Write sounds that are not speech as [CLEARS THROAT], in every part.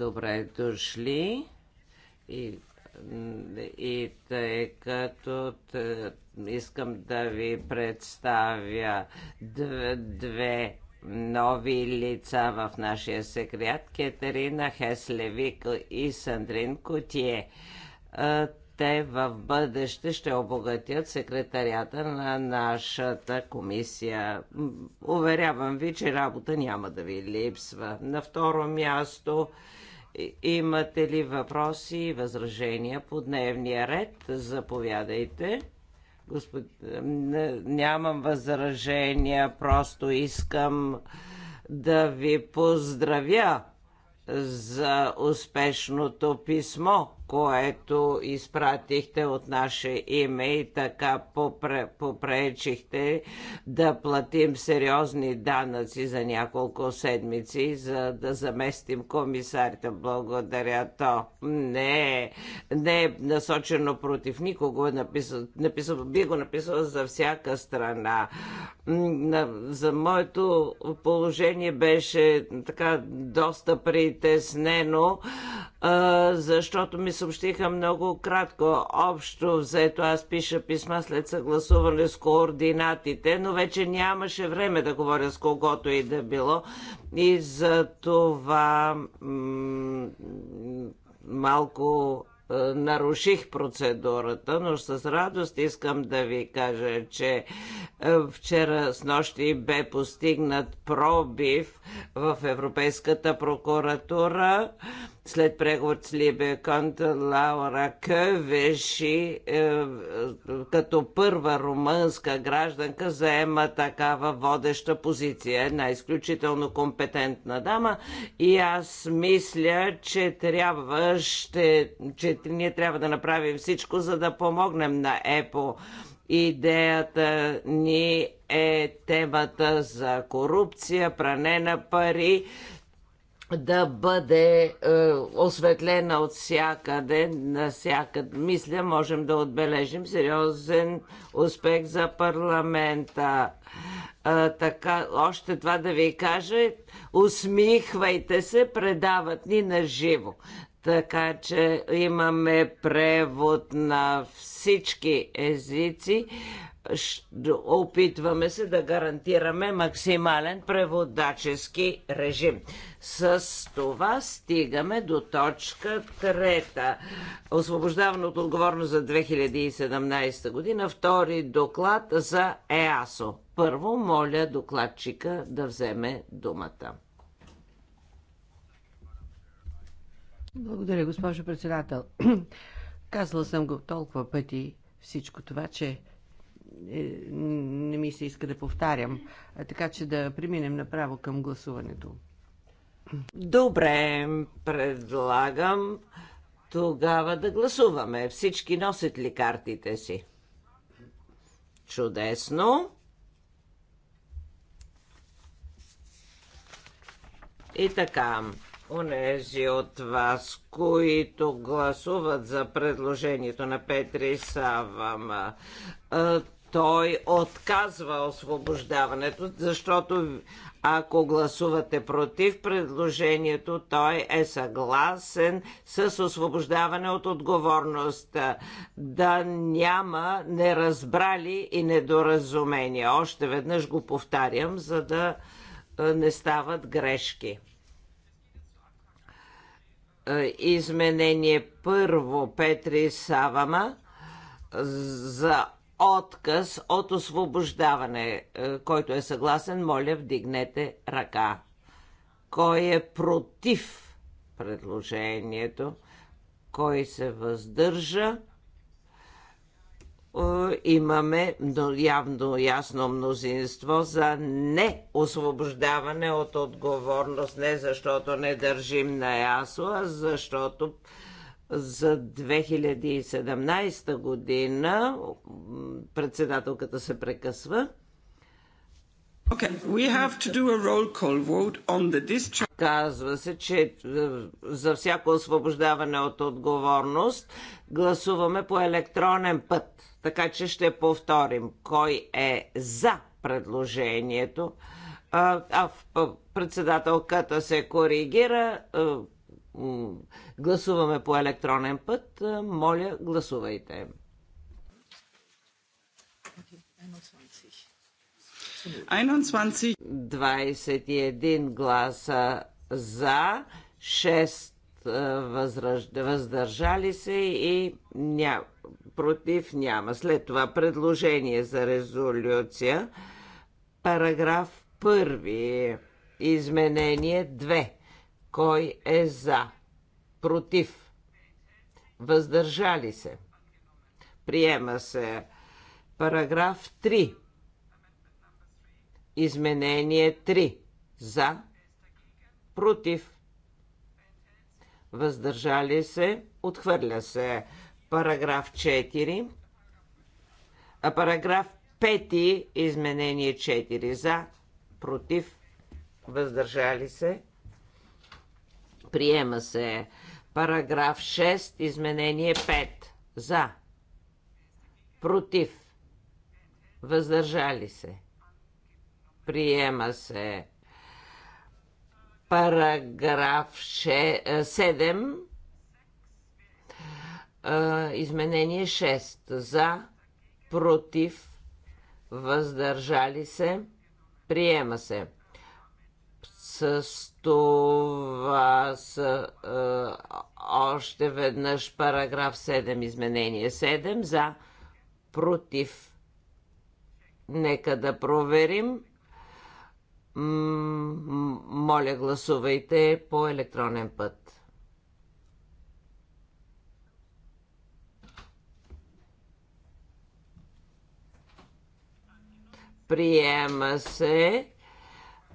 Добре дошли. И, и тъй като тъ, искам да ви представя две, две нови лица в нашия секрет, Кетерина Хеслевик и Сандрин Котие те в бъдеще ще обогатят секретарята на нашата комисия. Уверявам ви, че работа няма да ви липсва. На второ място Имате ли въпроси и възражения по дневния ред? Заповядайте. Господ... Нямам възражения, просто искам да ви поздравя за успешното писмо което изпратихте от наше име и така попречихте да платим сериозни данъци за няколко седмици, за да заместим комисарите. Благодаря то. Не, не е насочено против никого. написал, написал, би го написал за всяка страна. За моето положение беше така доста притеснено, защото ми съобщиха много кратко. Общо взето аз пиша писма след съгласуване с координатите, но вече нямаше време да говоря с когото и да било. И за това малко е, наруших процедурата, но с радост искам да ви кажа, че е, вчера с нощи бе постигнат пробив в Европейската прокуратура след преговор с Либия Конта Лаура Кевеши е, е, като първа румънска гражданка заема такава водеща позиция. Една изключително компетентна дама и аз мисля, че трябва, ще, че ние трябва да направим всичко, за да помогнем на ЕПО. Идеята ни е темата за корупция, пране на пари, да бъде е, осветлена от всякъде, навсякъде. Мисля, можем да отбележим сериозен успех за парламента. Е, така, още това да ви кажа, усмихвайте се, предават ни на живо. Така че имаме превод на всички езици опитваме се да гарантираме максимален преводачески режим. С това стигаме до точка трета. Освобождаване от отговорност за 2017 година. Втори доклад за ЕАСО. Първо моля докладчика да вземе думата. Благодаря, госпожо председател. [CLEARS THROAT] Казала съм го толкова пъти всичко това, че е, не ми се иска да повтарям, така че да преминем направо към гласуването. Добре, предлагам тогава да гласуваме. Всички носят ли картите си? Чудесно. И така, унези от вас, които гласуват за предложението на Петри Савама, той отказва освобождаването, защото ако гласувате против предложението, той е съгласен с освобождаване от отговорност. Да няма неразбрали и недоразумения. Още веднъж го повтарям, за да е, не стават грешки е, изменение първо Петри Савама за отказ от освобождаване. Е, който е съгласен, моля, вдигнете ръка. Кой е против предложението? Кой се въздържа? Е, имаме явно ясно мнозинство за не освобождаване от отговорност. Не защото не държим на ясо, а защото за 2017 година. Председателката се прекъсва. Okay, we have to do a roll call vote on the discharge. Казва се, че е, за всяко освобождаване от отговорност гласуваме по електронен път. Така че ще повторим кой е за предложението. А, а председателката се коригира. Е, гласуваме по електронен път. Моля, гласувайте. Okay. 21 гласа за, 6 възраж... въздържали се и ня... против няма. След това предложение за резолюция, параграф 1, изменение 2. Кой е за? Против? Въздържали се? Приема се. Параграф 3. Изменение 3. За. Против. Въздържали се. Отхвърля се. Параграф 4. А параграф 5. Изменение 4. За. Против. Въздържали се. Приема се. Параграф 6, изменение 5. За. Против. Въздържали се. Приема се. Параграф 7. Е, е, изменение 6. За. Против. Въздържали се. Приема се. С това с е, още веднъж параграф 7, изменение 7 за против. Нека да проверим. Моля, гласувайте по електронен път. Приема се.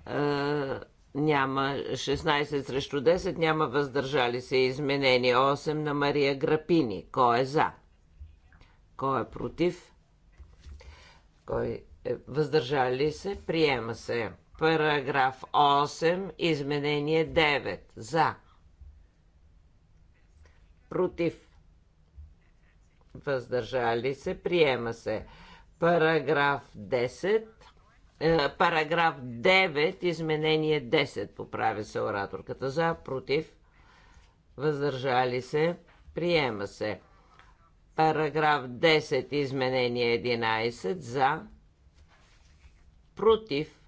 Е, няма 16 срещу 10, няма въздържали се изменени 8 на Мария Грапини. Кой е за? Кой е против? Кой е въздържали се? Приема се. Параграф 8, изменение 9. За. Против. Въздържали се. Приема се. Параграф 10 е, параграф 9, изменение 10, поправя се ораторката за, против, въздържали се, приема се. Параграф 10, изменение 11, за, против,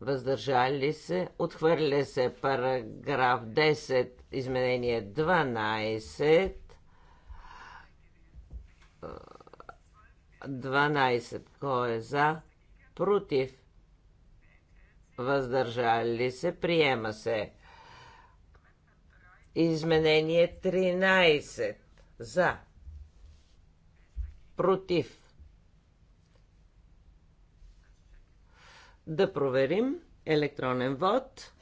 въздържали се, отхвърля се параграф 10, изменение 12, 12, е, кой е за, против, въздържали се, приема се. Изменение 13 за, против. Да проверим електронен вод.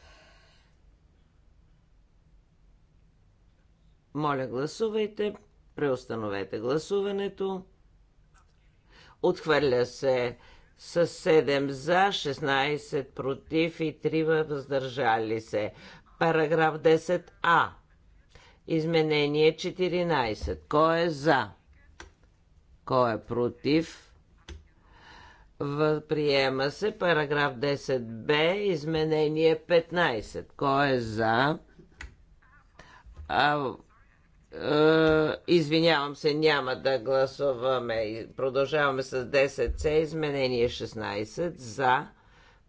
Моля, гласувайте. Преустановете гласуването. Отхвърля се с 7 за, 16 против и 3 въздържали се. Параграф 10а. Изменение 14. Кой е за? Кой е против? Приема се параграф 10б, изменение 15. Кой е за? А, е, извинявам се, няма да гласуваме. Продължаваме с 10C, изменение 16, за,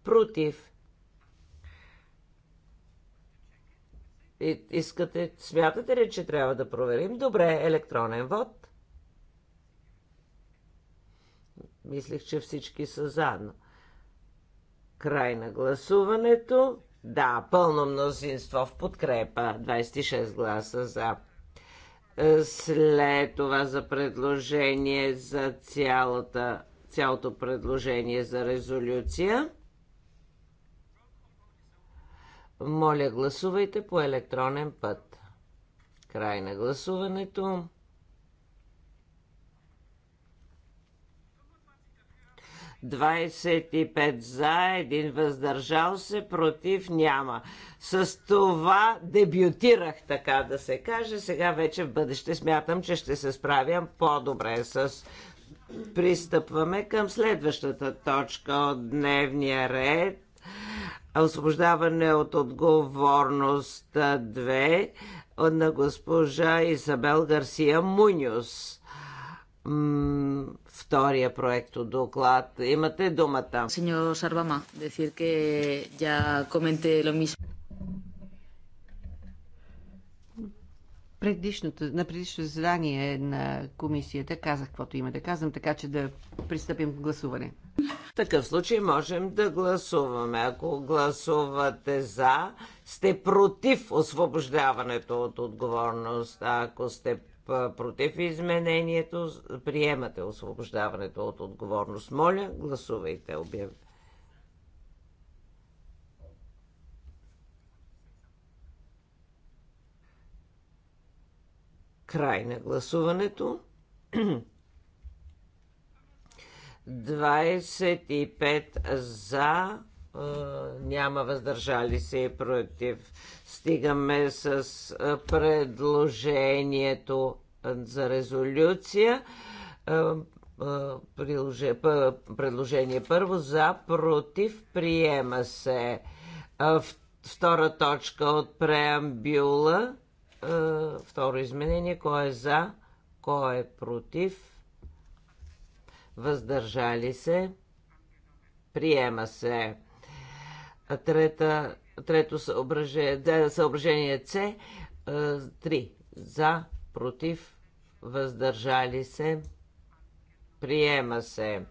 против. И, искате, смятате ли, че трябва да проверим? Добре, електронен вод. Мислех, че всички са заедно. Край на гласуването. Да, пълно мнозинство в подкрепа. 26 гласа за. Е, след това за предложение за цялата, цялото предложение за резолюция. Моля, гласувайте по електронен път. Край на гласуването. 25 за, един въздържал се, против няма. С това дебютирах, така да се каже. Сега вече в бъдеще смятам, че ще се справям по-добре с Пристъпваме към следващата точка от дневния ред. Освобождаване от отговорност 2 на госпожа Изабел Гарсия Муньос втория от доклад. Имате думата. Сеньор Сарвама, decir que ya comenté lo mismo. Предишното, на предишното заседание на комисията казах каквото има да казвам, така че да пристъпим к гласуване. В такъв случай можем да гласуваме. Ако гласувате за, сте против освобождаването от отговорност. Ако сте против изменението, приемате освобождаването от отговорност. Моля, гласувайте. Обяв... Край на гласуването. 25 [CLEARS THROAT] за, няма въздържали се против стигаме с предложението за резолюция. Предложение първо за против приема се. Втора точка от преамбюла. Второ изменение. Кой е за? Кой е против? Въздържали се? Приема се. Трета Трето съображение, съображение С. 3. Е, за, против, въздържали се. Приема се.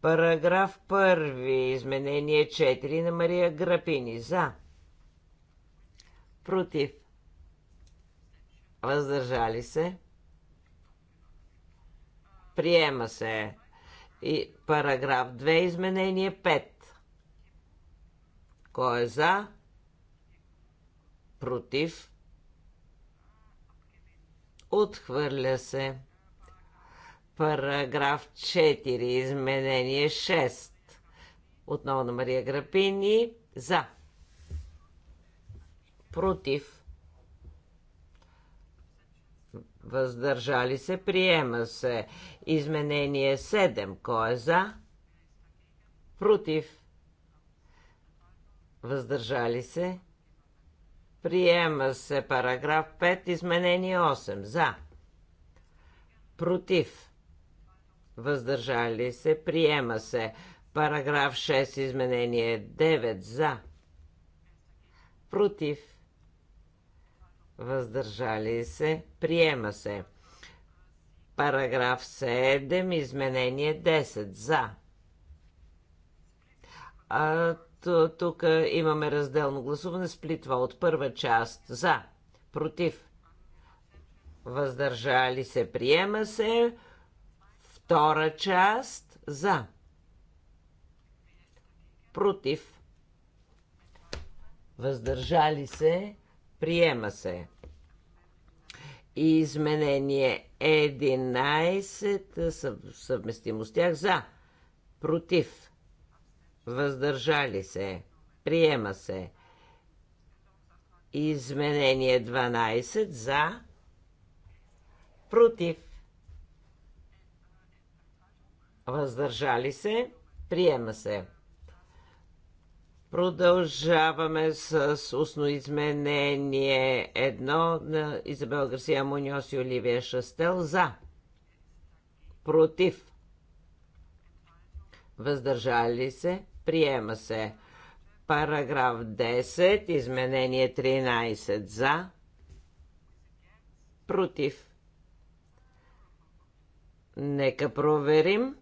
Параграф 1. Изменение 4 на Мария Грапини. За. Против. Въздържали се. Приема се. И параграф 2. Изменение 5. Кой е за? против, отхвърля се. Параграф 4, изменение 6. Отново на Мария Грапини. За. Против. Въздържали се. Приема се. Изменение 7. Кой е за? Против. Въздържали се. Приема се параграф 5, изменение 8. За. Против. Въздържали се. Приема се. Параграф 6, изменение 9. За. Против. Въздържали се. Приема се. Параграф 7, изменение 10. За. А, е, тук имаме разделно гласуване с плитва от първа част. За, против, въздържали се, приема се. Втора част за, против, въздържали се, приема се. изменение 11 съвместимо с тях за, против, въздържали се, приема се. Изменение 12 за, против, въздържали се, приема се. Продължаваме с устно изменение едно на Изабел Гарсия Муньос и Оливия Шастел за. Против. Въздържали се. Приема се. Параграф 10, изменение 13 за. Против. Нека проверим.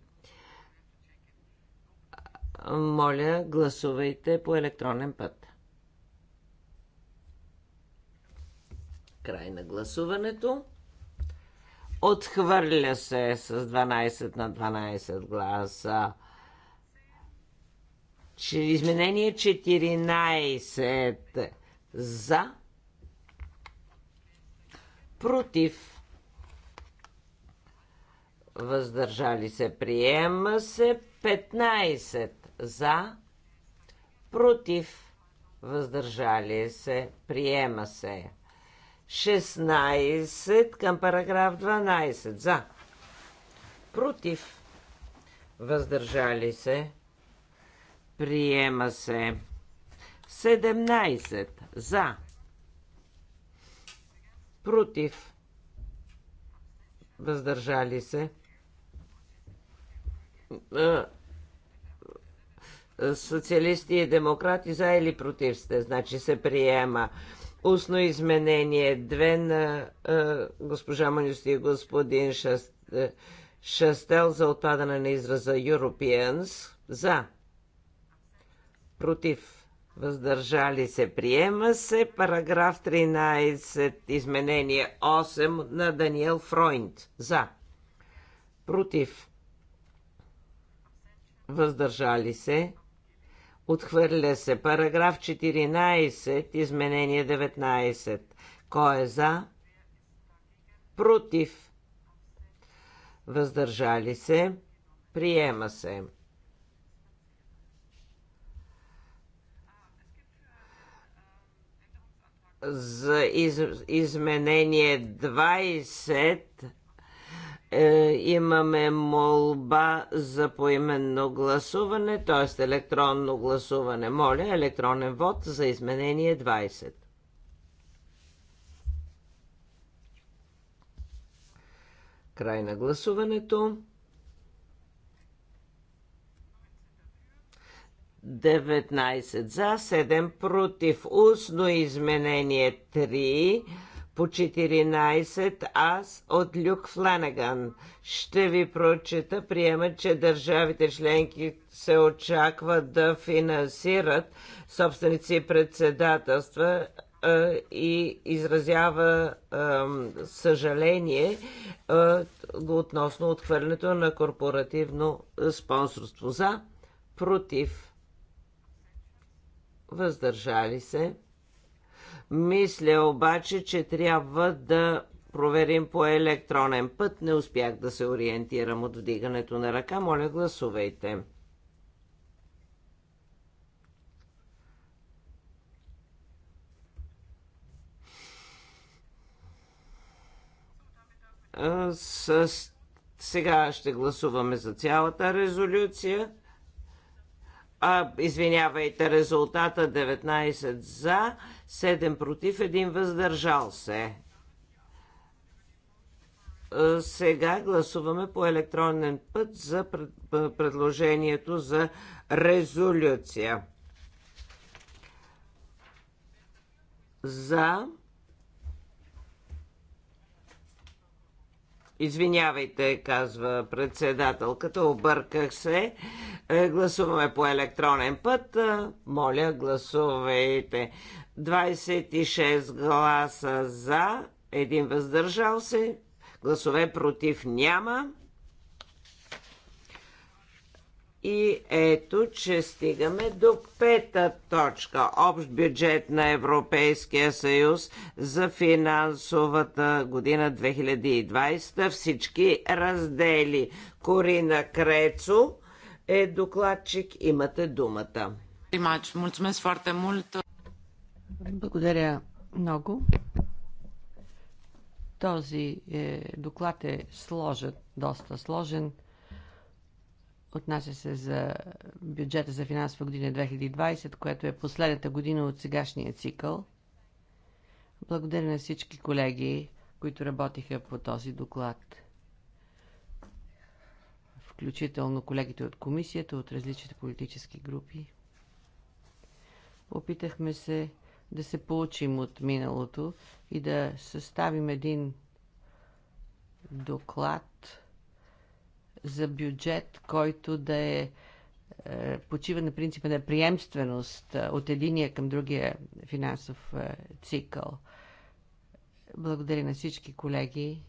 Моля, гласувайте по електронен път. Край на гласуването. Отхвърля се с 12 на 12 гласа. Изменение 14 за, против, въздържали се, приема се 15 за, против, въздържали се, приема се 16 към параграф 12 за, против, въздържали се, Приема се. 17 за. Против. Въздържали се. Е, социалисти и демократи за или против сте. Значи се приема. Устно изменение 2 на е, госпожа Манюс и господин е, Шастел за отпадане на израза Europeans. За против, въздържали се, приема се. Параграф 13, изменение 8 на Даниел Фройнд. За, против, въздържали се, отхвърля се. Параграф 14, изменение 19. Кой е за? Против, въздържали се, приема се. за из, изменение 20 е, имаме молба за поименно гласуване, т.е. електронно гласуване. Моля, електронен вод за изменение 20. Край на гласуването. 19 за, 7 против. Устно изменение 3 по 14 аз от Люк Фланаган. Ще ви прочета. Приема, че държавите членки се очакват да финансират собственици и председателства и изразява е, съжаление е, относно отхвърлянето на корпоративно спонсорство за против въздържали се. Мисля обаче, че трябва да проверим по електронен път. Не успях да се ориентирам от вдигането на ръка. Моля, гласувайте. С... Сега ще гласуваме за цялата резолюция а, извинявайте, резултата 19 за, 7 против, 1 въздържал се. Сега гласуваме по електронен път за предложението за резолюция. За Извинявайте, казва председателката, обърках се. Е, гласуваме по електронен път. Е, моля, гласувайте. 26 гласа за, един въздържал се, гласове против няма. И ето, че стигаме до пета точка. Общ бюджет на Европейския съюз за финансовата година 2020. Всички раздели. Корина Крецо е докладчик. Имате думата. Благодаря много. Този е, доклад е сложен, доста сложен. Отнася се за бюджета за финансова година 2020, което е последната година от сегашния цикъл. Благодаря на всички колеги, които работиха по този доклад. Включително колегите от комисията, от различните политически групи. Опитахме се да се получим от миналото и да съставим един доклад, за бюджет, който да е, е почива на принципа на приемственост е, от единия към другия финансов е, цикъл. Благодаря на всички колеги,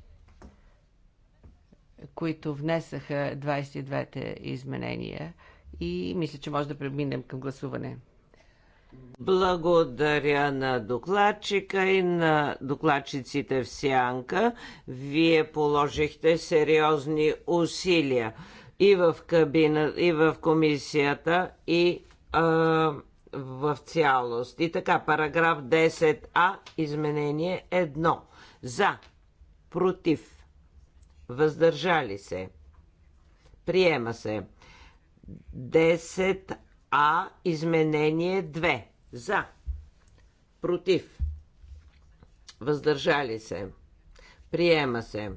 които внесаха 22-те изменения и мисля, че може да преминем към гласуване. Благодаря на докладчика и на докладчиците в Сянка. Вие положихте сериозни усилия и в кабина, и в комисията, и а, в цялост. И така, параграф 10а, изменение 1. За, против, въздържали се, приема се. 10а а изменение 2. За. Против. Въздържали се. Приема се.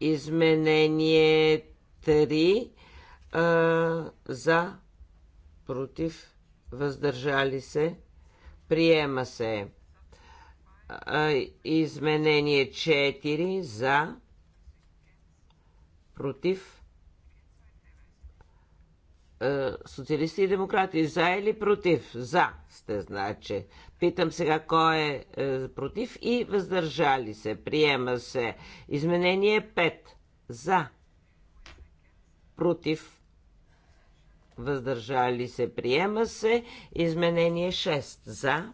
Изменение 3. А, за. Против. Въздържали се. Приема се. А, изменение 4. За. Против е, социалисти и демократи. За или против? За сте, значи. Питам сега кой е, е против и въздържали се. Приема се. Изменение 5. За. Против. Въздържали се. Приема се. Изменение 6. За.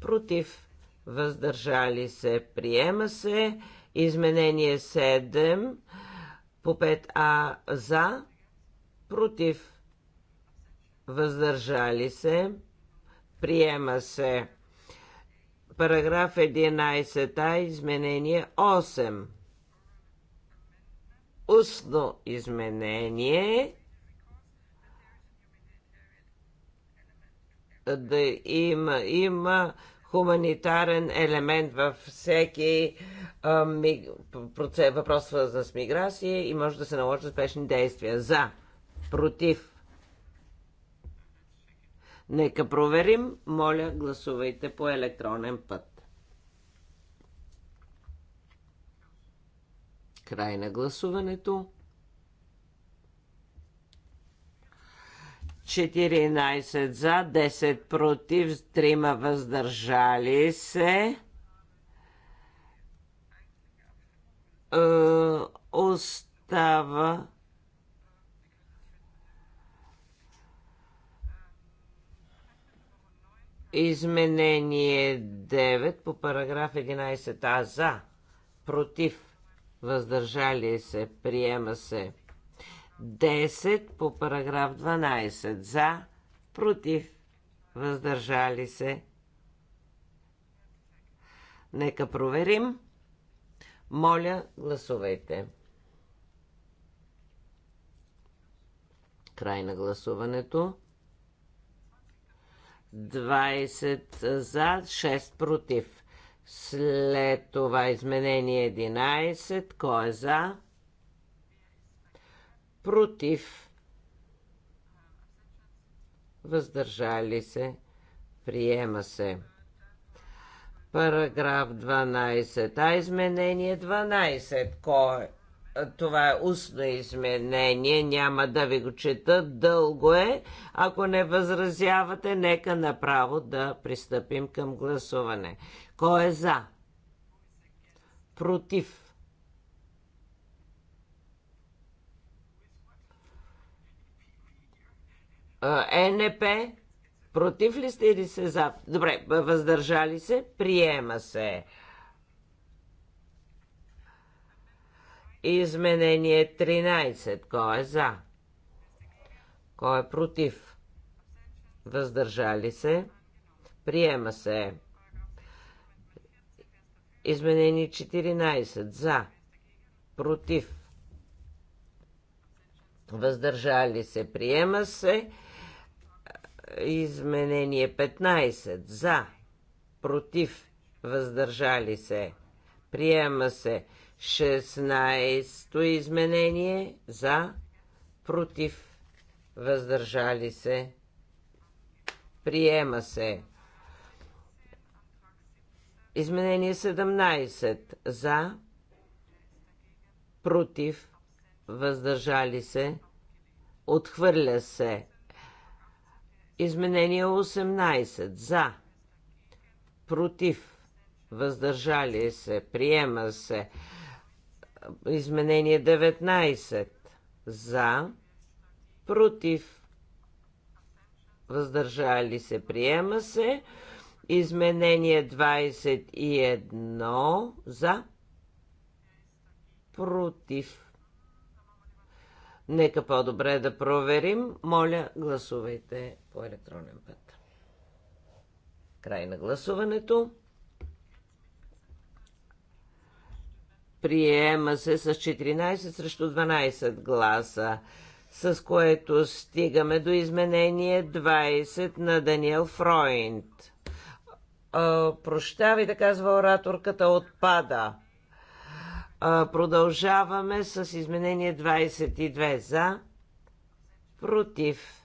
Против. Въздържали се. Приема се. Изменение 7. По 5А за против, въздържали се, приема се. Параграф 11а, изменение 8. Устно изменение да има, има хуманитарен елемент във всеки а, ми, процес, въпрос с миграция и може да се наложат спешни действия. За Против. Нека проверим. Моля, гласувайте по електронен път. Край на гласуването. 14 за, 10 против, 3 въздържали се. Е, остава. остава Изменение 9 по параграф 11а за, против, въздържали се, приема се. 10 по параграф 12 за, против, въздържали се. Нека проверим. Моля, гласувайте. Край на гласуването. 20 за, 6 против. След това изменение 11. Кой е за? Против. Въздържали се. Приема се. Параграф 12. А изменение 12. Кой е? Това е устно изменение, няма да ви го чета, дълго е. Ако не възразявате, нека направо да пристъпим към гласуване. Кой е за? Против? Е НП, Против ли сте или се за? Добре, въздържали се? Приема се. Изменение 13. Кой е за? Кой е против? Въздържали се? Приема се. Изменение 14. За. Против. Въздържали се. Приема се. Изменение 15. За. Против. Въздържали се. Приема се. 16-то изменение за, против, въздържали се, приема се. Изменение 17 за, против, въздържали се, отхвърля се. Изменение 18 за, против, въздържали се, приема се. Изменение 19. За. Против. Въздържали се. Приема се. Изменение 21. За. Против. Нека по-добре да проверим. Моля, гласувайте по електронен път. Край на гласуването. Приема се с 14 срещу 12 гласа, с което стигаме до изменение 20 на Даниел Фройнд. и прощавайте, казва ораторката, отпада. А, продължаваме с изменение 22 за, против,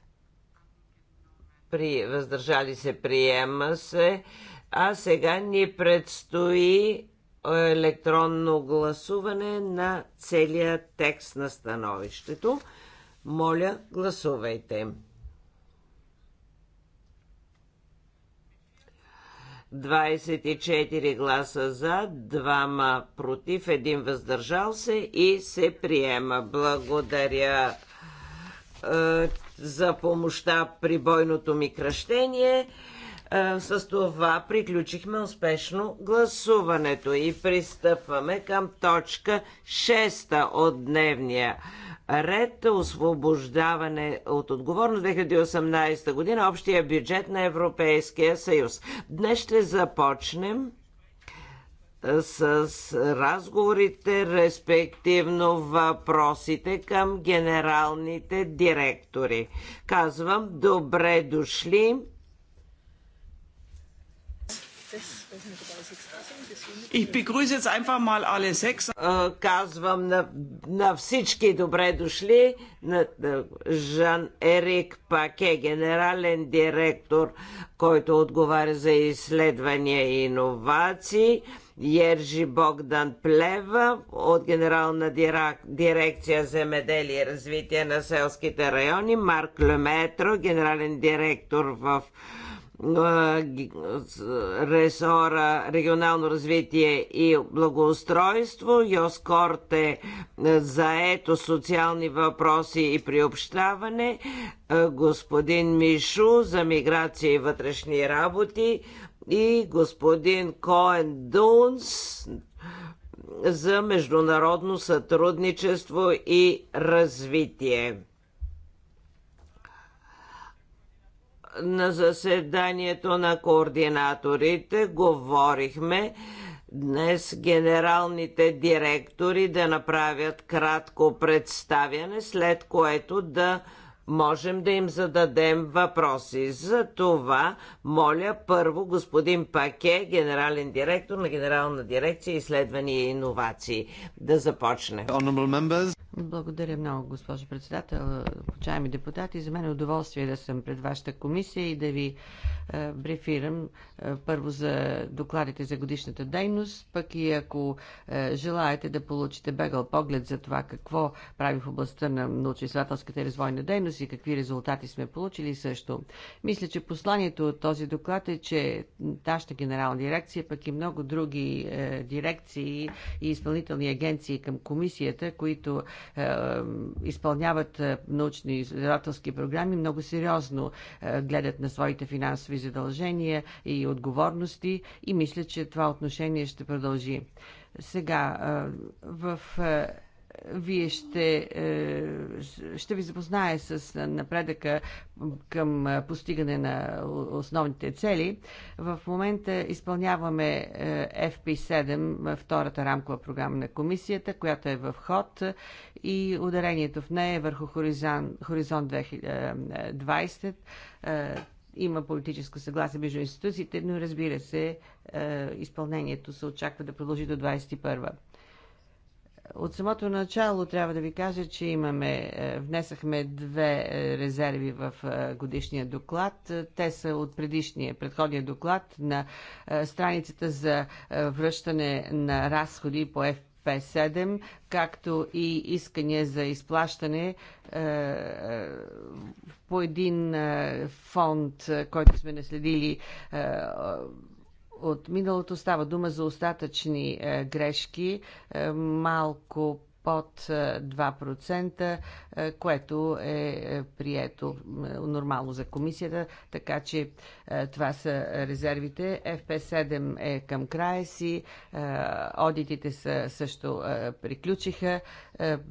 при, въздържали се, приема се. А сега ни предстои електронно гласуване на целия текст на становището. Моля, гласувайте. 24 гласа за, двама против, един въздържал се и се приема. Благодаря е, за помощта при бойното ми кръщение. Е, с това приключихме успешно гласуването и пристъпваме към точка 6 от дневния ред освобождаване от отговорност 2018 година общия бюджет на Европейския съюз. Днес ще започнем е, с разговорите, респективно въпросите към генералните директори. Казвам, добре дошли И begrüße jetzt einfach mal alle Казвам на, на всички добре дошли. На, на Жан Ерик Паке, генерален директор, който отговаря за изследвания и иновации. Ержи Богдан Плева от Генерална дирекция земеделие и развитие на селските райони, Марк Леметро, генерален директор в ресора регионално развитие и благоустройство, Йос Корте заето социални въпроси и приобщаване, господин Мишу за миграция и вътрешни работи и господин Коен Дунс за международно сътрудничество и развитие. на заседанието на координаторите говорихме днес генералните директори да направят кратко представяне, след което да можем да им зададем въпроси. За това моля първо господин Паке, генерален директор на Генерална дирекция изследвания и иновации, да започне. Благодаря много, госпожо председател. Почаеми депутати, за мен е удоволствие да съм пред вашата комисия и да ви е, брефирам е, първо за докладите за годишната дейност, пък и ако е, желаете да получите бегал поглед за това какво прави в областта на научно-изследователската и развойна дейност и какви резултати сме получили също. Мисля, че посланието от този доклад е, че нашата генерална дирекция, пък и много други е, дирекции и изпълнителни агенции към комисията, които е, изпълняват е, научни изследователски програми, много сериозно е, гледат на своите финансови задължения и отговорности и мисля, че това отношение ще продължи. Сега, в вие ще, е, ще ви запознае с напредъка към постигане на основните цели. В момента изпълняваме е, FP7, втората рамкова програма на комисията, която е в ход и ударението в нея е върху Хоризонт е, 2020 има политическо съгласие между институциите, но разбира се, изпълнението се очаква да продължи до 21 от самото начало трябва да ви кажа, че имаме, е, внесахме две е, резерви в е, годишния доклад. Те са от предишния, предходния доклад на страницата за връщане на разходи по F. П7, както и искания за изплащане е, по един е, фонд, който сме наследили е, от миналото става дума за остатъчни е, грешки, е, малко под 2%, е, което е прието нормално за комисията, така че това са резервите. FP7 е към края си, одитите са, също приключиха,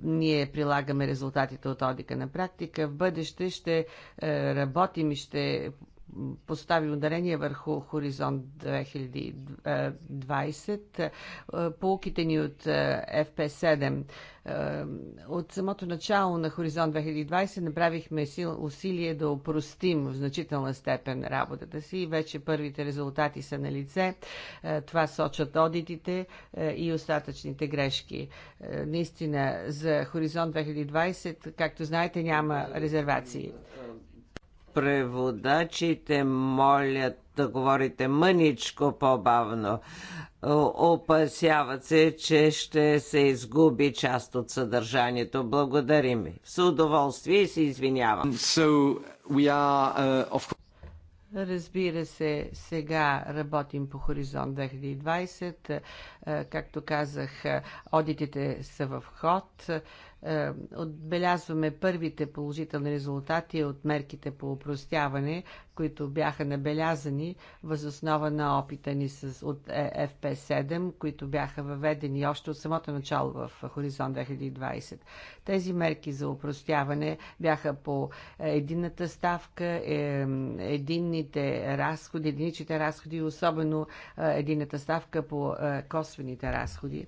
ние прилагаме резултатите от одика на практика. В бъдеще ще работим и ще постави ударение върху Хоризонт 2020. Е, Полките ни от FP7 е, е, от самото начало на Хоризонт 2020 направихме усилие да опростим в значителна степен работата си вече първите резултати са на лице. Това сочат одитите и остатъчните грешки. Наистина за Хоризонт 2020, както знаете, няма резервации. Преводачите молят да говорите мъничко по-бавно. Опасяват се, че ще се изгуби част от съдържанието. Благодарим ви. С удоволствие се извинявам. So we are, uh, of... Разбира се, сега работим по Хоризонт 2020. Е, е, както казах, е, одитите са в ход. Е, отбелязваме първите положителни резултати от мерките по упростяване, които бяха набелязани възоснова на опита ни с, от е, FP7, които бяха въведени още от самото начало в Хоризонт 2020. Тези мерки за упростяване бяха по единната ставка, е, единните разходи, единичните разходи, особено единната ставка по косвените разходи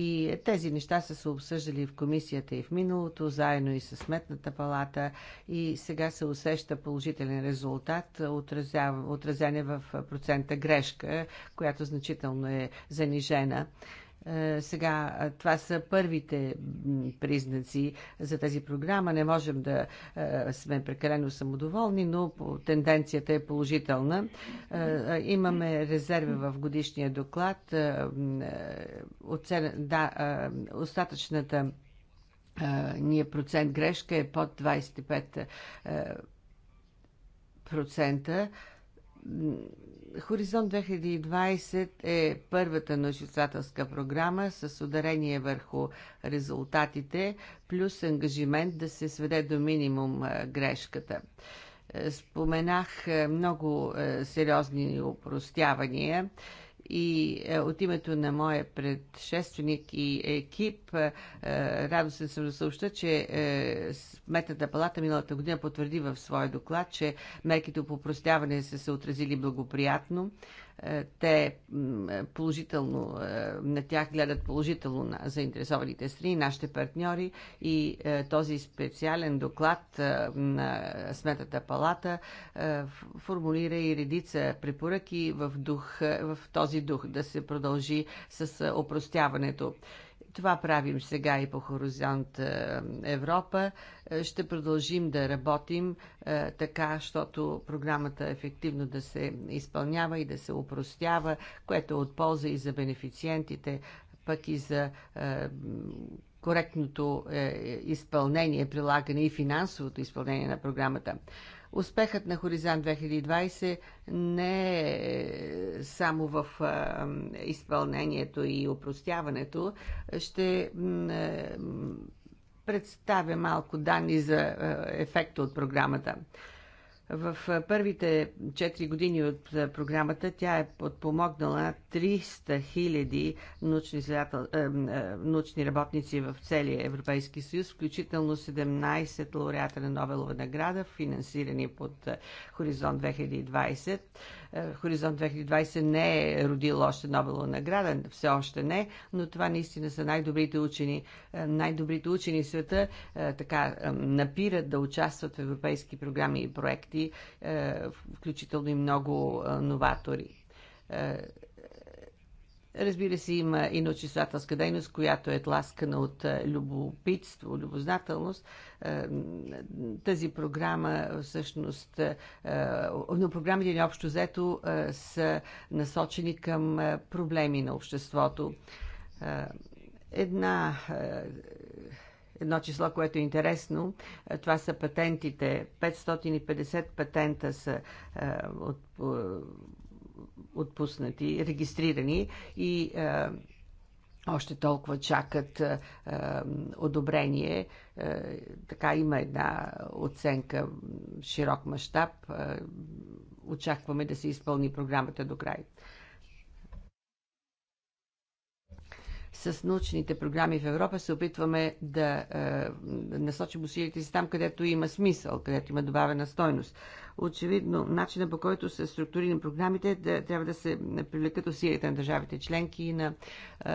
и тези неща са се обсъждали в комисията и в миналото, заедно и с Сметната палата. И сега се усеща положителен резултат, отразяне в процента грешка, която значително е занижена. Е, сега, това са първите признаци за тази програма. Не можем да е, сме прекалено самодоволни, но тенденцията е положителна. Е, имаме резерви в годишния доклад. Да, остатъчната ние процент грешка е под 25%. Хоризонт 2020 е първата научно-изследователска програма с ударение върху резултатите, плюс ангажимент да се сведе до минимум грешката. Е, споменах е, много е, сериозни упростявания и е, от името на моя предшественик и екип е, радостен съм да съобща, че е, Сметната палата миналата година потвърди в своя доклад, че мерките по простяване са се отразили благоприятно е, те положително, е, на тях гледат положително на заинтересованите страни, нашите партньори и е, този специален доклад на Сметата палата формулира и редица препоръки в, дух, в този дух да се продължи с опростяването. Това правим сега и по Хоризонт е, Европа. Е, ще продължим да работим е, така, защото програмата ефективно да се изпълнява и да се упростява, което е от полза и за бенефициентите, пък и за коректното изпълнение, прилагане и финансовото изпълнение на програмата. Успехът на Хоризонт 2020 не е само в изпълнението и упростяването. Ще представя малко данни за ефекта от програмата. В първите 4 години от програмата тя е подпомогнала 300 хиляди научни, научни работници в целия Европейски съюз, включително 17 лауреата на Нобелова награда, финансирани под Хоризонт 2020. Хоризонт 2020 не е родил още Нобелова награда, все още не, но това наистина са най-добрите учени. Най-добрите учени света така напират да участват в европейски програми и проекти артисти, е, включително и много е, новатори. Е, разбира се, има и научествателска дейност, която е тласкана от любопитство, любознателност. Тази програма всъщност, но програмите ни общо взето са насочени към проблеми на обществото. Една едно число, което е интересно. Е, това са патентите. 550 патента са е, от, отпуснати, регистрирани и е, още толкова чакат е, одобрение. Е, така има една оценка широк мащаб. Е, очакваме да се изпълни програмата до край. с научните програми в Европа се опитваме да е, насочим усилите си там, където има смисъл, където има добавена стойност. Очевидно, начина по който се структурирани програмите да, трябва да се привлекат усилията на държавите членки и на е,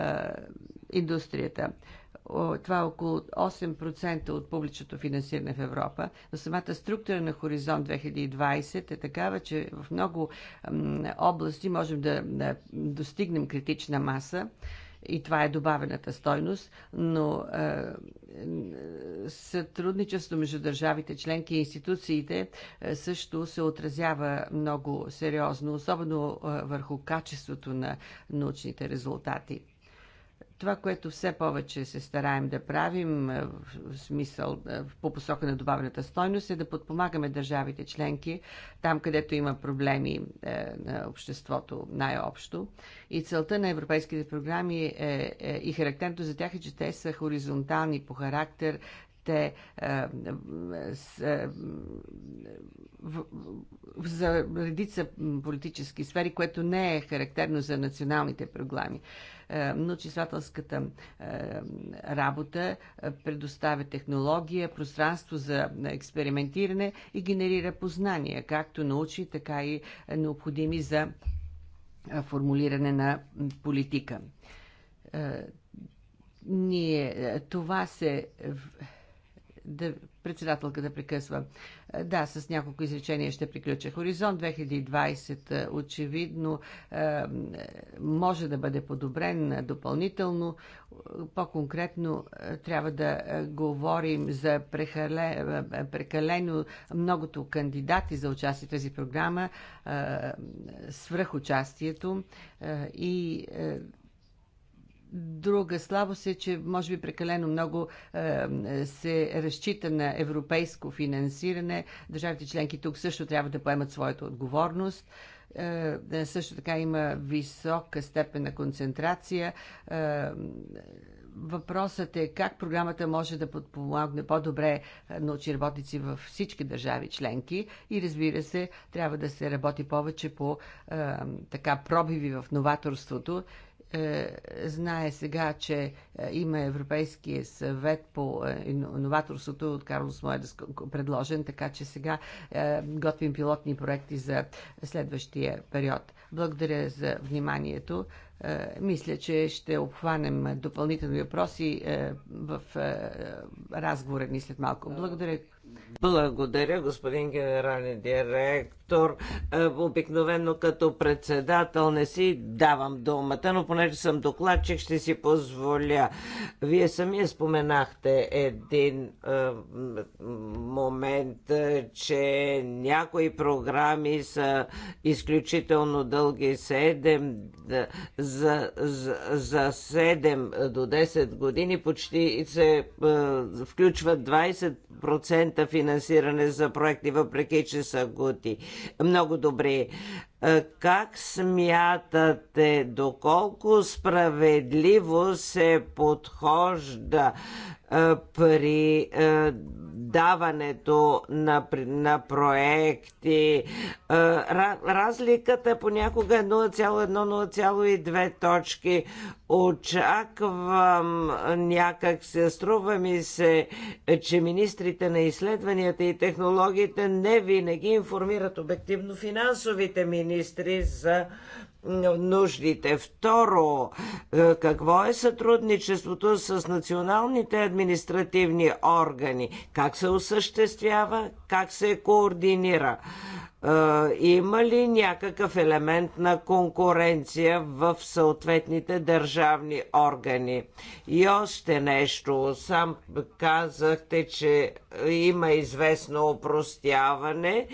индустрията. Това е около 8% от публичното финансиране в Европа, но самата структура на Хоризонт 2020 е такава, че в много области можем да достигнем критична маса и това е добавената стойност, но е, сътрудничество между държавите, членки и институциите е, също се отразява много сериозно, особено е, върху качеството на научните резултати. Това, което все повече се стараем да правим е, в смисъл е, по посока на добавената стойност е да подпомагаме държавите членки там, където има проблеми е, на обществото най-общо. И целта на европейските програми е, е, и характерното за тях е, че те са хоризонтални по характер, ще е, е, за редица политически сфери, което не е характерно за националните програми. Е, Научислателската работа предоставя технология, пространство за експериментиране и генерира познания, както научи, така и необходими за формулиране на политика. Ние това се да, председателка да прекъсва. Е, да, с няколко изречения ще приключа. Хоризонт 2020 е, очевидно е, може да бъде подобрен допълнително. По-конкретно трябва да говорим за прекалено многото кандидати за участие в тази програма, свръхучастието и Друга слабост е, че може би прекалено много е, се разчита на европейско финансиране. Държавите членки тук също трябва да поемат своята отговорност е, е, също така има висока степен на концентрация. Въпросът е как програмата може да подпомогне по-добре научни работници във всички държави членки и разбира се, трябва да се работи повече по така пробиви в новаторството е, знае сега, че е, има Европейския съвет по е, новаторството от Карлос Моедес предложен, така че сега готвим пилотни проекти за следващия период. Благодаря за вниманието. Мисля, че ще обхванем допълнителни въпроси в разговора ни след малко. Благодаря. Благодаря, господин генерален директ Виктор, е, Обикновено като председател не си давам думата, но понеже съм докладчик, ще си позволя. Вие самия споменахте един е, момент, е, че някои програми са изключително дълги 7 е, за, за, за 7 до 10 години почти се е, включват 20% финансиране за проекти, въпреки че са готи много добре. Е, как смятате, доколко справедливо се подхожда е, при е, даването на, на проекти. Разликата понякога е 0,1-0,2 точки. Очаквам някак се, струва ми се, че министрите на изследванията и технологиите не винаги информират обективно финансовите министри министри за нуждите. Второ, е, какво е сътрудничеството с националните административни органи? Как се осъществява? Как се координира? Е, има ли някакъв елемент на конкуренция в съответните държавни органи? И още нещо. Сам казахте, че има известно опростяване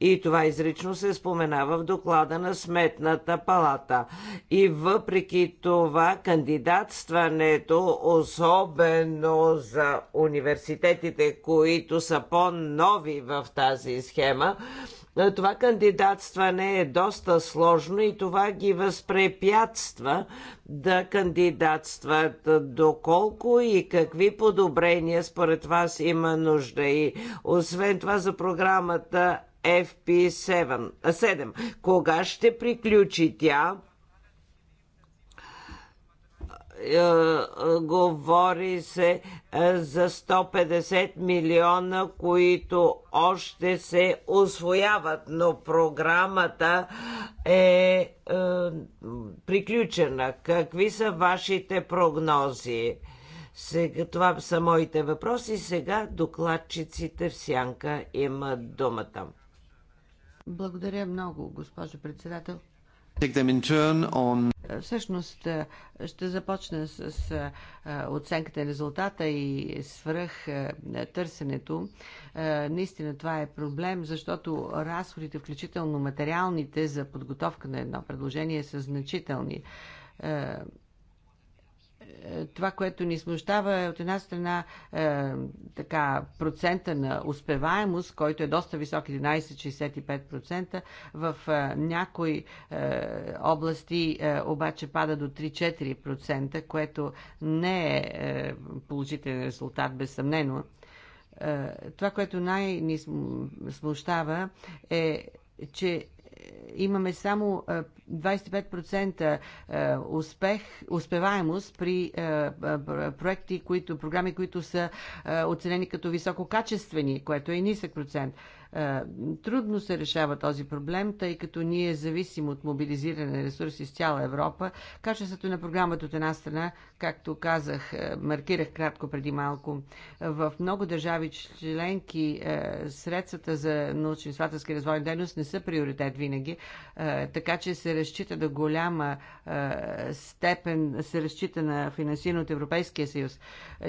и това изрично се споменава в доклада на Сметната палата палата. И въпреки това кандидатстването, особено за университетите, които са по-нови в тази схема, това кандидатстване е доста сложно и това ги възпрепятства да кандидатстват. Доколко и какви подобрения според вас има нужда? И освен това за програмата FP7. 7. Кога ще приключи тя? Е, е, говори се е, за 150 милиона, които още се освояват, но програмата е, е приключена. Какви са вашите прогнози? Сега, това са моите въпроси. Сега докладчиците в сянка имат думата. Благодаря много, госпожо председател. Всъщност ще започна с, с оценката на резултата и свръх търсенето. Наистина това е проблем, защото разходите, включително материалните за подготовка на едно предложение, са значителни това, което ни смущава е от една страна е, така, процента на успеваемост, който е доста висок, 11-65%. В е, някои е, области е, обаче пада до 3-4%, което не е, е положителен резултат, безсъмнено. Е, това, което най-ни смущава е, че имаме само 25% успех, успеваемост при проекти, които, програми, които са оценени като висококачествени, което е нисък процент. Е, трудно се решава този проблем, тъй като ние зависим от мобилизиране на ресурси с цяла Европа. Качеството на програмата от една страна, както казах, е, маркирах кратко преди малко, в много държави членки е, средствата за научно-изследователски развойна дейност не са приоритет винаги, така че се разчита до голяма степен, се разчита на финансиране от Европейския съюз.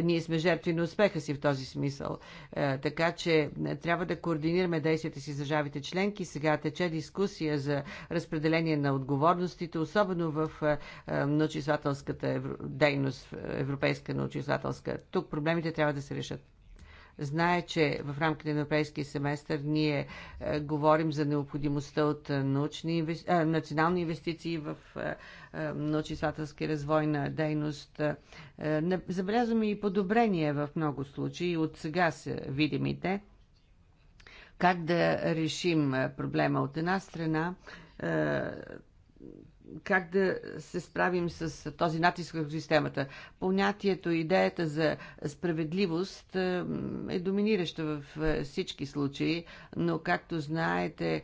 Ние сме жертви на успеха си в този смисъл. Така че трябва да координираме координираме действията си за държавите членки. Сега тече дискусия за разпределение на отговорностите, особено в е, е, научизвателската дейност, европейска научизвателска. Тук проблемите трябва да се решат знае, че в рамките на европейския семестър ние е, говорим за необходимостта от научни, инвести... а, е, национални инвестиции в е, е, научно-изследователски развой на дейност. Е, забелязваме и подобрения в много случаи. От сега са видимите. Как да решим проблема от една страна? как да се справим с този натиск в системата. Понятието, идеята за справедливост е доминираща в всички случаи, но както знаете,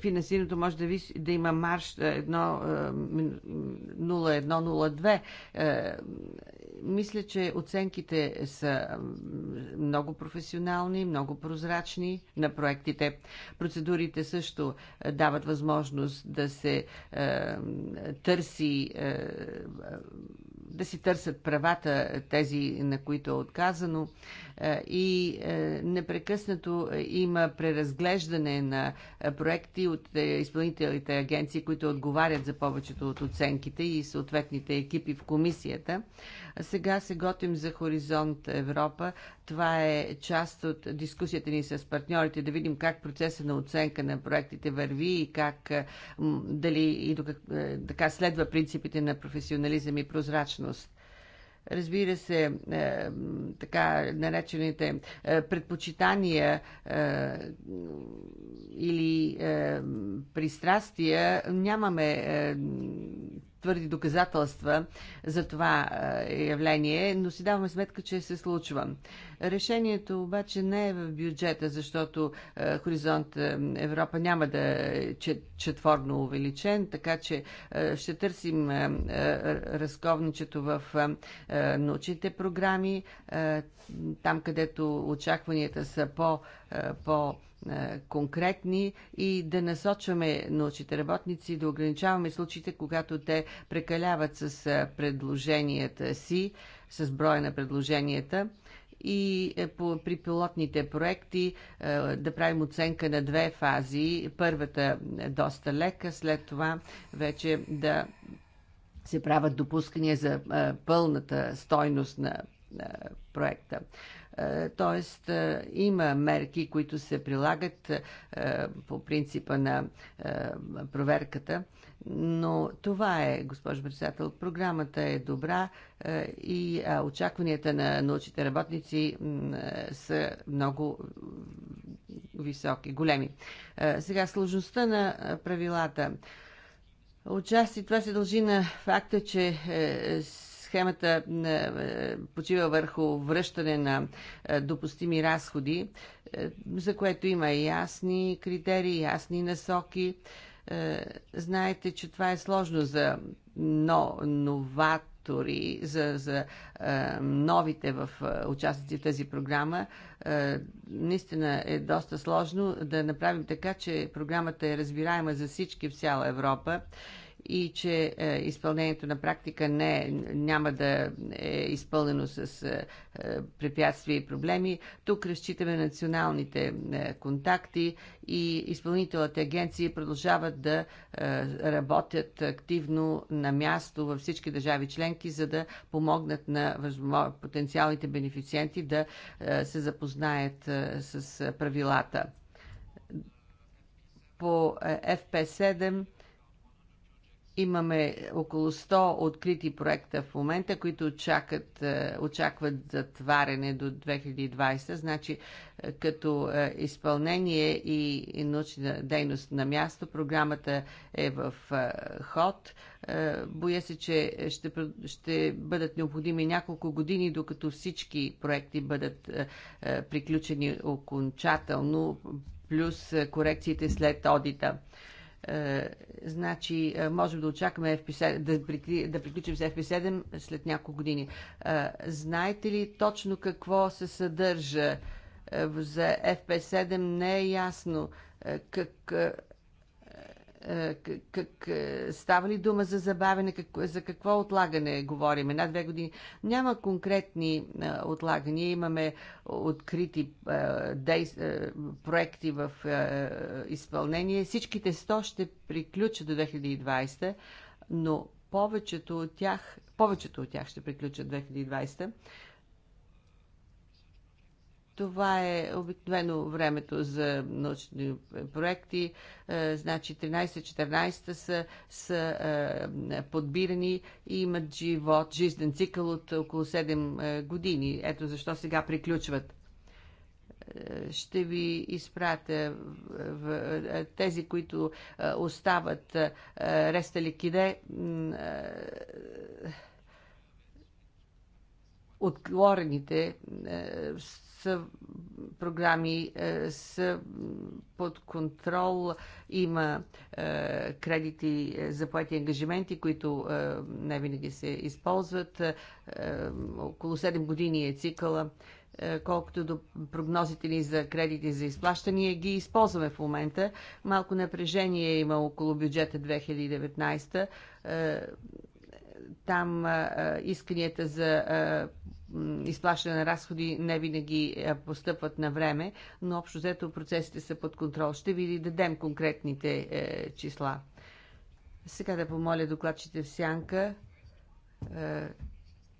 финансирането може да, ви, да има марш 0102 мисля, че оценките са много професионални, много прозрачни на проектите. Процедурите също е, дават възможност да се е, търси. Е, да си търсят правата тези, на които е отказано. Е, и е, непрекъснато има преразглеждане на проекти от изпълнителите агенции, които отговарят за повечето от оценките и съответните екипи в комисията. Сега се готим за Хоризонт Европа. Това е част от дискусията ни с партньорите, да видим как процеса на оценка на проектите върви и как дали и до как, е, така следва принципите на професионализъм и прозрачност разбира се, е, така наречените е, предпочитания е, или е, пристрастия, нямаме е, твърди доказателства за това е, явление, но си даваме сметка, че се случва. Решението обаче не е в бюджета, защото е, Хоризонт е, Европа няма да е четворно увеличен, така че ще търсим разковничето в научните програми, там където очакванията са по, по е, конкретни и да насочваме научните работници, да ограничаваме случаите, когато те прекаляват с е, предложенията си, с броя на предложенията и е, по, при пилотните проекти да правим оценка на две фази. Първата е доста лека, след това вече да се правят допускания за пълната стойност на проекта. Е, тоест е, има мерки, които се прилагат е, по принципа на проверката. Но това е, госпожо председател. Програмата е добра и очакванията на научните работници са много високи, големи. Сега сложността на правилата. Отчасти това се дължи на факта, че Схемата е, е, почива върху връщане на е, допустими разходи, за което има ясни критерии, ясни насоки. Знаете, че това е сложно за но, новат за, за е, новите в участници в тази програма, е, наистина е доста сложно да направим така, че програмата е разбираема за всички в цяла Европа и че е, изпълнението на практика не, няма да е изпълнено с е, е, препятствия и проблеми. Тук разчитаме националните контакти и изпълнителните агенции продължават да работят активно на място във всички държави членки, за да помогнат на потенциалните бенефициенти да се запознаят с правилата. По FP7 Имаме около 100 открити проекта в момента, които чакат, е, очакват затваряне до 2020. Значи, е, като е, изпълнение и научна дейност на място, програмата е в ход. Боя се, че ще, ще бъдат необходими няколко години, докато всички проекти бъдат приключени окончателно, плюс корекциите след одита. Е, значи е, можем да очакваме FP7, да, прикри, да приключим с FP7 след няколко години. Е, знаете ли точно какво се съдържа за FP7? Не е ясно. Как, как, е, е, става ли дума за забавене, как, за какво отлагане говорим? Една-две години. Няма конкретни а, е, отлагания. Имаме открити а, дей, а, проекти в а, изпълнение. Всичките 100 ще приключат до 2020, но повечето от тях, повечето от тях ще приключат 2020. Това е обикновено времето за научни проекти. Е, значи 13-14 са, са е, подбирани и имат живот, жизнен цикъл от около 7 е, години. Ето защо сега приключват ще ви изпратя в, тези, които остават ресталикиде. Ликиде. Отклорените са програми е, са под контрол, има е, кредити е, за поети ангажименти, които е, не винаги се използват. Е, около 7 години е цикъла. Е, колкото до прогнозите ни за кредити за изплащания, ги използваме в момента. Малко напрежение има около бюджета 2019. Е, там исканията за изплащане на разходи не винаги е, постъпват на време, но общо взето процесите са под контрол. Ще ви дадем конкретните е, числа. Сега да помоля докладчите в сянка. Е,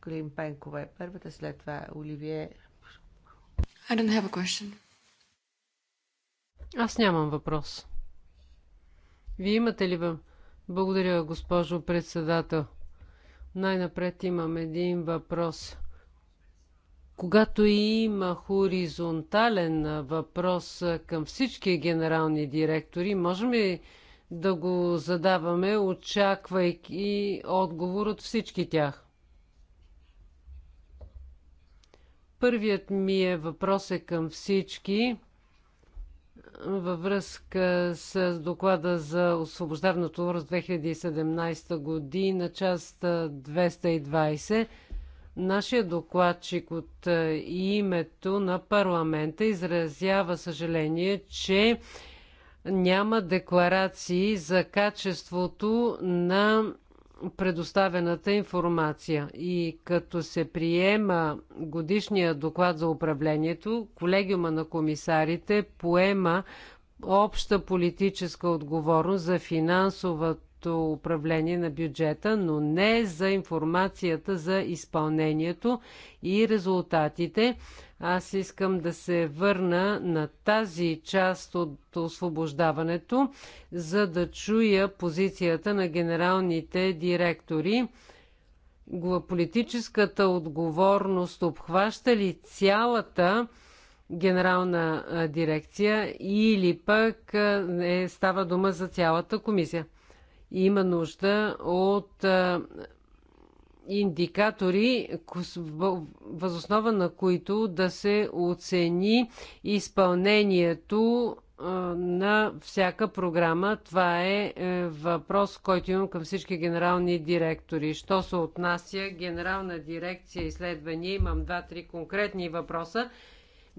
Клим Пенкова е първата, след това Оливие. I don't have a question. Аз нямам въпрос. Вие имате ли въм? Благодаря, госпожо председател. Най-напред имам един въпрос. Когато има хоризонтален въпрос към всички генерални директори, можем ли да го задаваме, очаквайки отговор от всички тях? Първият ми е въпрос е към всички във връзка с доклада за освобождаването от 2017 година, част 220. Нашия докладчик от е, името на парламента изразява съжаление, че няма декларации за качеството на предоставената информация. И като се приема годишния доклад за управлението, колегиума на комисарите поема обща политическа отговорност за финансовата общото управление на бюджета, но не за информацията за изпълнението и резултатите. Аз искам да се върна на тази част от освобождаването, за да чуя позицията на генералните директори. Политическата отговорност обхваща ли цялата генерална дирекция или пък е, става дума за цялата комисия. Има нужда от индикатори, възоснова на които да се оцени изпълнението на всяка програма. Това е, е въпрос, който имам към всички генерални директори. Що се отнася генерална дирекция изследвания, имам два-три конкретни въпроса.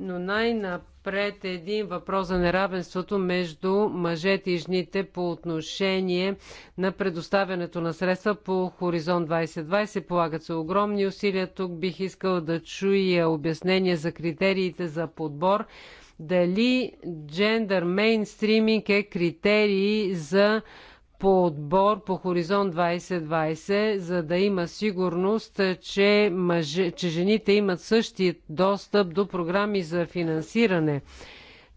Но най-напред един въпрос за неравенството между мъжете и жните по отношение на предоставянето на средства по Хоризонт 2020. Полагат се огромни усилия. Тук бих искал да чуя обяснение за критериите за подбор. Дали джендър мейнстриминг е критерий за по отбор по Хоризонт 2020, за да има сигурност, че, мъже, че жените имат същия достъп до програми за финансиране.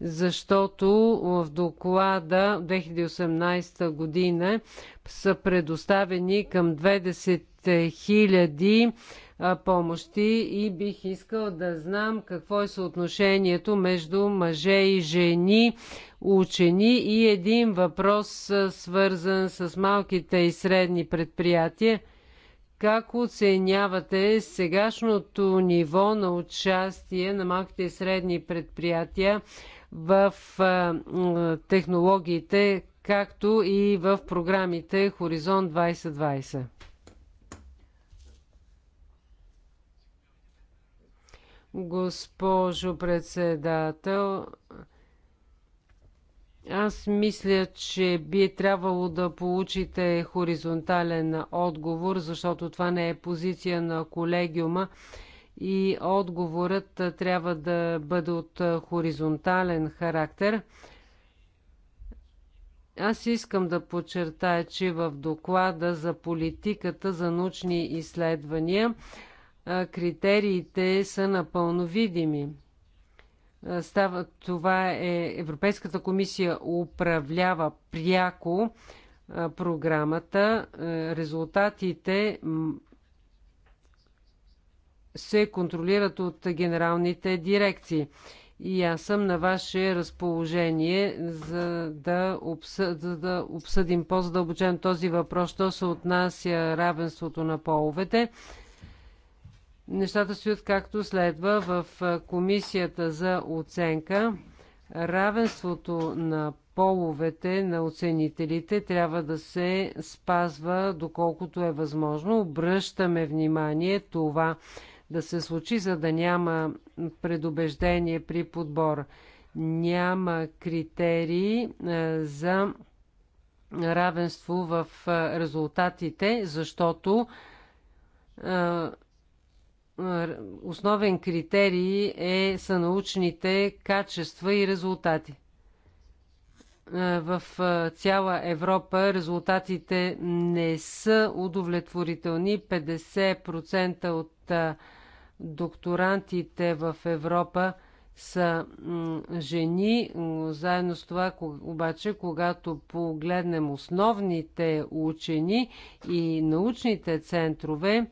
Защото в доклада 2018 година са предоставени към 20 000 помощи и бих искал да знам какво е съотношението между мъже и жени, учени и един въпрос свързан с малките и средни предприятия. Как оценявате сегашното ниво на участие на малките и средни предприятия в технологиите, както и в програмите Хоризонт 2020? Госпожо председател, аз мисля, че би трябвало да получите хоризонтален отговор, защото това не е позиция на колегиума и отговорът трябва да бъде от хоризонтален характер. Аз искам да подчертая, че в доклада за политиката за научни изследвания критериите са напълно видими. Става, това е Европейската комисия управлява пряко програмата. Резултатите се контролират от генералните дирекции. И аз съм на ваше разположение, за да, обсъ... за да обсъдим по-задълбочен този въпрос, що се отнася равенството на половете. Нещата стоят както следва в комисията за оценка. Равенството на половете на оценителите трябва да се спазва доколкото е възможно. Обръщаме внимание това да се случи, за да няма предубеждение при подбор. Няма критерии за равенство в резултатите, защото основен критерий е, са научните качества и резултати. В цяла Европа резултатите не са удовлетворителни. 50% от докторантите в Европа са жени. Заедно с това, обаче, когато погледнем основните учени и научните центрове,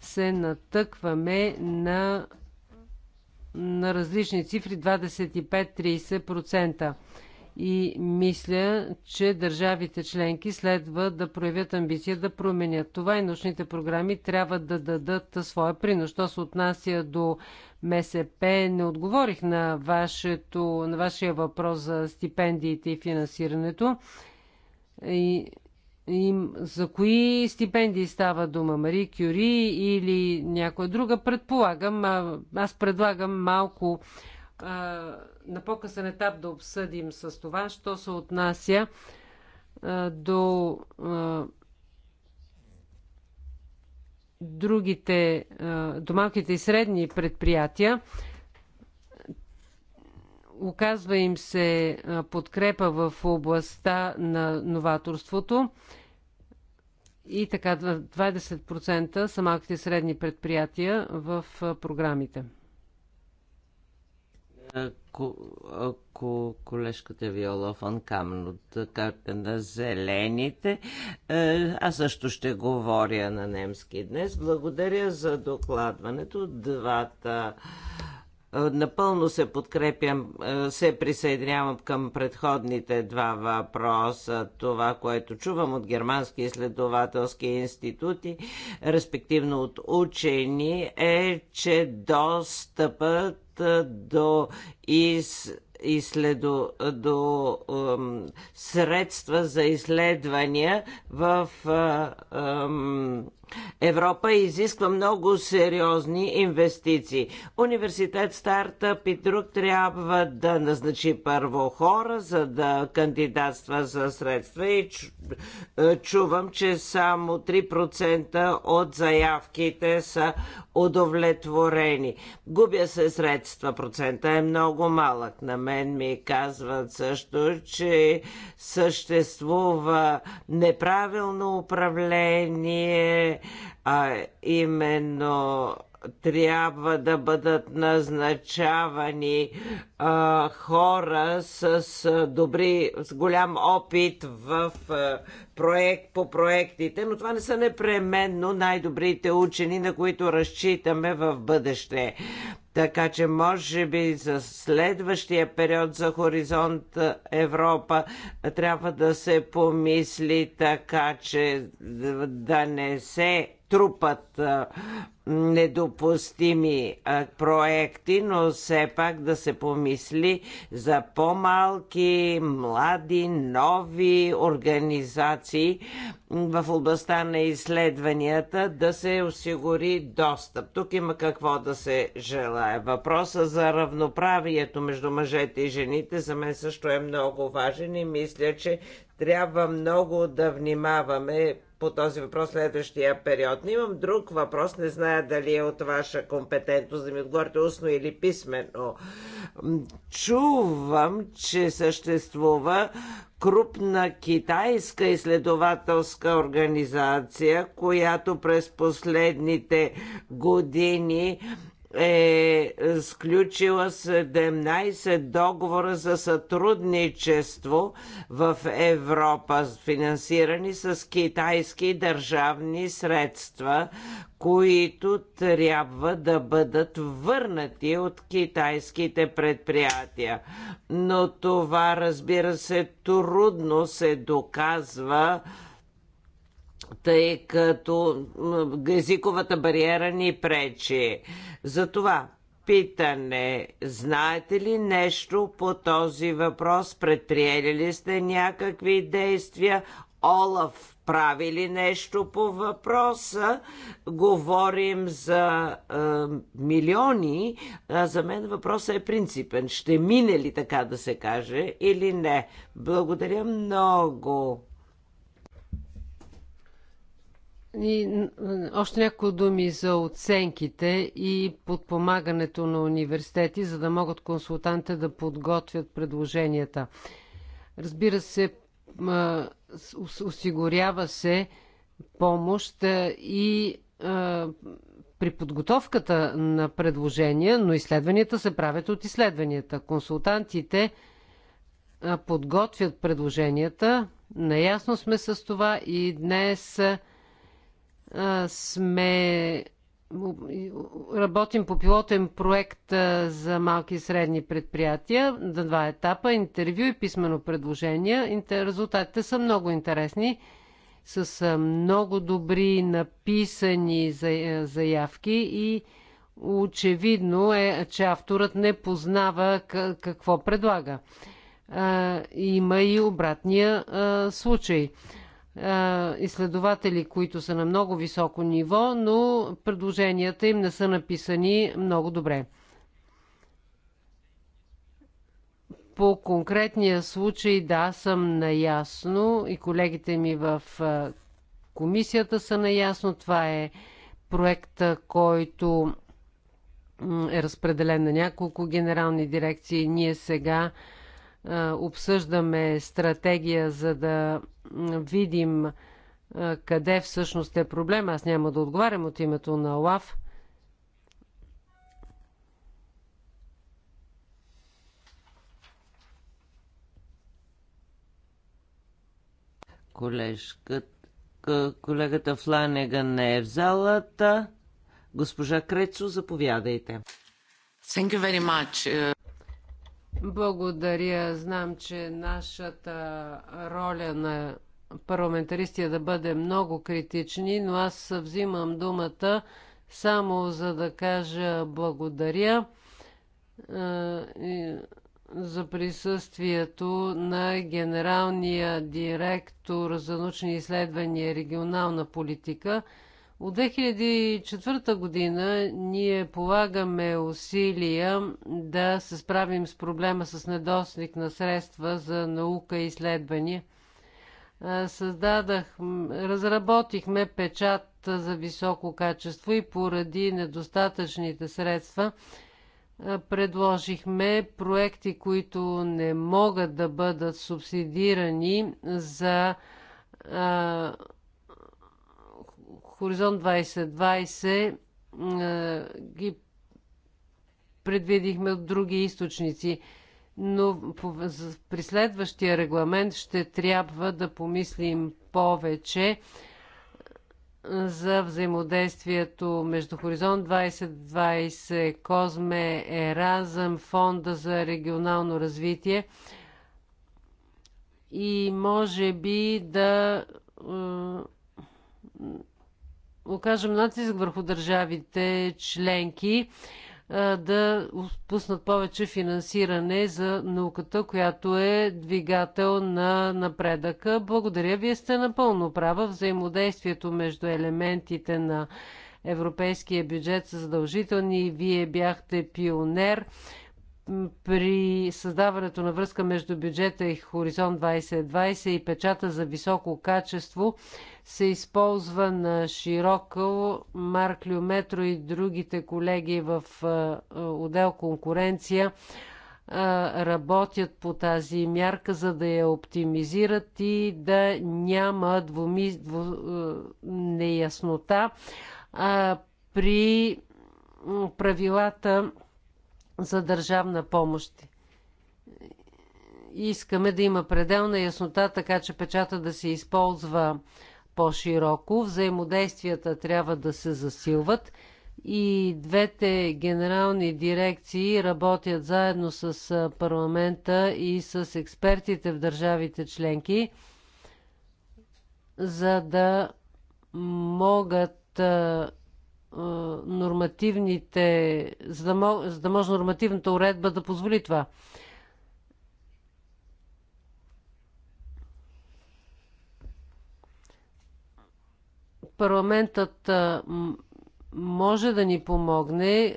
се натъкваме на, на различни цифри 25-30%. И мисля, че държавите членки следва да проявят амбиция да променят това и научните програми трябва да дадат своя принос. Що се отнася до МСП, не отговорих на, вашето, на вашия въпрос за стипендиите и финансирането. И им, за кои стипендии става дума? Мари Кюри или някоя друга? Предполагам, а, аз предлагам малко а, на по-късен етап да обсъдим с това, що се отнася а, до а, другите, а, до малките и средни предприятия. Оказва им се подкрепа в областта на новаторството и така 20% са малките и средни предприятия в програмите. Ако, ако колежката Виола фон Камен от карта на зелените, е, аз също ще говоря на немски днес. Благодаря за докладването. Двата е, напълно се подкрепям, е, се присъединявам към предходните два въпроса. Това, което чувам от германски изследователски институти, респективно от учени, е, че достъпът е, до из и следо, до ъм, средства за изследвания в ъм, Европа изисква много сериозни инвестиции. Университет Стартъп и друг трябва да назначи първо хора, за да кандидатства за средства и е, чувам, че само 3% от заявките са удовлетворени. Губя се средства, процента е много малък. На мен ми казват също, че съществува неправилно управление, а именно трябва да бъдат назначавани а, хора с, с добри, с голям опит в а, проект по проектите, но това не са непременно най-добрите учени, на които разчитаме в бъдеще. Така че може би за следващия период за хоризонт Европа трябва да се помисли така, че да не се трупат недопустими проекти, но все пак да се помисли за по-малки, млади, нови организации в областта на изследванията да се осигури достъп. Тук има какво да се желая. Въпроса за равноправието между мъжете и жените за мен също е много важен и мисля, че трябва много да внимаваме по този въпрос следващия период. Но имам друг въпрос, не зная дали е от ваша компетентност да ми отговорите устно или писменно. Чувам, че съществува крупна китайска изследователска организация, която през последните години е сключила 17 договора за сътрудничество в Европа, финансирани с китайски държавни средства, които трябва да бъдат върнати от китайските предприятия. Но това, разбира се, трудно се доказва тъй като езиковата бариера ни пречи. Затова питане. Знаете ли нещо по този въпрос? Предприели ли сте някакви действия? Олаф прави ли нещо по въпроса? Говорим за е, милиони, а за мен въпросът е принципен. Ще мине ли така да се каже или не? Благодаря много. И още няколко думи за оценките и подпомагането на университети, за да могат консултантите да подготвят предложенията. Разбира се, осигурява се помощ и при подготовката на предложения, но изследванията се правят от изследванията. Консултантите подготвят предложенията. Наясно сме с това и днес сме работим по пилотен проект за малки и средни предприятия на два етапа интервю и писмено предложение. Резултатите са много интересни с много добри написани заявки и очевидно е, че авторът не познава какво предлага. Има и обратния случай изследователи, които са на много високо ниво, но предложенията им не са написани много добре. По конкретния случай, да, съм наясно и колегите ми в комисията са наясно. Това е проекта, който е разпределен на няколко генерални дирекции. Ние сега обсъждаме стратегия, за да видим къде всъщност е проблема. Аз няма да отговарям от името на ЛАВ. Колежката, колегата Фланега не е в залата. Госпожа Крецо, заповядайте. Thank you very much. Благодаря. Знам, че нашата роля на парламентаристи е да бъде много критични, но аз взимам думата само за да кажа благодаря за присъствието на генералния директор за научни изследвания и регионална политика – от 2004 година ние полагаме усилия да се справим с проблема с недостиг на средства за наука и изследвания. Създадах, разработихме печат за високо качество и поради недостатъчните средства предложихме проекти, които не могат да бъдат субсидирани за Хоризонт 2020 е, ги предвидихме от други източници, но при следващия регламент ще трябва да помислим повече е, за взаимодействието между Хоризонт 2020, Козме, Еразъм, Фонда за регионално развитие и може би да е, окажем натиск върху държавите членки да отпуснат повече финансиране за науката, която е двигател на напредъка. Благодаря, вие сте напълно права. Взаимодействието между елементите на европейския бюджет са задължителни. Вие бяхте пионер при създаването на връзка между бюджета и Хоризонт 2020 и печата за високо качество се използва на широко. Марк Люметро и другите колеги в отдел конкуренция работят по тази мярка, за да я оптимизират и да няма двуми, дву, неяснота при правилата за държавна помощ. Искаме да има пределна яснота, така че печата да се използва по-широко. Взаимодействията трябва да се засилват и двете генерални дирекции работят заедно с парламента и с експертите в държавите членки, за да могат нормативните, за да, мож, за да може нормативната уредба да позволи това. Парламентът може да ни помогне,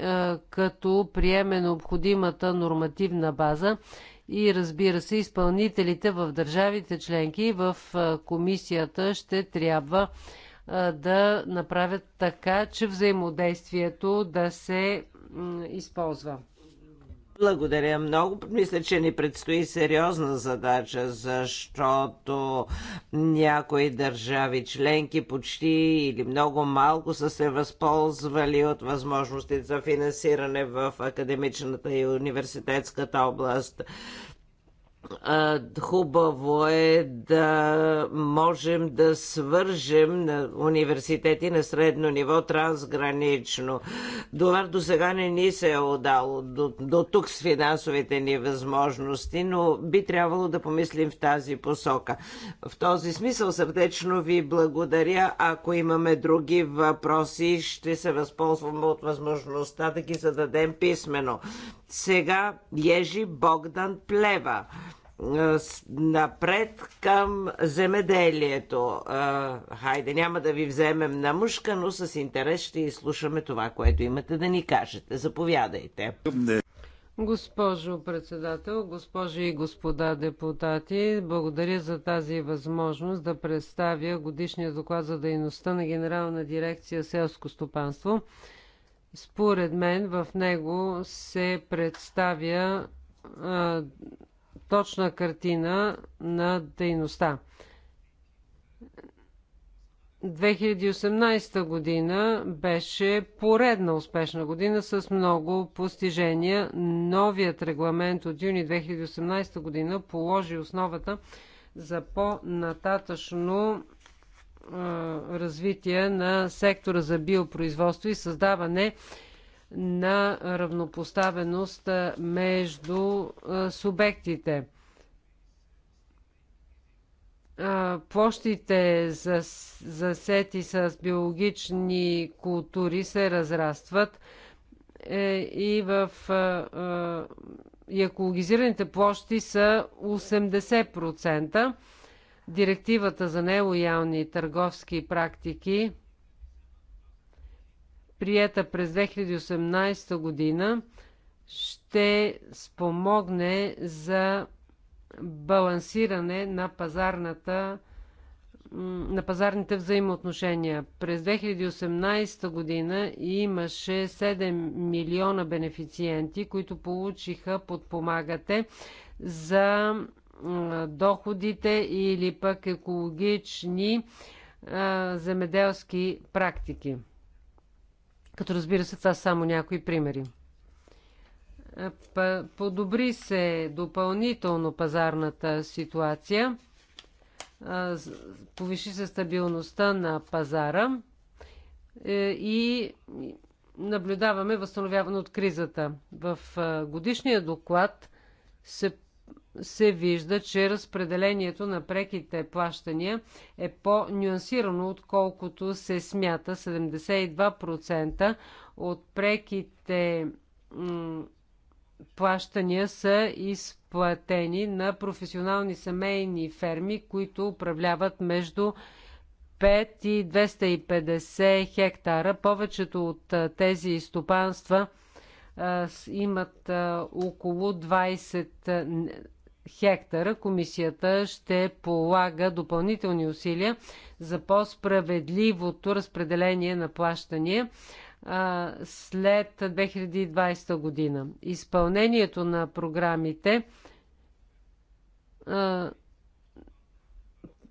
като приеме необходимата нормативна база и разбира се, изпълнителите в държавите членки в комисията ще трябва да направят така, че взаимодействието да се използва. Благодаря много. Мисля, че ни предстои сериозна задача, защото някои държави членки почти или много малко са се възползвали от възможности за финансиране в академичната и университетската област хубаво е да можем да свържем на университети на средно ниво трансгранично. Това до сега не ни се е отдало до, до тук с финансовите ни възможности, но би трябвало да помислим в тази посока. В този смисъл сърдечно ви благодаря. Ако имаме други въпроси, ще се възползваме от възможността да ги зададем писменно. Сега Ежи Богдан Плева напред към земеделието. Хайде, няма да ви вземем на мушка, но с интерес ще изслушаме това, което имате да ни кажете. Заповядайте. Госпожо председател, госпожи и господа депутати, благодаря за тази възможност да представя годишния доклад за дейността на Генерална дирекция селско стопанство. Според мен в него се представя а, точна картина на дейността. 2018 година беше поредна успешна година с много постижения. Новият регламент от юни 2018 година положи основата за по-нататъчно развитие на сектора за биопроизводство и създаване на равнопоставеност между субектите. Площите за, за сети с биологични култури се разрастват е, и в и екологизираните площи са 80%. Директивата за нелоялни търговски практики, приета през 2018 година, ще спомогне за балансиране на пазарната на пазарните взаимоотношения. През 2018 година имаше 7 милиона бенефициенти, които получиха подпомагате за доходите или пък екологични земеделски практики. Като разбира се, това са само някои примери. Подобри се допълнително пазарната ситуация, повиши се стабилността на пазара е, и наблюдаваме възстановяване от кризата. В годишния доклад се се вижда, че разпределението на преките плащания е по-нюансирано, отколкото се смята. 72% от преките плащания са изплатени на професионални семейни ферми, които управляват между 5 и 250 хектара. Повечето от тези стопанства имат около 20 хектара, комисията ще полага допълнителни усилия за по-справедливото разпределение на плащания след 2020 година. Изпълнението на програмите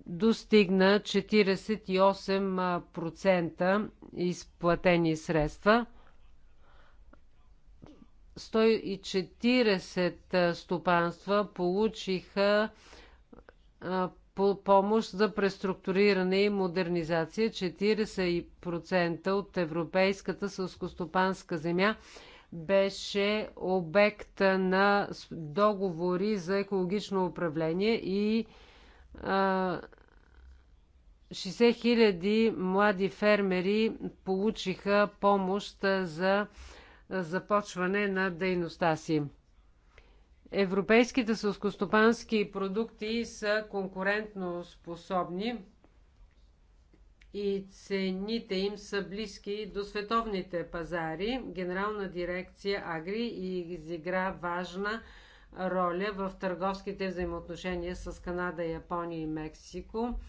достигна 48% изплатени средства – 140 стопанства получиха помощ за преструктуриране и модернизация. 40% от европейската сълскостопанска земя беше обект на договори за екологично управление и 60 000 млади фермери получиха помощ за започване на дейността си. Европейските сълскостопански продукти са конкурентно способни и цените им са близки до световните пазари. Генерална дирекция Агри изигра важна роля в търговските взаимоотношения с Канада, Япония и Мексико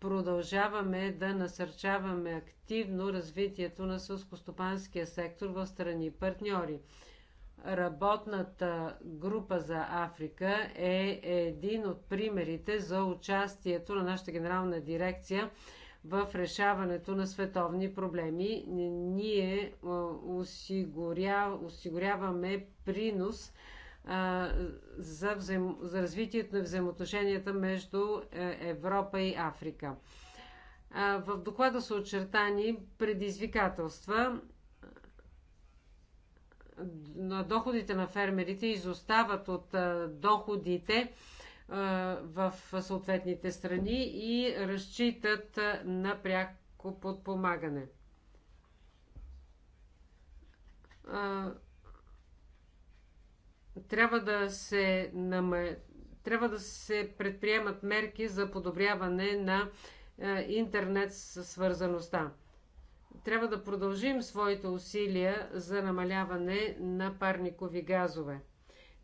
продължаваме да насърчаваме активно развитието на сълскостопанския сектор в страни партньори. Работната група за Африка е един от примерите за участието на нашата генерална дирекция в решаването на световни проблеми. Ние осигуря, осигуряваме принос за, взаим... за развитието на взаимоотношенията между е, Европа и Африка. В доклада са очертани предизвикателства на доходите на фермерите изостават от доходите в съответните страни и разчитат на пряко подпомагане трябва да се, наме... трябва да се предприемат мерки за подобряване на е, интернет свързаността. Трябва да продължим своите усилия за намаляване на парникови газове.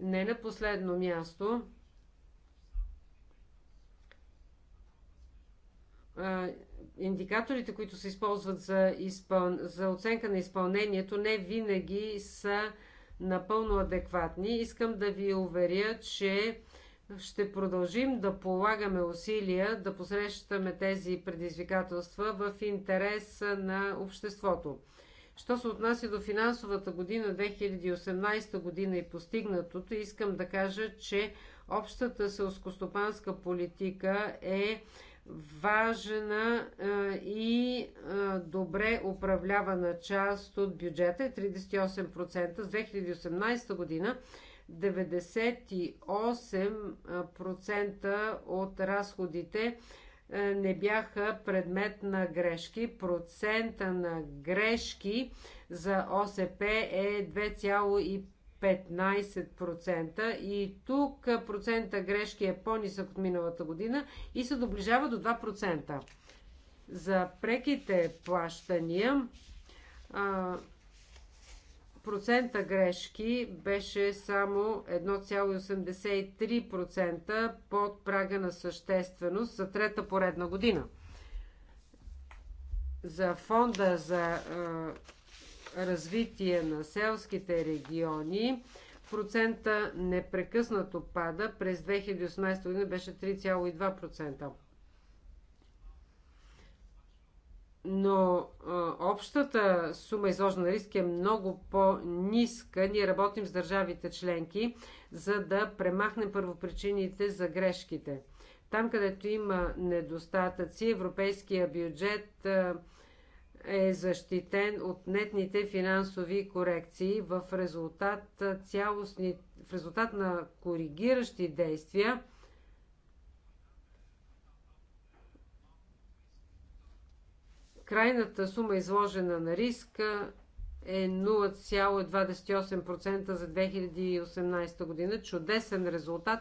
Не на последно място, е, индикаторите, които се използват за, изпъл... за оценка на изпълнението, не винаги са напълно адекватни. Искам да ви уверя, че ще продължим да полагаме усилия да посрещаме тези предизвикателства в интерес на обществото. Що се отнася до финансовата година 2018 година и постигнатото, искам да кажа, че общата селскостопанска политика е важна и добре управлявана част от бюджета е 38%. С 2018 година 98% от разходите не бяха предмет на грешки. Процента на грешки за ОСП е 2,5%. 15% и тук процента грешки е по-нисък от миналата година и се доближава до 2%. За преките плащания процента грешки беше само 1,83% под прага на същественост за трета поредна година. За фонда за развитие на селските региони, процента непрекъснато пада. През 2018 година беше 3,2%. Но а, общата сума изложена на риск е много по-ниска. Ние работим с държавите членки, за да премахнем първопричините за грешките. Там, където има недостатъци, европейския бюджет а, е защитен от нетните финансови корекции в резултат, цялостни, в резултат на коригиращи действия. Крайната сума изложена на риск е 0,28% за 2018 година. Чудесен резултат,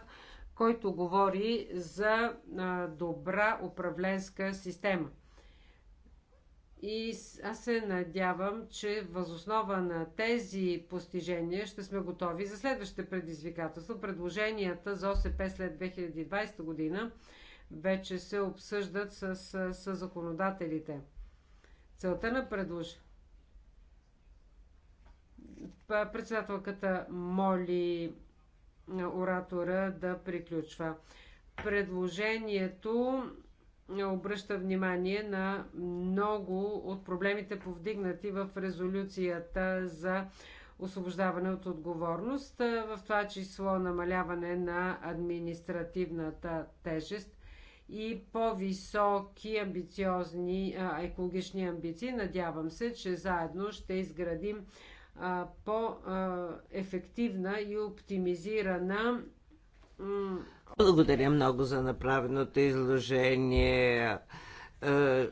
който говори за добра управленска система. И аз се надявам, че възоснова на тези постижения ще сме готови за следващите предизвикателства. Предложенията за ОСП след 2020 година вече се обсъждат с, с, с законодателите. Целта на предложението председателката моли оратора да приключва. Предложението обръща внимание на много от проблемите повдигнати в резолюцията за освобождаване от отговорност, в това число намаляване на административната тежест и по-високи амбициозни екологични амбиции. Надявам се, че заедно ще изградим по-ефективна и оптимизирана благодаря много за направеното изложение. Е, е,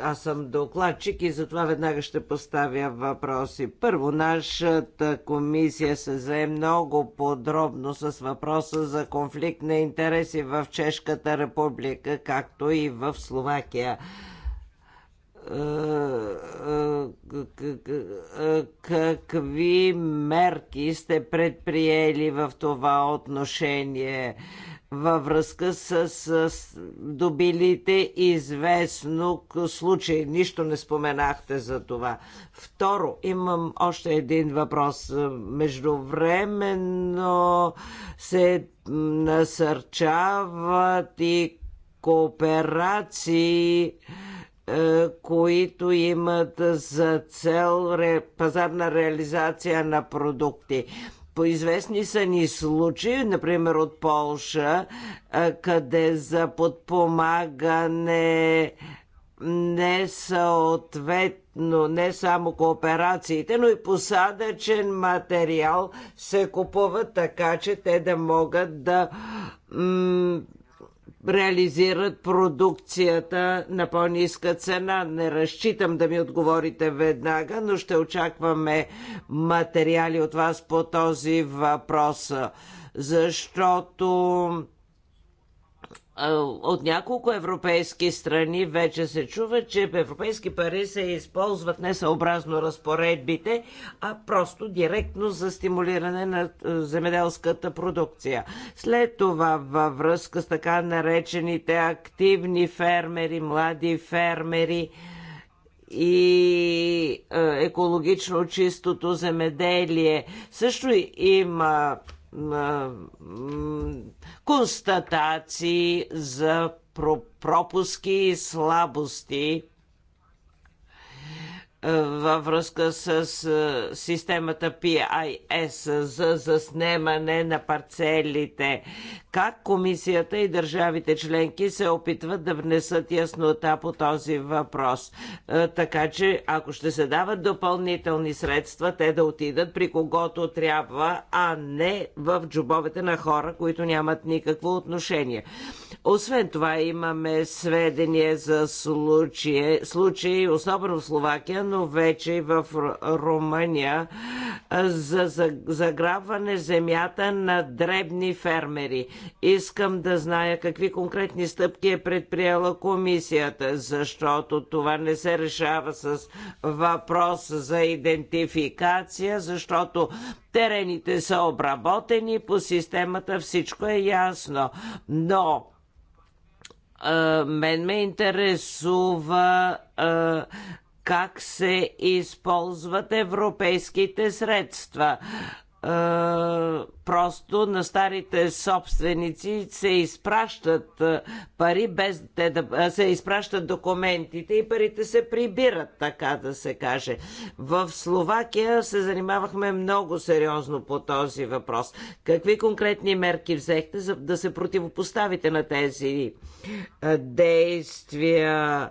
аз съм докладчик и затова веднага ще поставя въпроси. Първо, нашата комисия се зае много подробно с въпроса за конфликт на интереси в Чешката република, както и в Словакия какви мерки сте предприели в това отношение във връзка с, с добилите известно случай. Нищо не споменахте за това. Второ, имам още един въпрос. Междувременно се насърчават и кооперации е, които имат за цел пазарна реализация на продукти. По известни са ни случаи, например от Полша, е, къде за подпомагане не съответно, не само кооперациите, но и посадъчен материал се купуват така, че те да могат да реализират продукцията на по-ниска цена. Не разчитам да ми отговорите веднага, но ще очакваме материали от вас по този въпрос, защото от няколко европейски страни вече се чува, че европейски пари се използват не съобразно разпоредбите, а просто директно за стимулиране на е, земеделската продукция. След това във връзка с така наречените активни фермери, млади фермери, и е, екологично чистото земеделие. Също има констатации за пропуски и слабости във връзка с системата PIS за заснемане на парцелите, как комисията и държавите членки се опитват да внесат яснота по този въпрос? Е, така че, ако ще се дават допълнителни средства, те да отидат при когото трябва, а не в джобовете на хора, които нямат никакво отношение. Освен това, имаме сведения за случаи, случаи особено в Словакия, но вече и в Румъния, е, за заграбване земята на дребни фермери. Искам да зная какви конкретни стъпки е предприела комисията, защото това не се решава с въпрос за идентификация, защото терените са обработени, по системата всичко е ясно. Но мен ме интересува как се използват европейските средства просто на старите собственици се изпращат пари без те да се изпращат документите и парите се прибират, така да се каже. В Словакия се занимавахме много сериозно по този въпрос. Какви конкретни мерки взехте за да се противопоставите на тези действия?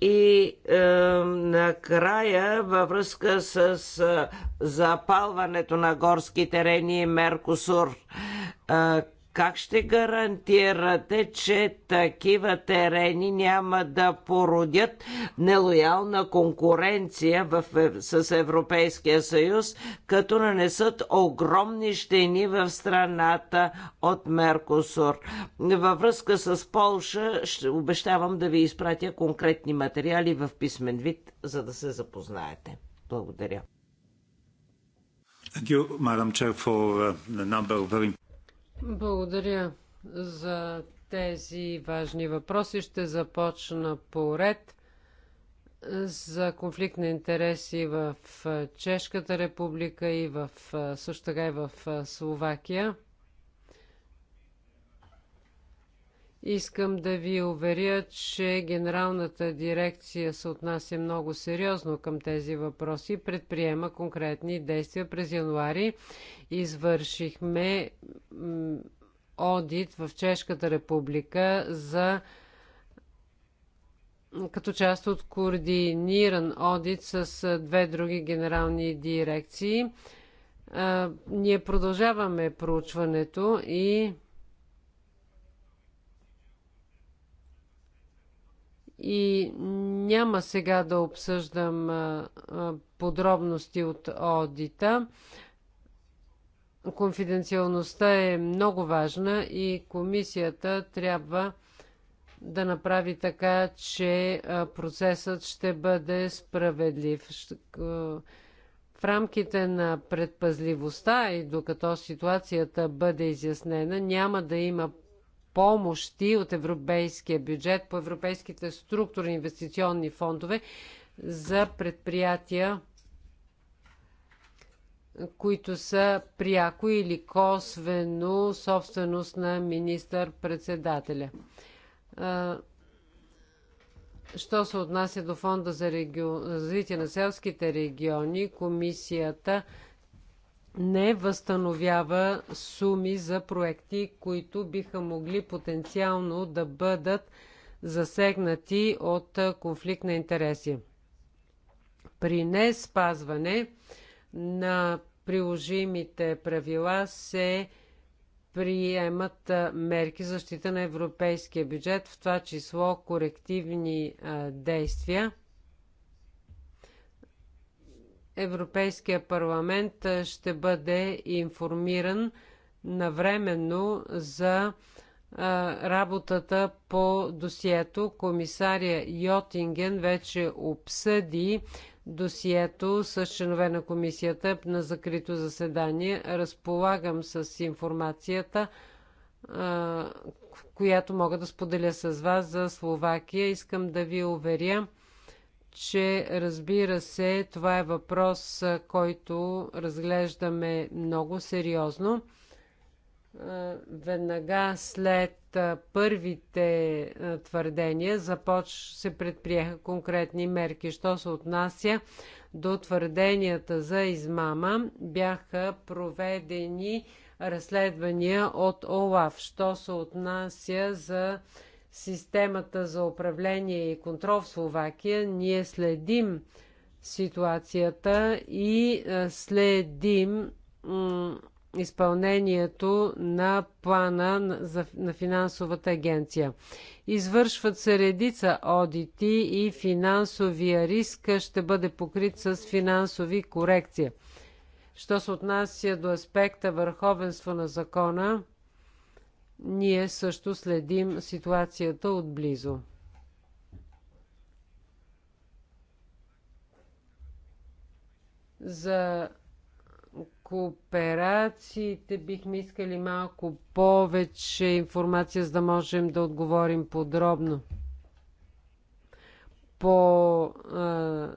И е, накрая, във връзка с е, запалването на горски терени Меркосур, е, как ще гарантирате, че такива терени няма да породят нелоялна конкуренция в, с Европейския съюз, като нанесат огромни щени в страната от Меркосур? Във връзка с Полша ще обещавам да ви изпратя конкретни материали в писмен вид, за да се запознаете. Благодаря. Thank you, Madam Chair, for uh, the number of very благодаря за тези важни въпроси. Ще започна по ред за конфликт на интереси в Чешката република и в, също така и в Словакия. Искам да ви уверя, че генералната дирекция се отнася много сериозно към тези въпроси и предприема конкретни действия. През януари извършихме одит в Чешката република за като част от координиран одит с две други генерални дирекции. Ние продължаваме проучването и И няма сега да обсъждам подробности от одита. Конфиденциалността е много важна и комисията трябва да направи така, че процесът ще бъде справедлив. В рамките на предпазливостта и докато ситуацията бъде изяснена, няма да има помощи от европейския бюджет по европейските структурни инвестиционни фондове за предприятия, които са пряко или косвено собственост на министър-председателя. Що се отнася до Фонда за развитие на селските региони, комисията не възстановява суми за проекти, които биха могли потенциално да бъдат засегнати от конфликт на интереси. При не спазване на приложимите правила се приемат мерки защита на европейския бюджет, в това число корективни действия – Европейския парламент ще бъде информиран навременно за работата по досието. Комисария Йотинген вече обсъди досието с членове на комисията на закрито заседание. Разполагам с информацията, която мога да споделя с вас за Словакия. Искам да ви уверя, че разбира се, това е въпрос, който разглеждаме много сериозно. Веднага след първите твърдения започ се предприеха конкретни мерки. Що се отнася до твърденията за измама, бяха проведени разследвания от ОЛАФ. Що се отнася за системата за управление и контрол в Словакия, ние следим ситуацията и следим изпълнението на плана на финансовата агенция. Извършват се редица одити и финансовия риск ще бъде покрит с финансови корекции. Що се отнася до аспекта върховенство на закона, ние също следим ситуацията отблизо. За кооперациите бихме искали малко повече информация, за да можем да отговорим подробно. По а,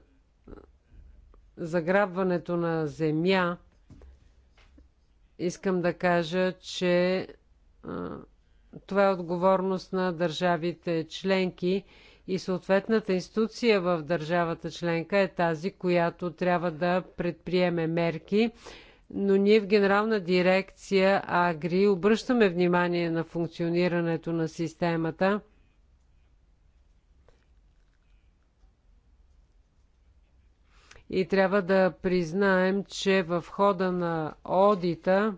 заграбването на земя искам да кажа, че това е отговорност на държавите членки и съответната институция в държавата членка е тази, която трябва да предприеме мерки. Но ние в Генерална дирекция Агри обръщаме внимание на функционирането на системата. И трябва да признаем, че в хода на одита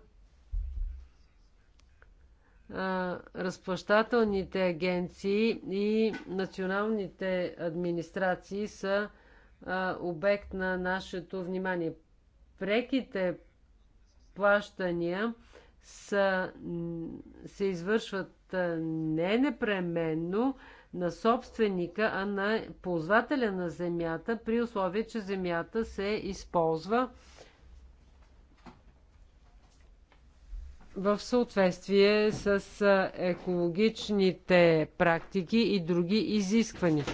разплащателните агенции и националните администрации са обект на нашето внимание. Преките плащания са, се извършват не непременно на собственика, а на ползвателя на земята, при условие, че земята се използва в съответствие с екологичните практики и други изисквания.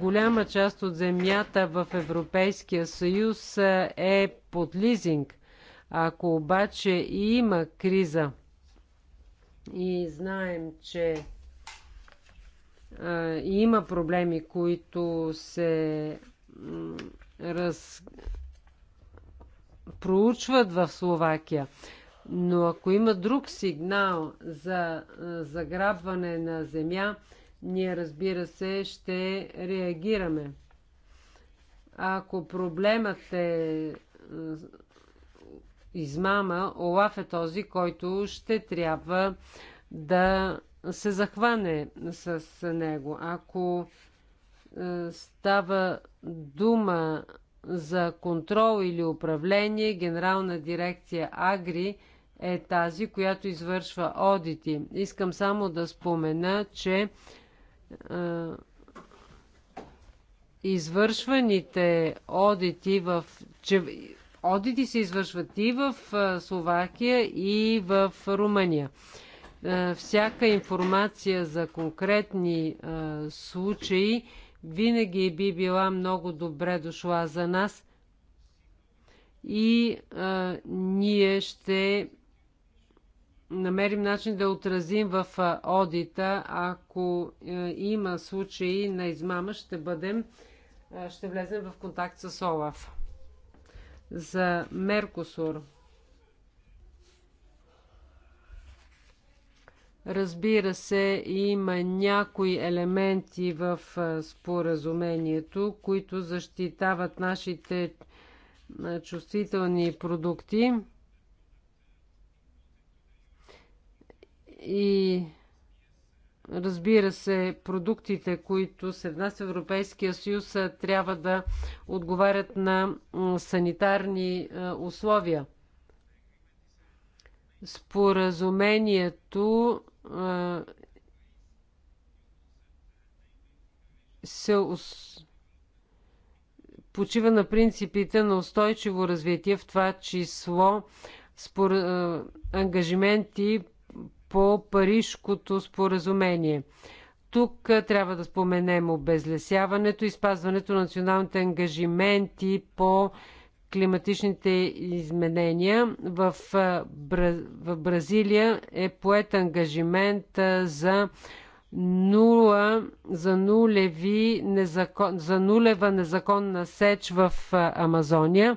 Голяма част от земята в Европейския съюз е под лизинг. Ако обаче има криза и знаем, че а, има проблеми, които се раз... проучват в Словакия, но ако има друг сигнал за заграбване на земя, ние разбира се ще реагираме. Ако проблемът е измама, Олаф е този, който ще трябва да се захване с него. Ако става дума за контрол или управление, Генерална дирекция Агри – е тази, която извършва одити. Искам само да спомена, че е, извършваните одити в... Че, одити се извършват и в Словакия, и в Румъния. всяка информация за конкретни случаи винаги би била много добре дошла за нас и а, ние ще намерим начин да отразим в одита, ако е, има случаи на измама, ще бъдем, ще влезем в контакт с ОЛАФ. За Меркосур. Разбира се, има някои елементи в споразумението, които защитават нашите чувствителни продукти. И разбира се, продуктите, които се внасят в Европейския съюз, трябва да отговарят на санитарни условия. Споразумението се почива на принципите на устойчиво развитие, в това число спор... ангажименти по Парижкото споразумение. Тук трябва да споменем обезлесяването и спазването на националните ангажименти по климатичните изменения. В, Бра... в Бразилия е поет ангажимент за нула, за, нулеви, незакон, за нулева незаконна сеч в Амазония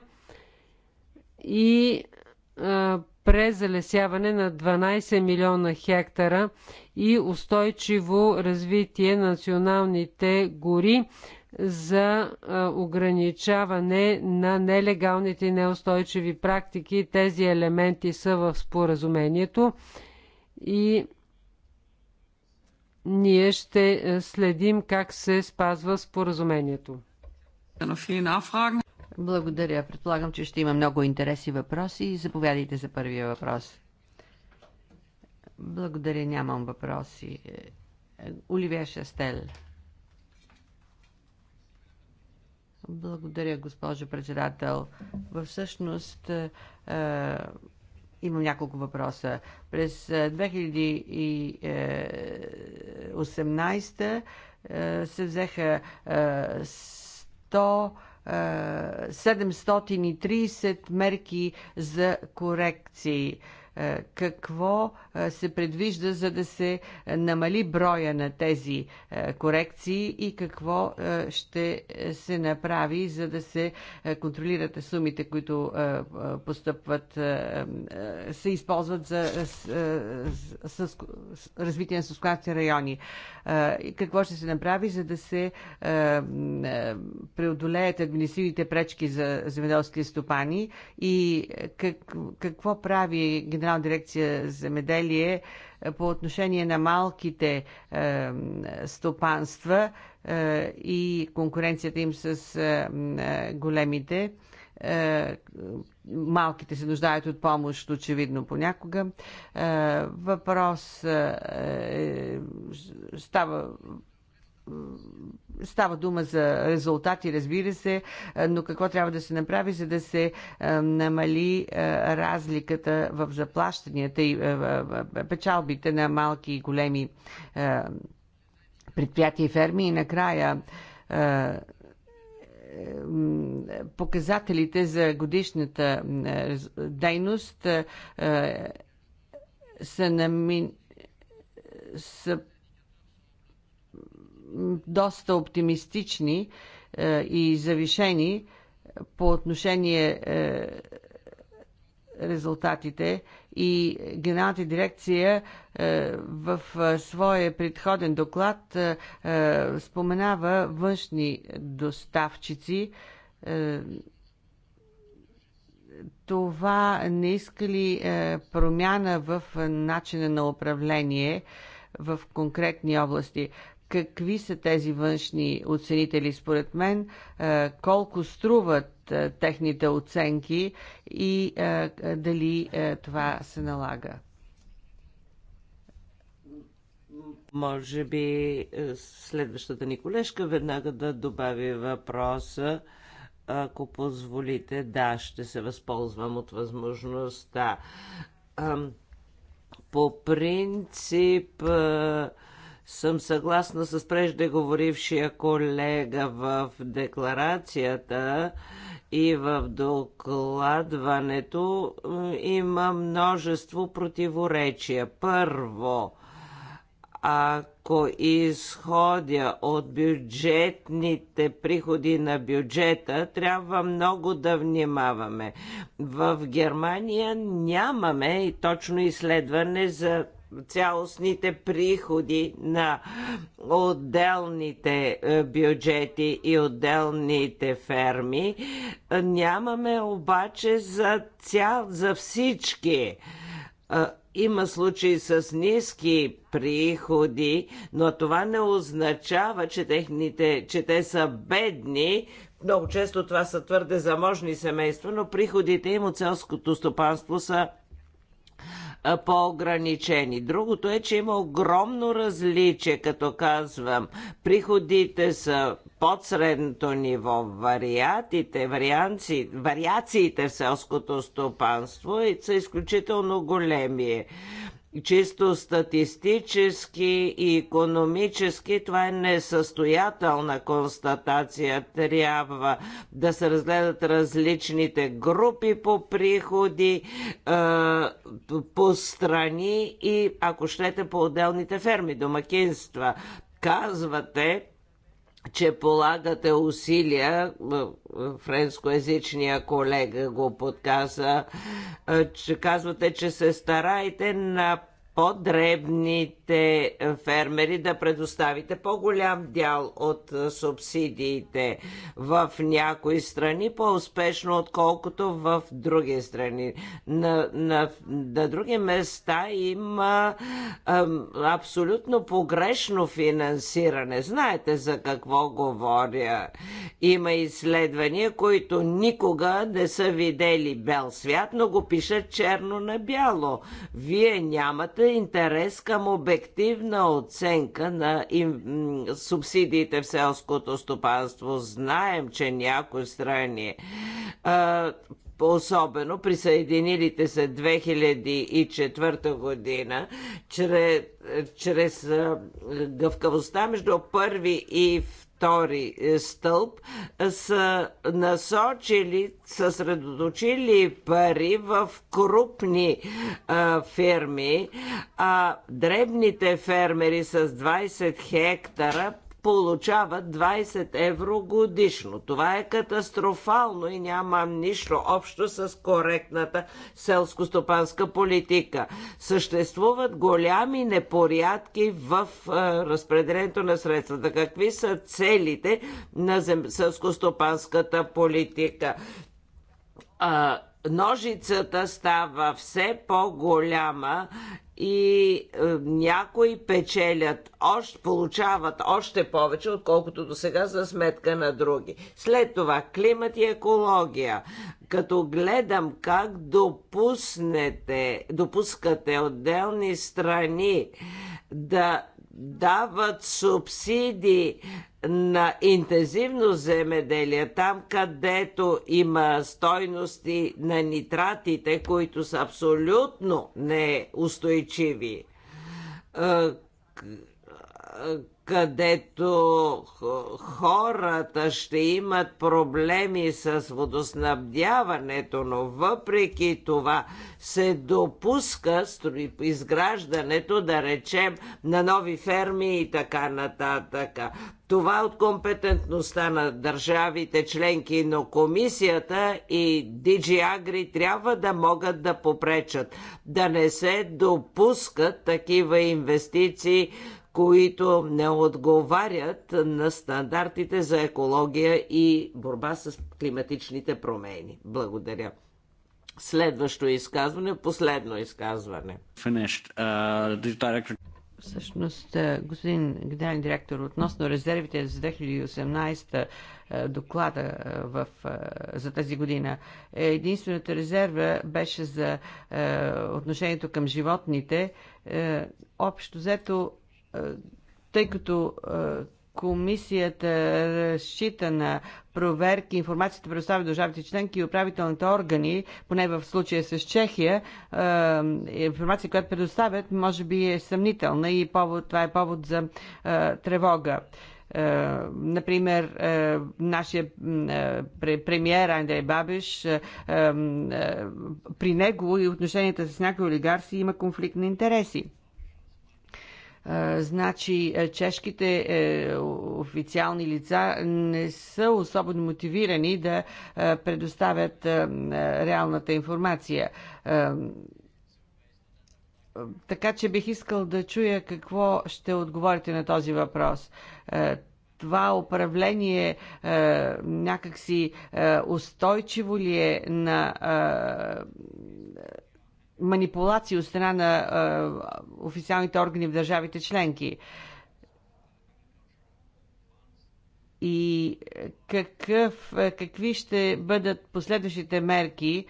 и презалесяване на 12 милиона хектара и устойчиво развитие на националните гори за ограничаване на нелегалните и неустойчиви практики. Тези елементи са в споразумението и ние ще следим как се спазва споразумението. Благодаря. Предполагам, че ще има много интереси въпроси. Заповядайте за първия въпрос. Благодаря, нямам въпроси. Оливия Шастел. Благодаря, госпожо председател. Всъщност, е, имам няколко въпроса. През 2018 е, е, е, се взеха е, 100 730 мерки за корекции. Е, какво се предвижда, за да се намали броя на тези корекции и какво ще се направи, за да се контролират сумите, които постъпват, се използват за с, развитие на сусканските райони. И какво ще се направи, за да се преодолеят административните пречки за земеделски стопани и как, какво прави Генерална дирекция земеделие земеделие е, по отношение на малките е, стопанства е, и конкуренцията им с е, е големите. Е, малките се нуждаят от помощ, очевидно понякога. Е, въпрос е, става Става дума за резултати, разбира се, но какво трябва да се направи, за да се е, намали е, разликата в заплащанията и е, печалбите на малки и големи предприятия и ферми. И накрая показателите за годишната дейност са на са доста оптимистични е, и завишени по отношение е, резултатите и Генералната дирекция е, в своя предходен доклад споменава външни доставчици. Това не иска ли промяна в начина на управление в конкретни области? какви са тези външни оценители според мен, колко струват техните оценки и дали това се налага. Може би е, следващата ни колежка веднага да добави въпроса. Ако позволите, да, ще се възползвам от възможността. По принцип, е, съм съгласна с преждеговорившия колега в декларацията и в докладването има множество противоречия. Първо, ако изходя от бюджетните приходи на бюджета, трябва много да внимаваме. В Германия нямаме точно изследване за цялостните приходи на отделните е, бюджети и отделните ферми. Нямаме обаче за цял, за всички. Е, има случаи с ниски приходи, но това не означава, че, техните, че те са бедни, много често това са твърде заможни семейства, но приходите им от селското стопанство са по-ограничени. Другото е, че има огромно различие, като казвам. Приходите са под средното ниво, вариатите, варианци, вариациите в селското стопанство са изключително големи чисто статистически и економически това е несъстоятелна констатация. Трябва да се разгледат различните групи по приходи, по страни и ако щете по отделните ферми, домакинства. Казвате, че полагате усилия, френскоязичния колега го подказа, че казвате, че се стараете на по-дребните младите е, фермери да предоставите по-голям дял от е, субсидиите в някои страни, по-успешно отколкото в други страни. На, на, на други места има ам, абсолютно погрешно финансиране. Знаете за какво говоря. Има изследвания, които никога не са видели бел свят, но го пишат черно на бяло. Вие нямате интерес към обективността обективна оценка на им, субсидиите в селското стопанство. Знаем, че някои страни а, особено присъединилите се 2004 година, чрез, чрез гъвкавостта между първи и втори е, стълб е, са насочили, съсредоточили пари в крупни а, е, фирми, а дребните фермери с 20 хектара получават 20 евро годишно. Това е катастрофално и няма нищо общо с коректната селско-стопанска политика. Съществуват голями непорядки в а, разпределението на средствата. Какви са целите на селско-стопанската политика? А, ножицата става все по-голяма и е, някои печелят, още, получават още повече, отколкото до сега за сметка на други. След това климат и екология. Като гледам как допуснете, допускате отделни страни да дават субсидии на интензивно земеделие, там където има стойности на нитратите, които са абсолютно неустойчиви, е, е, където хората ще имат проблеми с водоснабдяването, но въпреки това се допуска изграждането, да речем, на нови ферми и така нататък. Това от компетентността на държавите членки, но комисията и DG Agri трябва да могат да попречат, да не се допускат такива инвестиции които не отговарят на стандартите за екология и борба с климатичните промени. Благодаря. Следващо изказване, последно изказване. Finished, uh, Всъщност, е, господин генерален директор, относно резервите за 2018 е, доклада е, в, за тази година, единствената резерва беше за отношението към животните. Общо взето тъй като комисията разчита на проверки, информацията предоставя държавите членки и управителните органи, поне в случая с Чехия, информация, която предоставят, може би е съмнителна и повод, това е повод за тревога например, нашия премьер Андрей Бабиш, при него и отношенията с някои олигарси има конфликт на интереси. Значи, е, чешките е, официални лица не са особено мотивирани да е, предоставят реалната информация. Така че бих искал да чуя какво ще отговорите на този въпрос това управление някакси устойчиво ли е на манипулации от страна на е, официалните органи в държавите членки. И какъв, какви ще бъдат последващите мерки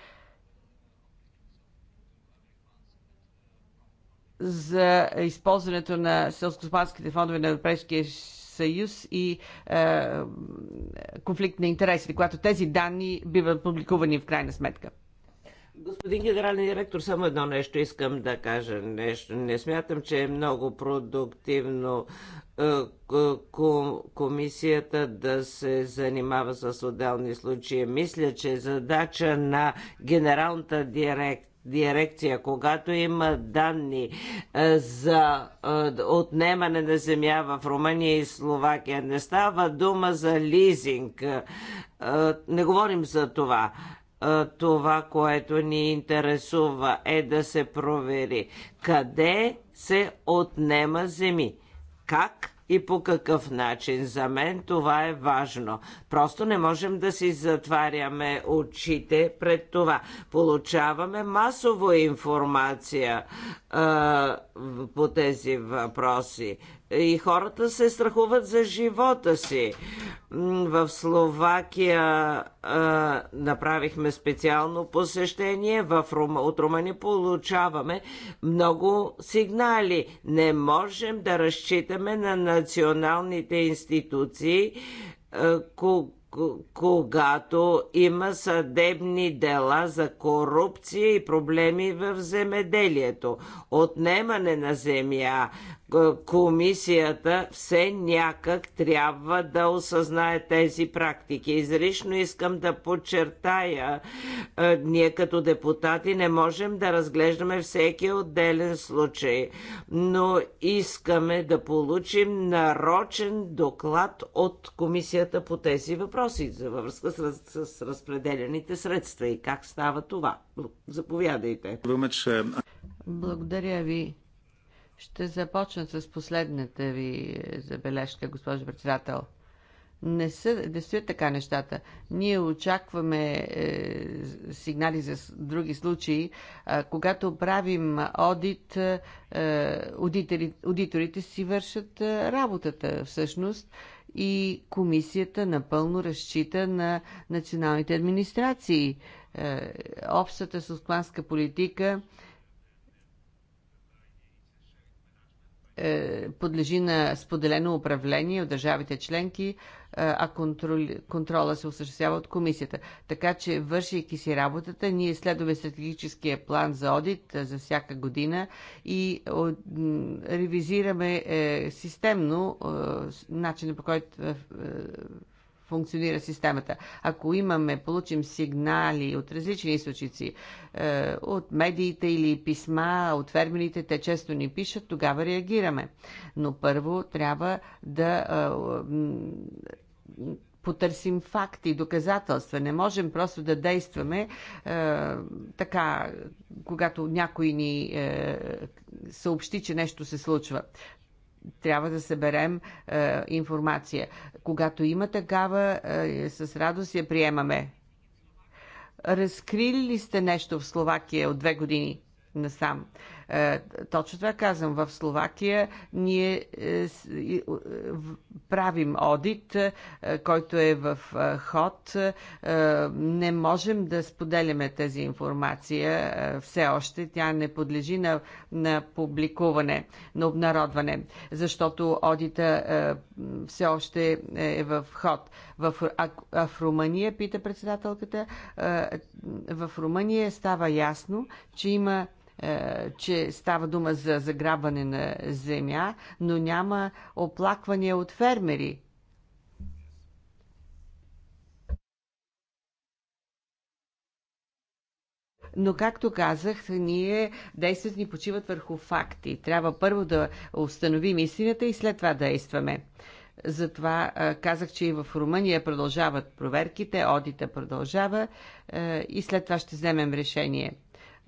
за използването на селскоспанските фондове на Европейския съюз и е, конфликт на интереси, когато тези данни биват публикувани в крайна сметка? Господин генерален директор, само едно нещо искам да кажа. Нещо. Не смятам, че е много продуктивно е, комисията да се занимава с отделни случаи. Мисля, че задача на генералната директ дирекция, когато има данни е, за е, отнемане на земя в Румъния и Словакия, не става дума за лизинг. Не говорим за това това, което ни интересува е да се провери къде се отнема земи, как и по какъв начин. За мен това е важно. Просто не можем да си затваряме очите пред това. Получаваме масово информация а, по тези въпроси и хората се страхуват за живота си. В Словакия а, направихме специално посещение, в Рум... от Румъни получаваме много сигнали. Не можем да разчитаме на националните институции, а, когато има съдебни дела за корупция и проблеми в земеделието, отнемане на земя, комисията все някак трябва да осъзнае тези практики. Изрично искам да подчертая, е, ние като депутати не можем да разглеждаме всеки отделен случай, но искаме да получим нарочен доклад от комисията по тези въпроси във връзка с, с, с разпределените средства и как става това. Заповядайте. Благодаря ви. Ще започна с последната ви е, забележка, госпожо председател. Не, са, не стоят така нещата. Ние очакваме е, сигнали за други случаи. А, когато правим одит, е, аудитори, аудиторите си вършат е, работата всъщност и комисията напълно разчита на националните администрации. Е, общата сускманска политика е, Е, подлежи на споделено управление от държавите членки, е, а контрол, контрола се осъществява от комисията. Така че, вършейки си работата, ние следваме стратегическия план за одит е, за всяка година и ревизираме системно начина по който функционира системата. Ако имаме, получим сигнали от различни източници, е, от медиите или писма, от фермерите, те често ни пишат, тогава реагираме. Но първо трябва да е, потърсим факти, доказателства. Не можем просто да действаме е, така, когато някой ни е, съобщи, че нещо се случва трябва да съберем е, информация. Когато има такава, е, с радост я приемаме. Разкрили ли сте нещо в Словакия от две години насам? Е, точно това казвам. В Словакия ние е, правим одит, е, който е в ход. Не можем да споделяме тази информация все още. Тя не подлежи на, на публикуване, на обнародване, защото одита все още е в ход. В, а, а в Румъния, пита председателката, в Румъния става ясно, че има е, че става дума за заграбване на земя, но няма оплаквания от фермери. Но, както казах, ние действията ни почиват върху факти. Трябва първо да установим истината и след това действаме. Затова е, казах, че и в Румъния продължават проверките, одита продължава е, и след това ще вземем решение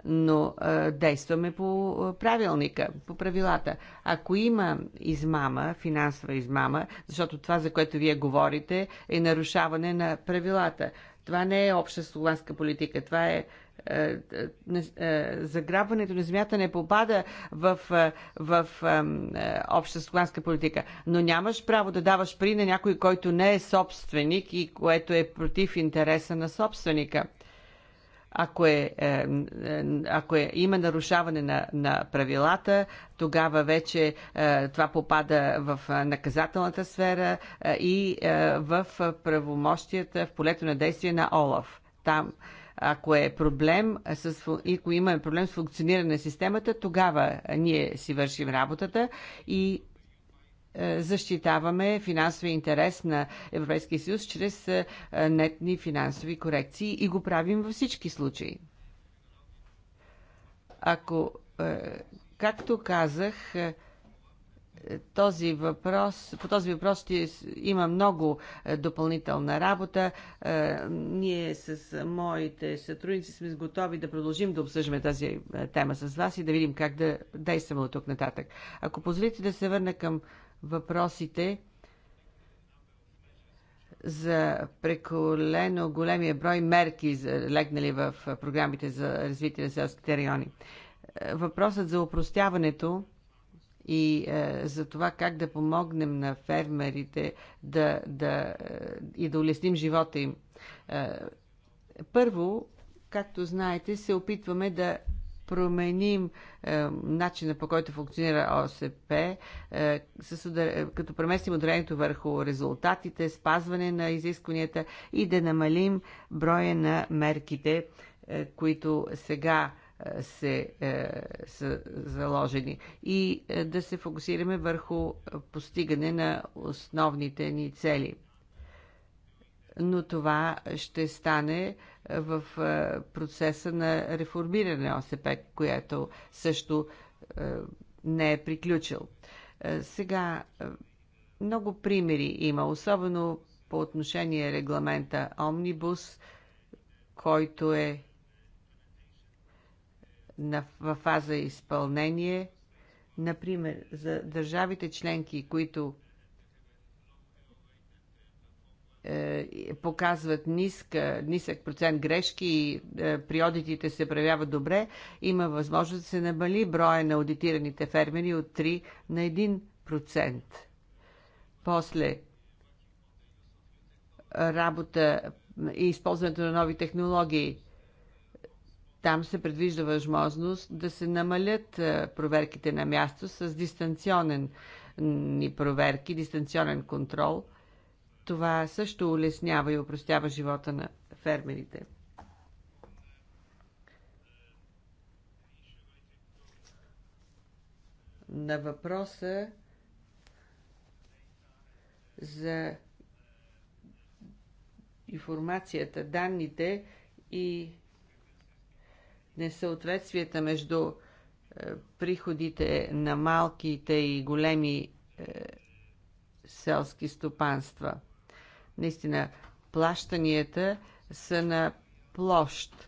но а, действаме по правилника, по правилата. Ако има измама, финансова измама, защото това, за което вие говорите, е нарушаване на правилата. Това не е обща слуганска политика, това е, заграбването на земята не попада в, в обща слуганска политика. Но нямаш право да даваш при на някой, който не е собственик и което е против интереса на собственика ако, е, е, ако е, има нарушаване на, на правилата, тогава вече е, това попада в е, наказателната сфера е, и в правомощията, в полето на действие на ОЛАФ. Там, ако е проблем с, и ако имаме проблем с функциониране на системата, тогава ние си вършим работата и е, защитаваме финансовия интерес на Европейския съюз чрез е, нетни финансови корекции и го правим във всички случаи. Ако, е, както казах, този въпрос, по този въпрос ще има много допълнителна работа. Ние с моите сътрудници сме готови да продължим да обсъждаме тази тема с вас и да видим как да действаме от тук нататък. Ако позволите да се върна към въпросите за преколено големия брой мерки, легнали в програмите за развитие на селските райони. Въпросът за упростяването и е, за това как да помогнем на фермерите да, да, е, и да улесним живота им. Е, първо, както знаете, се опитваме да променим е, начина по който функционира ОСП, е, с удар... Е, като преместим ударението върху резултатите, спазване на изискванията и да намалим броя на мерките, е, които сега е, се, е, са заложени и е, да се фокусираме върху постигане на основните ни цели. Но това ще стане е, в е, процеса на реформиране ОСП, което също е, не е приключил. Е, сега много примери има, особено по отношение регламента Омнибус, който е в във фаза изпълнение. Например, за държавите членки, които е, показват ниска, нисък процент грешки и е, при одитите се проявяват добре, има възможност да се намали броя на аудитираните фермери от 3 на 1%. После работа и използването на нови технологии. Там се предвижда възможност да се намалят е, проверките на място с дистанционен проверки, дистанционен контрол – това също улеснява и упростява живота на фермерите. На въпроса за информацията, данните и несъответствията между е, приходите на малките и големи е, селски стопанства – Наистина, плащанията са на площ.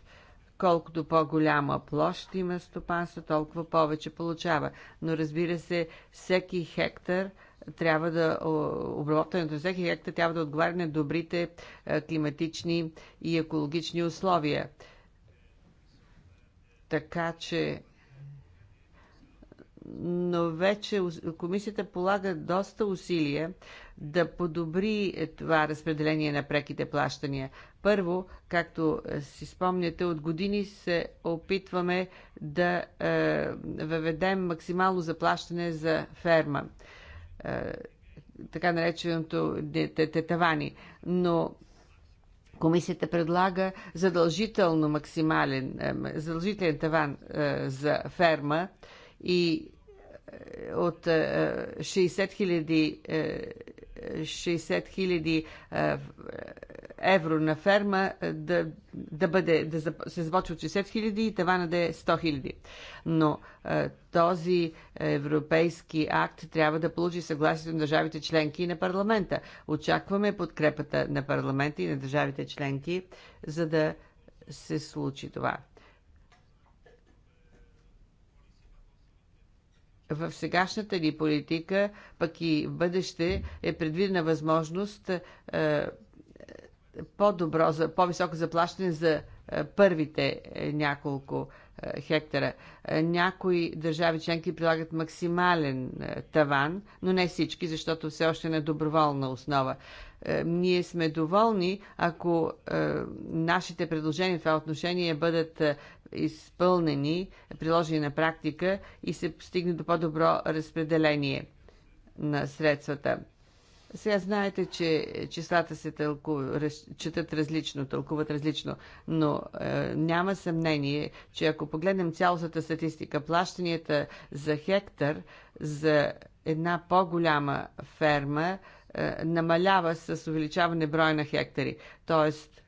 Колкото по-голяма площ има стопанство, толкова повече получава. Но разбира се, всеки хектар трябва да, обработването на всеки хектар трябва да отговаря на добрите е, климатични и екологични условия. Така че но вече комисията полага доста усилия да подобри е, това разпределение на преките плащания. Първо, както е, си спомняте, от години се опитваме да е, въведем максимално заплащане за ферма. Е, така нареченото тетавани. Но Комисията предлага задължително максимален, е, задължителен таван за ферма и от 60 е, хиляди 60 е, хиляди е, евро на ферма да, да, бъде, да се започва от 60 хиляди и тавана да е 100 хиляди. Но този европейски акт трябва да получи съгласието на държавите членки и на парламента. Очакваме подкрепата на парламента и на държавите членки, за да се случи това. в сегашната ни политика, пък и в бъдеще, е предвидена възможност е, по-добро, за, по-високо заплащане за е, първите е, няколко е, хектара. Е, някои държави членки прилагат максимален е, таван, но не всички, защото все още на доброволна основа. Ние сме доволни, ако нашите предложения в това отношение бъдат изпълнени, приложени на практика и се постигне до по-добро разпределение на средствата. Сега знаете, че числата се тълку... четат различно, тълкуват различно, но е, няма съмнение, че ако погледнем цялостната статистика, плащанията за хектар за една по-голяма ферма е, намалява с увеличаване броя на хектари. Тоест,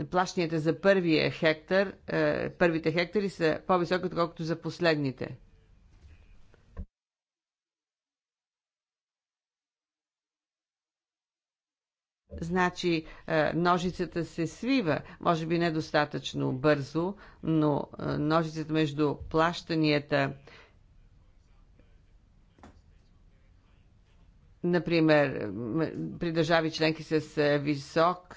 е, плащанията за първия хектар, е, първите хектари са по-високи, отколкото за последните. Значи е, ножицата се свива, може би недостатъчно бързо, но е, ножицата между плащанията, например, при държави членки с е, висок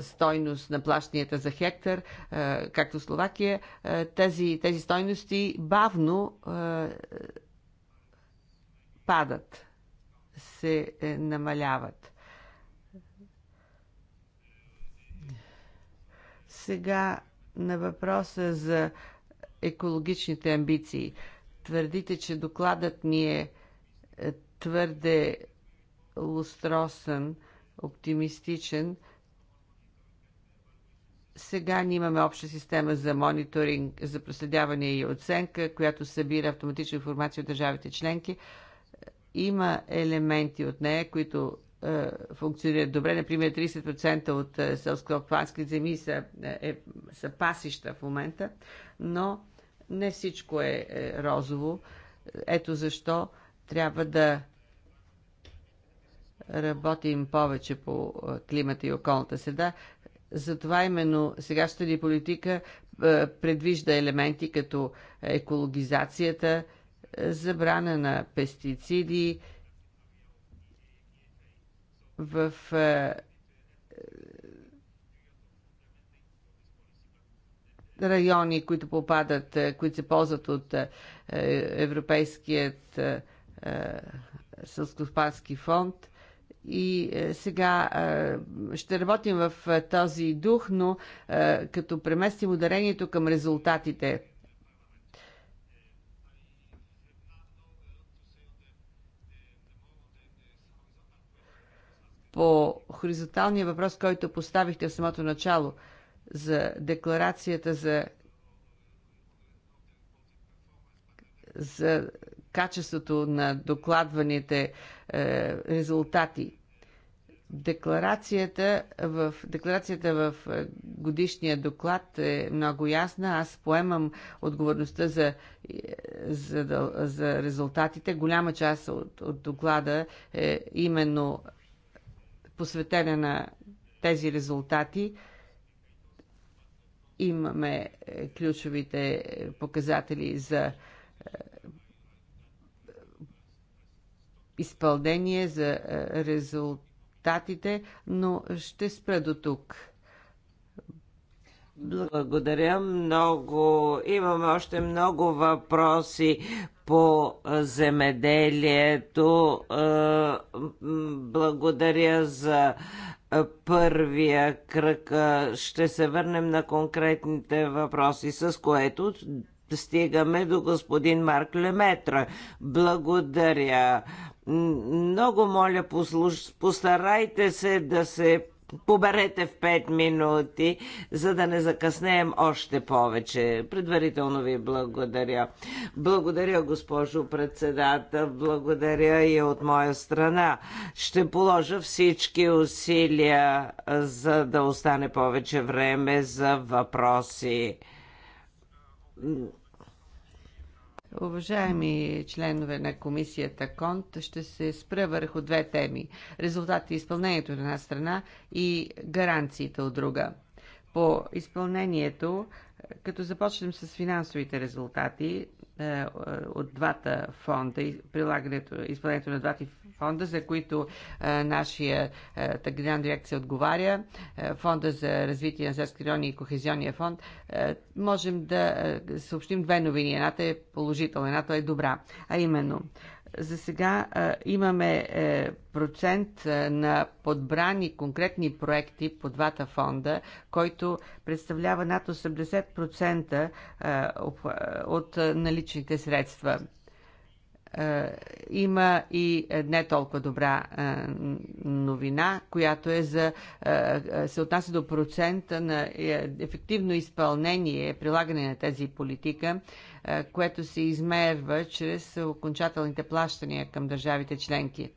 стойност на плащанията за хектар, както както Словакия, тези, тези стойности бавно падат, се намаляват. Сега на въпроса за екологичните амбиции. Твърдите, че докладът ни е, е твърде лустросен, оптимистичен. Сега ние имаме обща система за мониторинг, за проследяване и оценка, която събира автоматична информация от държавите членки. Има елементи от нея, които е, функционират добре. Например, 30% от селско селскохвански земи са, е, е, са пасища в момента, но не всичко е, е розово. Ето защо трябва да работим повече по климата и околната среда. Затова именно сегашната ни политика предвижда елементи като екологизацията, забрана на пестициди, в е, райони, които попадат, е, които се ползват от е, Европейският сълскоспански фонд. И сега ще работим в този дух, но като преместим ударението към резултатите. по хоризонталния въпрос, който поставихте в самото начало за декларацията за, за качеството на докладваните е, резултати. Декларацията в, декларацията в е, годишния доклад е много ясна. Аз поемам отговорността за, е, за, за резултатите. Голяма част от, от доклада е именно посветена на тези резултати. Имаме е, ключовите показатели за е, изпълнение, за е, резултатите, но ще спра до тук. Благодаря много. Имаме още много въпроси по земеделието. Е, благодаря за е, първия кръг. Е, ще се върнем на конкретните въпроси, с което стигаме до господин Марк Леметра. Благодаря. Много моля, послуш... постарайте се да се поберете в 5 минути, за да не закъснеем още повече. Предварително ви благодаря. Благодаря, госпожо председател. Благодаря и от моя страна. Ще положа всички усилия, за да остане повече време за въпроси. Уважаеми членове на комисията КОНТ, ще се спра върху две теми – резултати, и изпълнението на една страна и гаранциите от друга. По изпълнението, като започнем с финансовите резултати, е, е, от двата фонда, и прилагането, изпълнението на двата фонда, за които е, нашия генерална дирекция отговаря, фонда за развитие на Зерски райони и кохезионния фонд, можем да съобщим две новини. Едната е положителна, едната е добра. А именно, за сега а, имаме е, процент а, на подбрани конкретни проекти по двата фонда, който представлява над 80% а, от а, наличните средства. А, има и не толкова добра а, новина, която е за, а, се отнася до процента на е, ефективно изпълнение, прилагане на тези политика. А, е, което се измерва чрез окончателните плащания към държавите членки.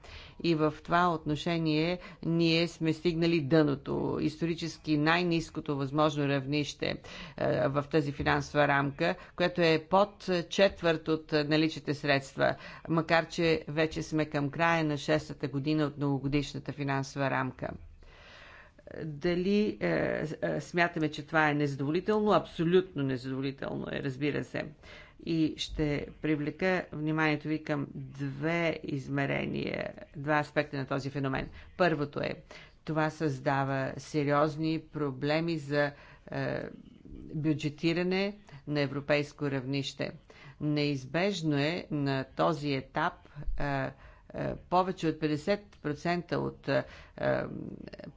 И в това отношение ние сме стигнали дъното, исторически най-низкото възможно равнище е, в тази финансова рамка, което е под четвърт от наличите средства, макар че вече сме към края на шестата година от многогодишната финансова рамка. Дали е, е, смятаме, че това е незадоволително? Абсолютно незадоволително е, разбира се. И ще привлека вниманието ви към две измерения, два аспекта на този феномен. Първото е, това създава сериозни проблеми за е, бюджетиране на европейско равнище. Неизбежно е на този етап. Е, е, повече от 50% от е, е,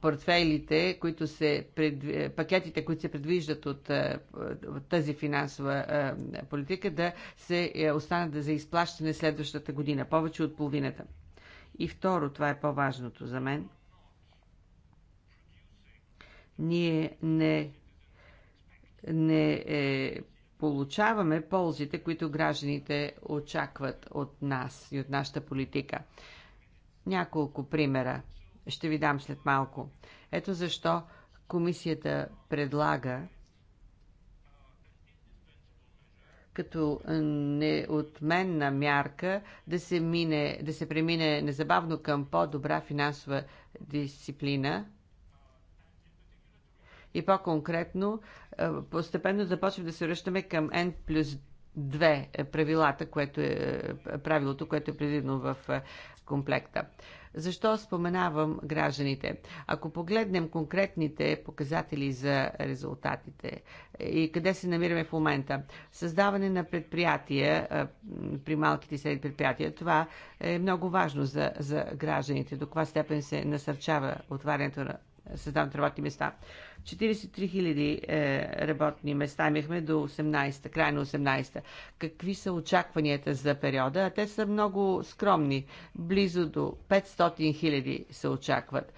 портфейлите, които се предв... пакетите, които се предвиждат от, от тази финансова политика, да се останат за изплащане следващата година, повече от половината. И второ, това е по-важното за мен. Ние не не е, получаваме ползите, които гражданите очакват от нас и от нашата политика. Няколко примера ще ви дам след малко. Ето защо комисията предлага като неотменна мярка да се, мине, да се премине незабавно към по-добра финансова дисциплина – и по-конкретно е, постепенно започваме да се връщаме към N плюс две е, правилата, което е, е правилото, което е предвидено в комплекта. Защо споменавам гражданите? Ако погледнем конкретните показатели за резултатите и къде се намираме в момента, създаване на предприятия при малките и средни предприятия, това е много важно за, за гражданите. До каква степен се насърчава отварянето на създам работни места. 43 хиляди е, работни места имахме до 18-та, край на 18-та. Какви са очакванията за периода? А те са много скромни. Близо до 500 хиляди се очакват.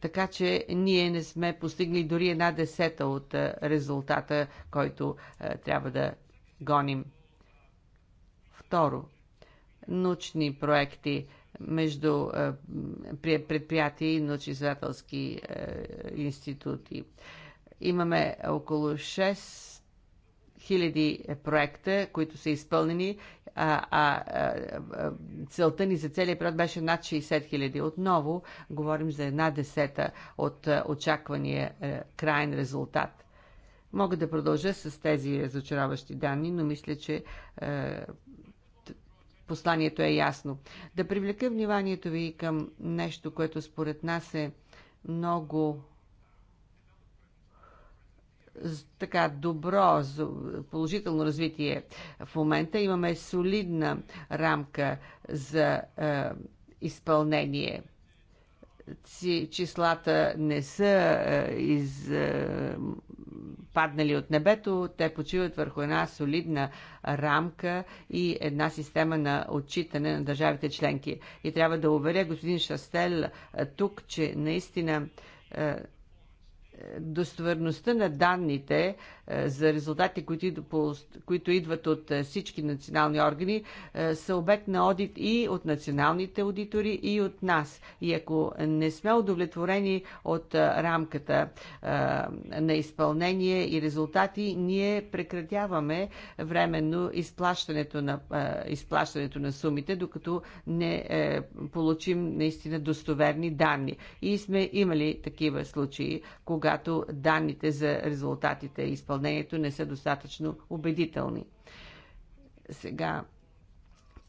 Така че ние не сме постигнали дори една десета от е, резултата, който е, трябва да гоним. Второ, научни проекти – между е, предприятия и научно-изследователски е, институти. Имаме около 6 проекта, които са изпълнени, а, а, а целта ни за целият период беше над 60 000. Отново говорим за една десета от е, очаквания крайен резултат. Мога да продължа с тези разочароващи данни, но мисля, че е, посланието е ясно. Да привлека вниманието ви към нещо, което според нас е много така добро, положително развитие в момента. Имаме солидна рамка за е, изпълнение. Ци, числата не са е, из, е, паднали от небето, те почиват върху една солидна рамка и една система на отчитане на държавите членки. И трябва да уверя господин Шастел тук, че наистина достоверността на данните е, за резултати, които, идват от е, всички национални органи, е, са обект на одит и от националните аудитори, и от нас. И ако не сме удовлетворени от рамката на изпълнение и резултати, ние прекратяваме временно изплащането на, изплащането на сумите, докато не получим наистина достоверни данни. И сме имали такива случаи, когато когато данните за резултатите и изпълнението не са достатъчно убедителни. Сега,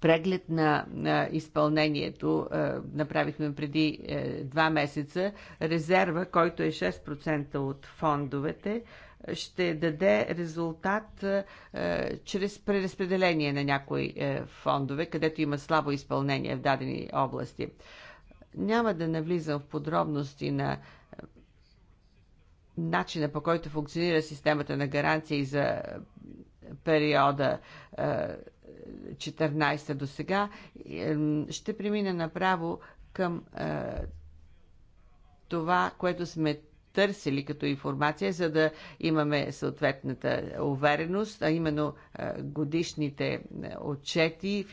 преглед на, на изпълнението е, направихме преди е, два месеца. Резерва, който е 6% от фондовете, ще даде резултат е, чрез преразпределение на някои е, фондове, където има слабо изпълнение в дадени области. Няма да навлизам в подробности на начина по който функционира системата на гаранции за периода 14 до сега, ще премина направо към това, което сме търсили като информация, за да имаме съответната увереност, а именно годишните отчети,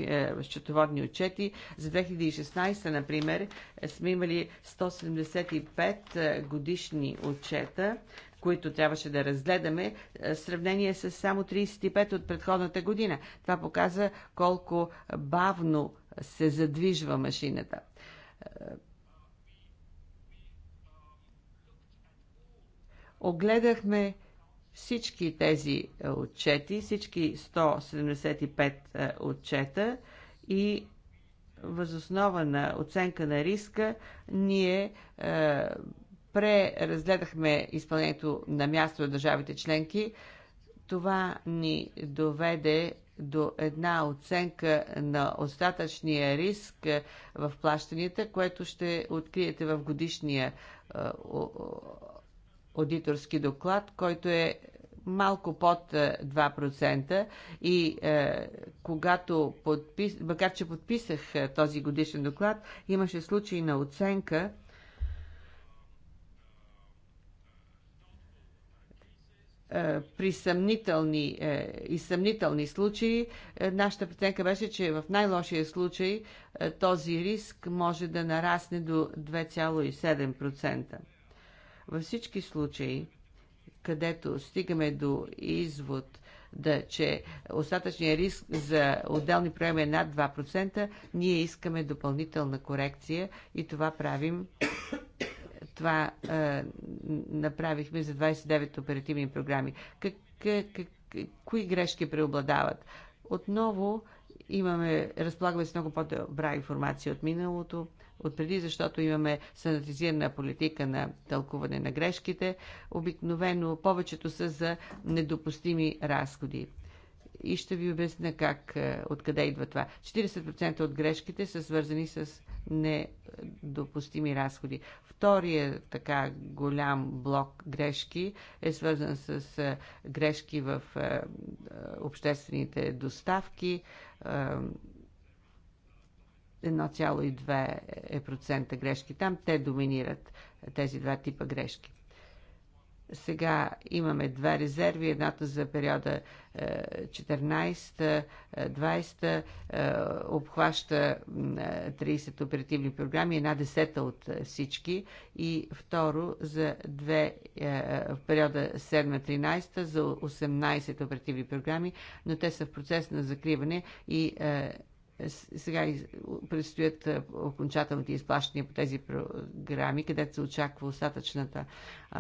счетоводни отчети. За 2016, например, сме имали 175 годишни отчета, които трябваше да разгледаме, в сравнение с само 35 от предходната година. Това показа колко бавно се задвижва машината. Огледахме всички тези е, отчети, всички 175 е, отчета и възоснова на оценка на риска ние е, преразгледахме изпълнението на място на държавите членки. Това ни доведе до една оценка на остатъчния риск е, в плащанията, което ще откриете в годишния аудиторски доклад, който е малко под 2% е, и е, когато подпис... макар че подписах е, този годишен доклад, имаше случаи на оценка е, при съмнителни е, и съмнителни случаи, е, нашата преценка беше, че в най-лошия случай е, този риск може да нарасне до 2,7%. Във всички случаи, където стигаме до извод, да, че остатъчният риск за отделни проеми е над 2%, ние искаме допълнителна корекция и това правим. Това е, направихме за 29 оперативни програми. Как, как, как, кои грешки преобладават? Отново имаме, разполагаме с много по-добра информация от миналото отпреди, защото имаме стандартизирана политика на тълкуване на грешките. Обикновено повечето са за недопустими разходи. И ще ви обясня как, е, откъде идва това. 40% от грешките са свързани с недопустими разходи. Втория така голям блок грешки е свързан с е, грешки в е, обществените доставки, 1,2% грешки там. Те доминират тези два типа грешки. Сега имаме две резерви, едната за периода 14-20 е, е, е, обхваща 30 оперативни програми, една десета от всички и второ за две, в периода 7-13 за 18 оперативни програми, но те са в процес на закриване и сега предстоят окончателните изплащания по тези програми, където се очаква остатъчната е,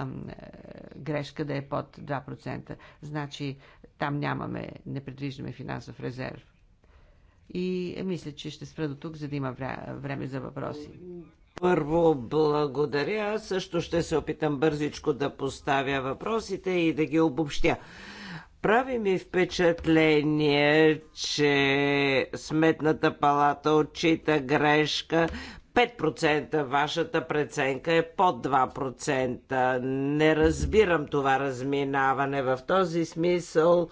грешка да е под 2%. Значи там нямаме, не предвиждаме финансов резерв. И е, мисля, че ще спра до тук, за да има време за въпроси. Първо, благодаря. Също ще се опитам бързичко да поставя въпросите и да ги обобщя. Прави ми впечатление, че Сметната палата отчита грешка 5%, вашата преценка е под 2%. Не разбирам това разминаване. В този смисъл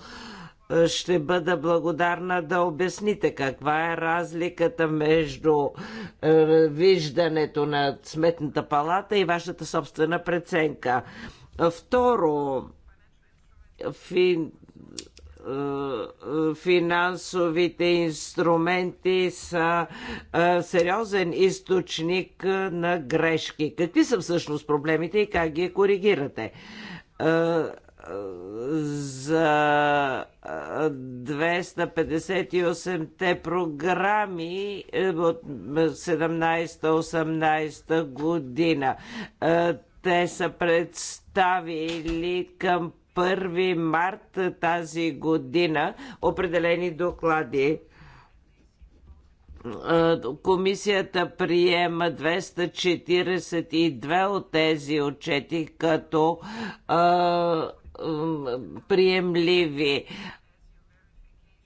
е, ще бъда благодарна да обясните каква е разликата между е, виждането на Сметната палата и вашата собствена преценка. Второ, е, финансовите инструменти са е, сериозен източник на грешки. Какви са всъщност проблемите и как ги коригирате? Е, за 258-те програми от 17-18 година. Те са представили към 1 март тази година определени доклади. Комисията приема 242 от тези отчети като а, приемливи.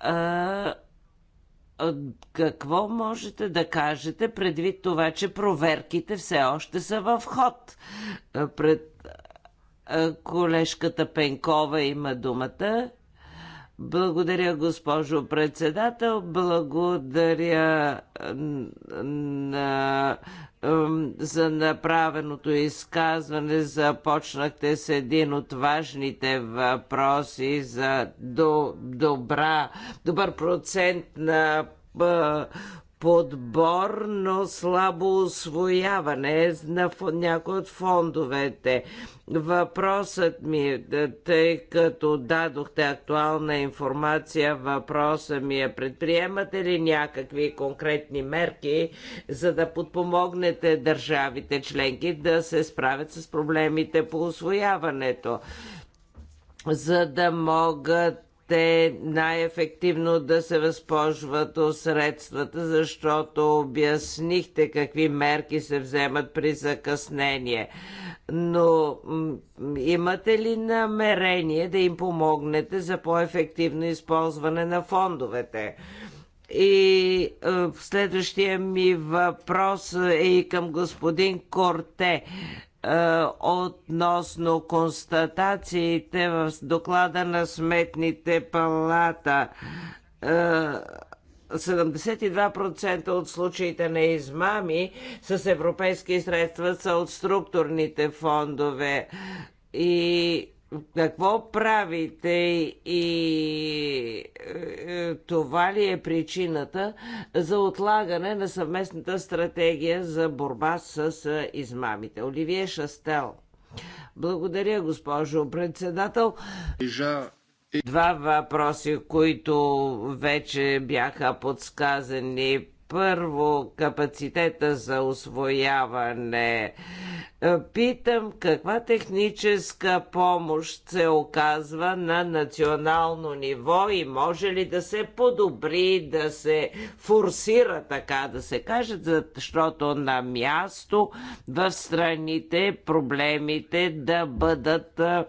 А, какво можете да кажете предвид това, че проверките все още са в ход? Пред Колежката Пенкова има думата. Благодаря, госпожо председател. Благодаря на, за направеното изказване. Започнахте с един от важните въпроси за до, добра, добър процент на подборно слабо освояване на някои от фондовете. Въпросът ми е, тъй като дадохте актуална информация, въпросът ми е, предприемате ли някакви конкретни мерки, за да подпомогнете държавите членки да се справят с проблемите по освояването? за да могат те най-ефективно да се възползват от средствата, защото обяснихте какви мерки се вземат при закъснение. Но имате ли намерение да им помогнете за по-ефективно използване на фондовете? И е, следващия ми въпрос е и към господин Корте. Е, относно констатациите в доклада на сметните палата. 72% е, от случаите на измами с европейски средства са от структурните фондове и какво правите и е, е, това ли е причината за отлагане на съвместната стратегия за борба с е, измамите? Оливие Шастел. Благодаря, госпожо председател. Два въпроси, които вече бяха подсказани. Първо, капацитета за освояване. Е, питам каква техническа помощ се оказва на национално ниво и може ли да се подобри, да се форсира, така да се каже, защото на място в страните проблемите да бъдат е,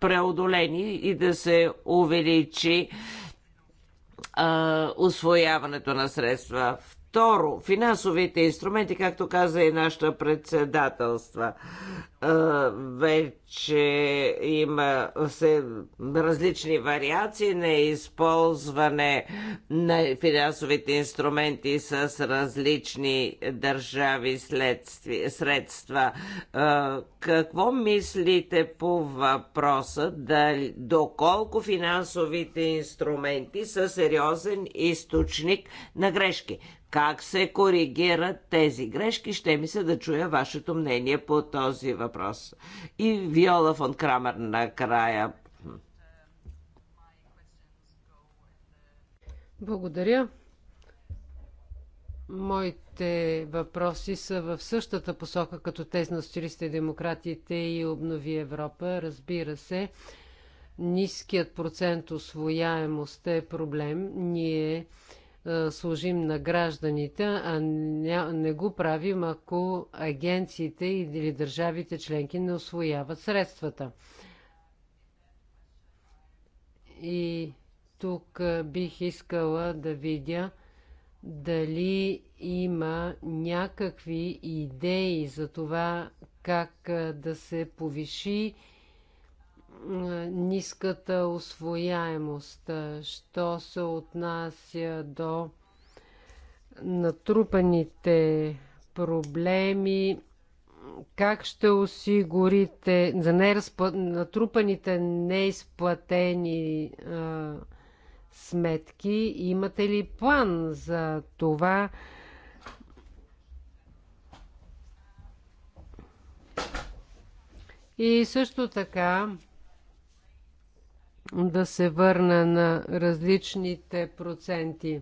преодолени и да се увеличи освояването на средства. Второ, финансовите инструменти, както каза и нашата председателства, вече има се различни вариации на използване на финансовите инструменти с различни държави средства. Какво мислите по въпроса Да доколко финансовите инструменти са сериозен източник на грешки? Как се коригират тези грешки? Ще ми се да чуя вашето мнение по този въпрос. И Виола фон Крамер накрая. Благодаря. Моите въпроси са в същата посока като тези на социалистите и демократите и обнови Европа. Разбира се, ниският процент освояемост е проблем. Ние е, служим на гражданите, а не го правим, ако агенциите или държавите членки не освояват средствата. И тук е, бих искала да видя дали има някакви идеи за това как е, да се повиши ниската освояемост. Що се отнася до натрупаните проблеми, как ще осигурите за неразпла... натрупаните неизплатени а, сметки? Имате ли план за това? И също така, да се върна на различните проценти.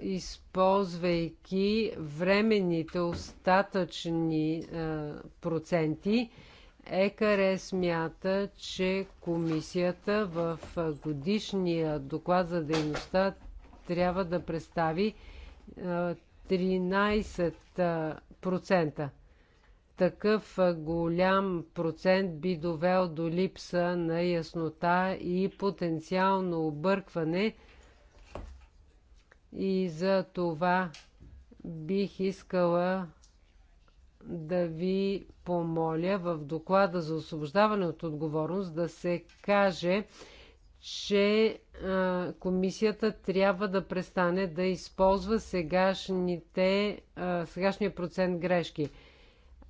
Използвайки временните остатъчни проценти, ЕКАРЕ смята, че комисията в годишния доклад за дейността трябва да представи 13% такъв голям процент би довел до липса на яснота и потенциално объркване. И за това бих искала да ви помоля в доклада за освобождаване от отговорност да се каже, че а, комисията трябва да престане да използва сегашните, а, сегашния процент грешки.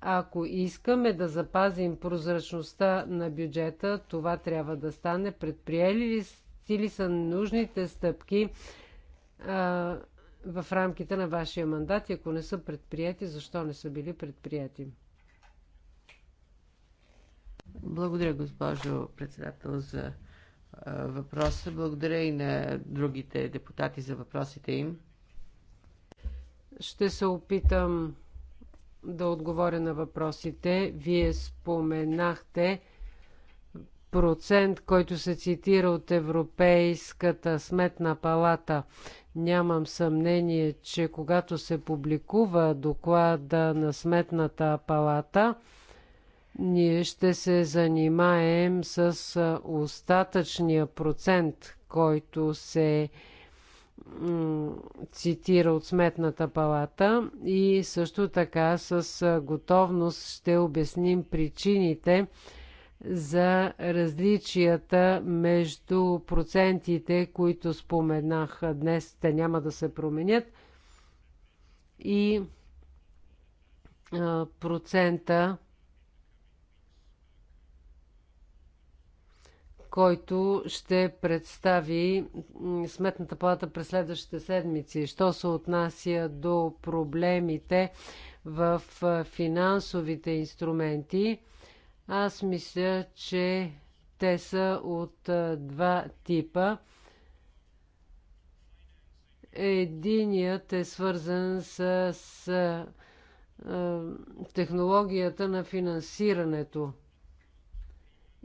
Ако искаме да запазим прозрачността на бюджета, това трябва да стане. Предприели ли ли са нужните стъпки а, в рамките на вашия мандат и ако не са предприяти, защо не са били предприяти? Благодаря, госпожо председател, за а, въпроса. Благодаря и на другите депутати за въпросите им. Ще се опитам да отговоря на въпросите. Вие споменахте процент, който се цитира от Европейската сметна палата. Нямам съмнение, че когато се публикува доклада на сметната палата, ние ще се занимаем с остатъчния процент, който се цитира от Сметната палата и също така с готовност ще обясним причините за различията между процентите, които споменах днес. Те няма да се променят и процента който ще представи Сметната палата през следващите седмици. Що се отнася до проблемите в финансовите инструменти, аз мисля, че те са от два типа. Единият е свързан с, с технологията на финансирането –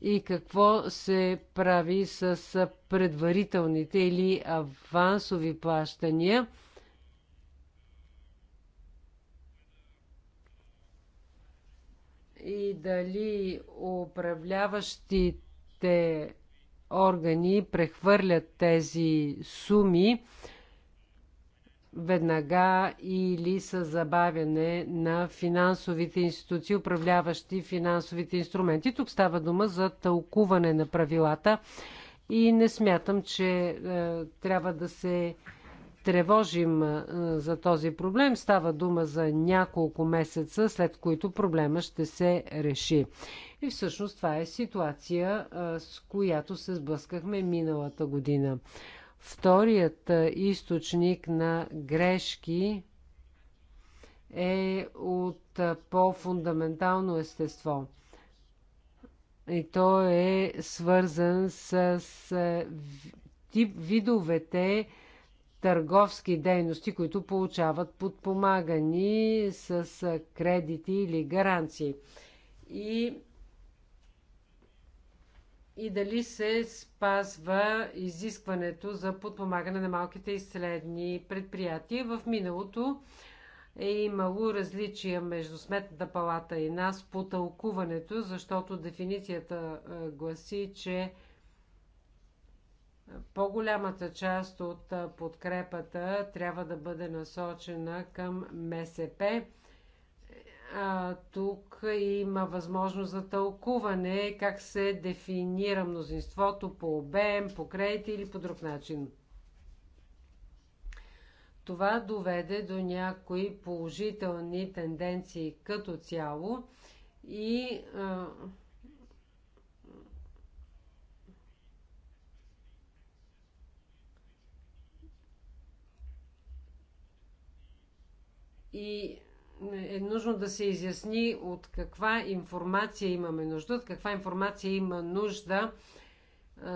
и какво се прави с предварителните или авансови плащания. И дали управляващите органи прехвърлят тези суми веднага или с забавяне на финансовите институции, управляващи финансовите инструменти. Тук става дума за тълкуване на правилата и не смятам, че е, трябва да се тревожим е, за този проблем. Става дума за няколко месеца, след които проблема ще се реши. И всъщност това е ситуация, е, с която се сблъскахме миналата година. Вторият източник на грешки е от по-фундаментално естество. И то е свързан с тип видовете търговски дейности, които получават подпомагани с кредити или гаранции. И и дали се спазва изискването за подпомагане на малките и средни предприятия. В миналото е имало различия между Сметната палата и нас по тълкуването, защото дефиницията е, гласи, че по-голямата част от е, подкрепата трябва да бъде насочена към МСП а, тук има възможност за тълкуване как се дефинира мнозинството по обем, по кредити или по друг начин. Това доведе до някои положителни тенденции като цяло и а, и е нужно да се изясни от каква информация имаме нужда, от каква информация има нужда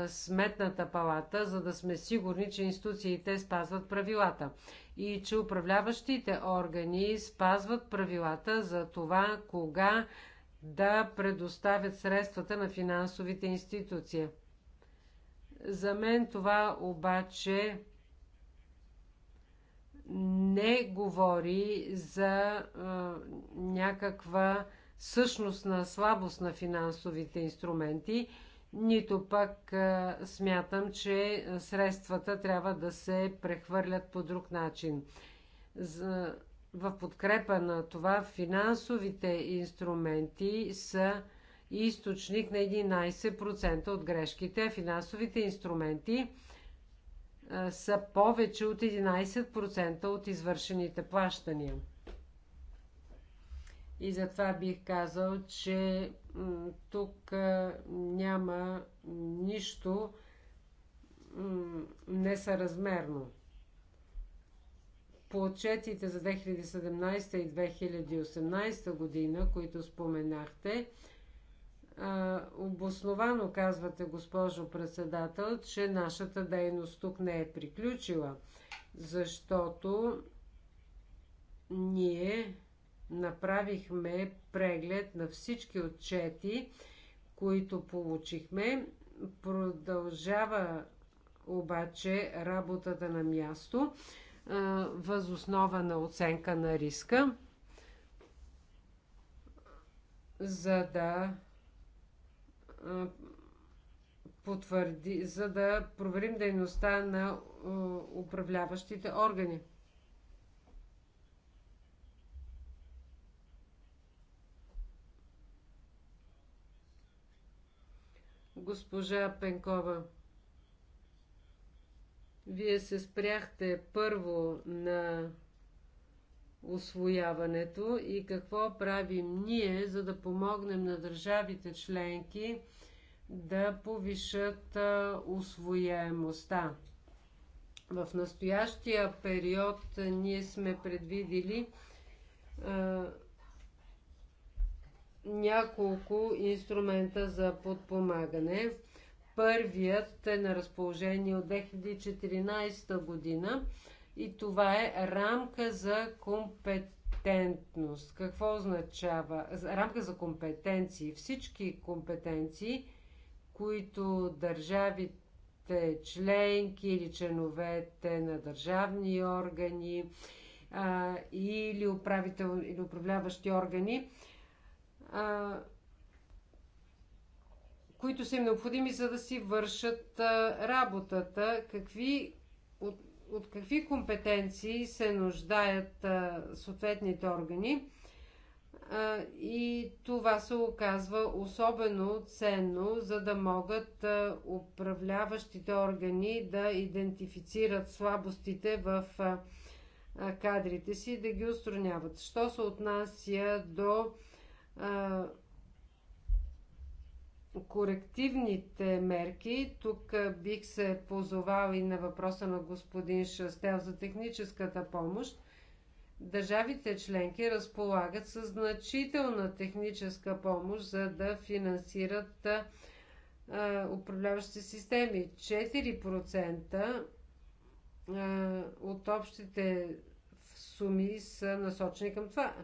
Сметната палата, за да сме сигурни, че институциите спазват правилата и че управляващите органи спазват правилата за това, кога да предоставят средствата на финансовите институции. За мен това обаче не говори за а, някаква същностна слабост на финансовите инструменти, нито пък а, смятам, че средствата трябва да се прехвърлят по друг начин. За, в подкрепа на това финансовите инструменти са източник на 11% от грешките, а финансовите инструменти са повече от 11% от извършените плащания. И затова бих казал, че тук няма нищо несъразмерно. По отчетите за 2017 и 2018 година, които споменахте, обосновано казвате, госпожо председател, че нашата дейност тук не е приключила, защото ние направихме преглед на всички отчети, които получихме. Продължава обаче работата на място възоснова на оценка на риска, за да потвърди, за да проверим дейността на управляващите органи. Госпожа Пенкова, вие се спряхте първо на освояването и какво правим ние, за да помогнем на държавите членки да повишат освояемостта. В настоящия период ние сме предвидили а, няколко инструмента за подпомагане. Първият е на разположение от 2014 година и това е рамка за компетентност. Какво означава? Рамка за компетенции. Всички компетенции, които държавите членки или членовете на държавни органи а, или, управител, или управляващи органи а, които са им необходими, за да си вършат а, работата. Какви от какви компетенции се нуждаят а, съответните органи. А, и това се оказва особено ценно, за да могат а, управляващите органи да идентифицират слабостите в кадрите си и да ги устраняват. Що се отнася до корективните мерки, тук бих се позовал и на въпроса на господин Шастел за техническата помощ, държавите членки разполагат с значителна техническа помощ, за да финансират а, управляващи системи. 4% а, от общите суми са насочени към това.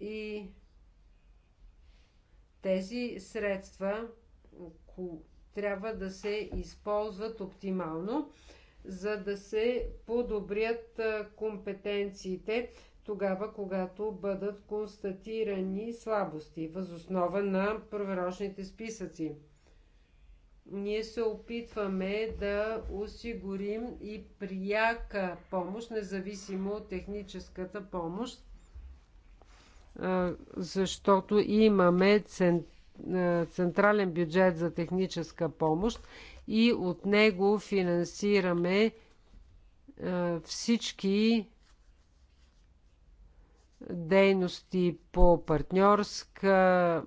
И тези средства трябва да се използват оптимално, за да се подобрят компетенциите тогава, когато бъдат констатирани слабости възоснова на проверочните списъци. Ние се опитваме да осигурим и пряка помощ, независимо от техническата помощ защото имаме централен бюджет за техническа помощ и от него финансираме всички дейности по партньорска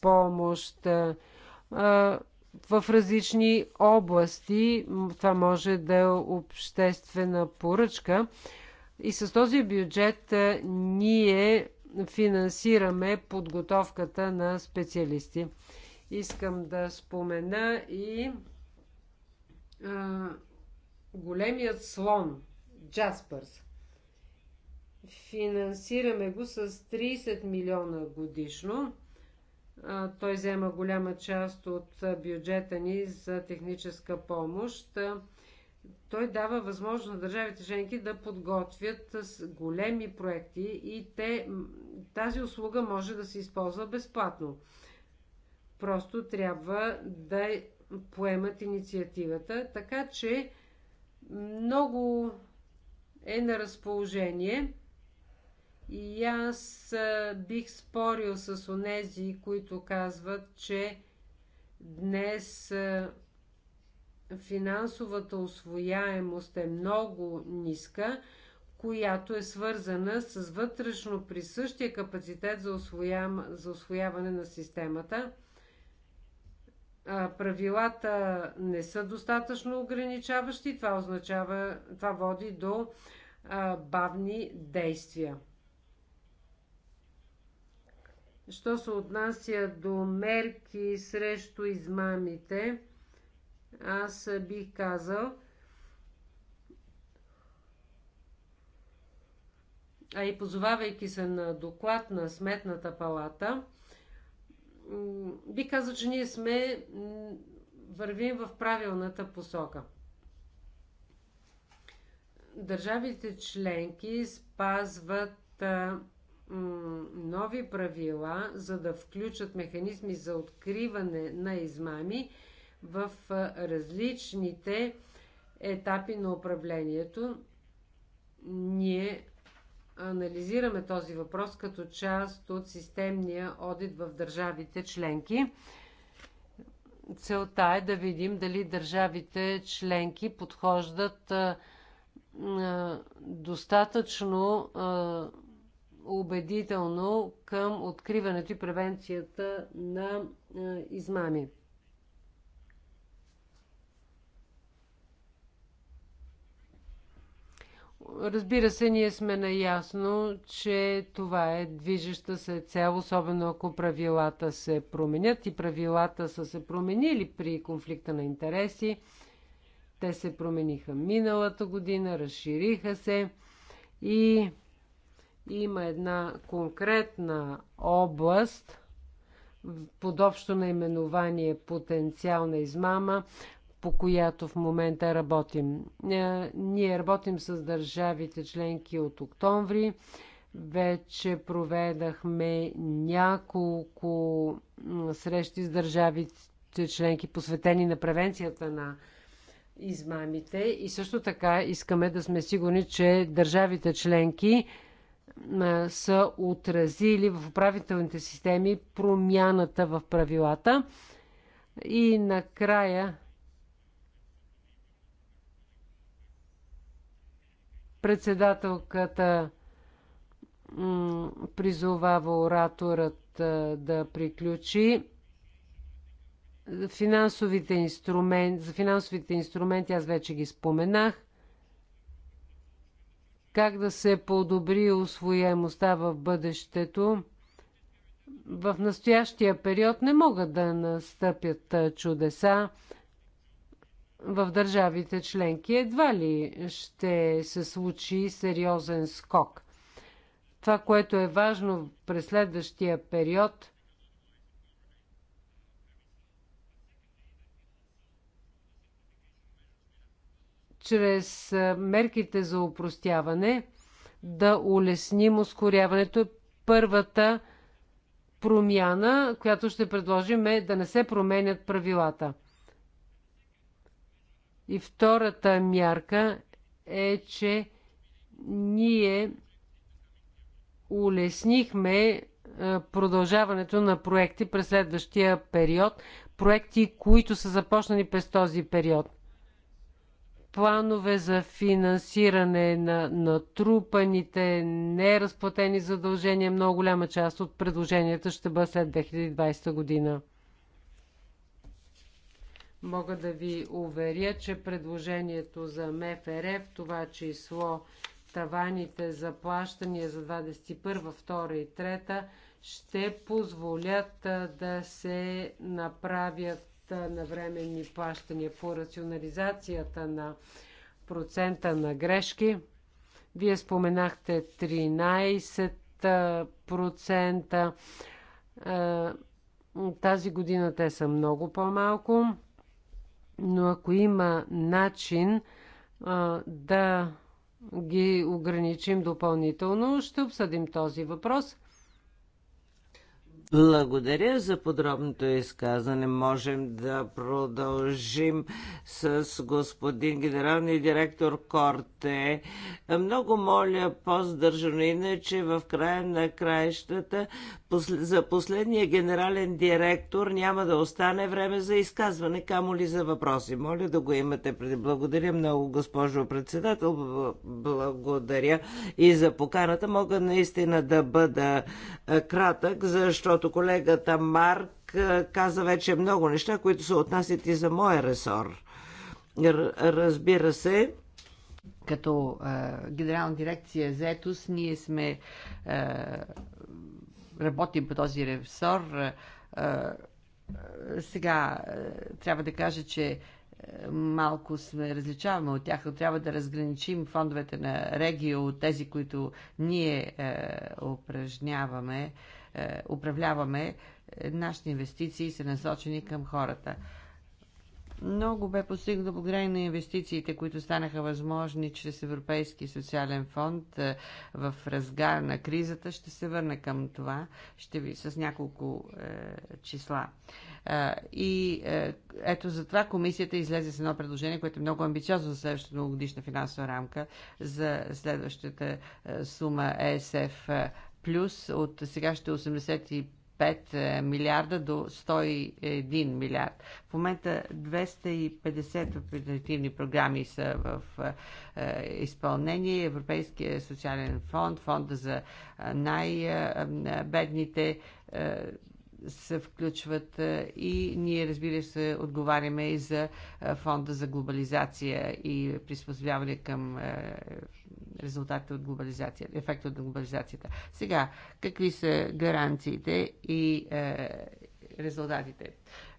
помощ в различни области. Това може да е обществена поръчка. И с този бюджет ние финансираме подготовката на специалисти. Искам да спомена и а, големият слон Джаспърс. Финансираме го с 30 милиона годишно. А, той взема голяма част от бюджета ни за техническа помощ. Той дава възможност на държавите членки да подготвят големи проекти и те, тази услуга може да се използва безплатно. Просто трябва да поемат инициативата, така че много е на разположение и аз бих спорил с онези, които казват, че днес финансовата освояемост е много ниска, която е свързана с вътрешно присъщия капацитет за, освоям, за освояване на системата. Правилата не са достатъчно ограничаващи, това означава, това води до а, бавни действия. Що се отнася до мерки срещу измамите, аз бих казал, а и позовавайки се на доклад на Сметната палата, бих казал, че ние сме вървим в правилната посока. Държавите членки спазват нови правила, за да включат механизми за откриване на измами в различните етапи на управлението. Ние анализираме този въпрос като част от системния одит в държавите членки. Целта е да видим дали държавите членки подхождат достатъчно убедително към откриването и превенцията на измами. Разбира се, ние сме наясно, че това е движеща се цел, особено ако правилата се променят и правилата са се променили при конфликта на интереси. Те се промениха миналата година, разшириха се и има една конкретна област под общо наименование потенциална измама, по която в момента работим. Е, ние работим с държавите членки от октомври. Вече проведахме няколко срещи с държавите членки, посветени на превенцията на измамите. И също така искаме да сме сигурни, че държавите членки са отразили в управителните системи промяната в правилата. И накрая Председателката призовава ораторът да приключи. Финансовите инструмент, за финансовите инструменти аз вече ги споменах. Как да се подобри освоемостта в бъдещето? В настоящия период не могат да настъпят чудеса в държавите членки. Едва ли ще се случи сериозен скок. Това, което е важно през следващия период, чрез мерките за упростяване, да улесним ускоряването. е Първата промяна, която ще предложим е да не се променят правилата – и втората мярка е, че ние улеснихме продължаването на проекти през следващия период, проекти, които са започнали през този период. Планове за финансиране на натрупаните неразплатени задължения, много голяма част от предложенията ще бъде след 2020 година. Мога да ви уверя, че предложението за МФР, в това число таваните за плащания за 21, 2 и 3, ще позволят да се направят навременни плащания по рационализацията на процента на грешки. Вие споменахте 13%. Тази година те са много по-малко но ако има начин а, да ги ограничим допълнително, ще обсъдим този въпрос. Благодаря за подробното изказане. Можем да продължим с господин генералния директор Корте. Много моля по-здържано, иначе в края на краищата за последния генерален директор няма да остане време за изказване, камо ли за въпроси. Моля да го имате преди. Благодаря много, госпожо председател. Благодаря и за поканата. Мога наистина да бъда кратък, защото защото колегата Марк каза вече много неща, които се отнасят и за моя ресор. Разбира се, като е, генерална дирекция Зетос, ние сме е, работим по този ресор. Е, е, сега е, трябва да кажа, че малко сме различаваме от тях, но трябва да разграничим фондовете на регио от тези, които ние е, упражняваме. Е, е, управляваме, е, нашите инвестиции са насочени към хората. Много бе постигнато благодарение на инвестициите, които станаха възможни чрез Европейски социален фонд е, в разгар на кризата. Ще се върна към това ще ви, с няколко е, числа. Е, и е, ето за това комисията излезе с едно предложение, което е много амбициозно за следващата многогодишна финансова рамка за следващата сума ЕСФ плюс от сегашните 85 е е, милиарда до 101 милиард. В момента 250 оперативни програми са в е, изпълнение. Европейския социален фонд, фонда за най-бедните се включват и ние, разбира се, отговаряме и за фонда за глобализация и приспособяване към резултатите от глобализацията, ефекта от глобализацията. Сега, какви са гаранциите и е, резултатите?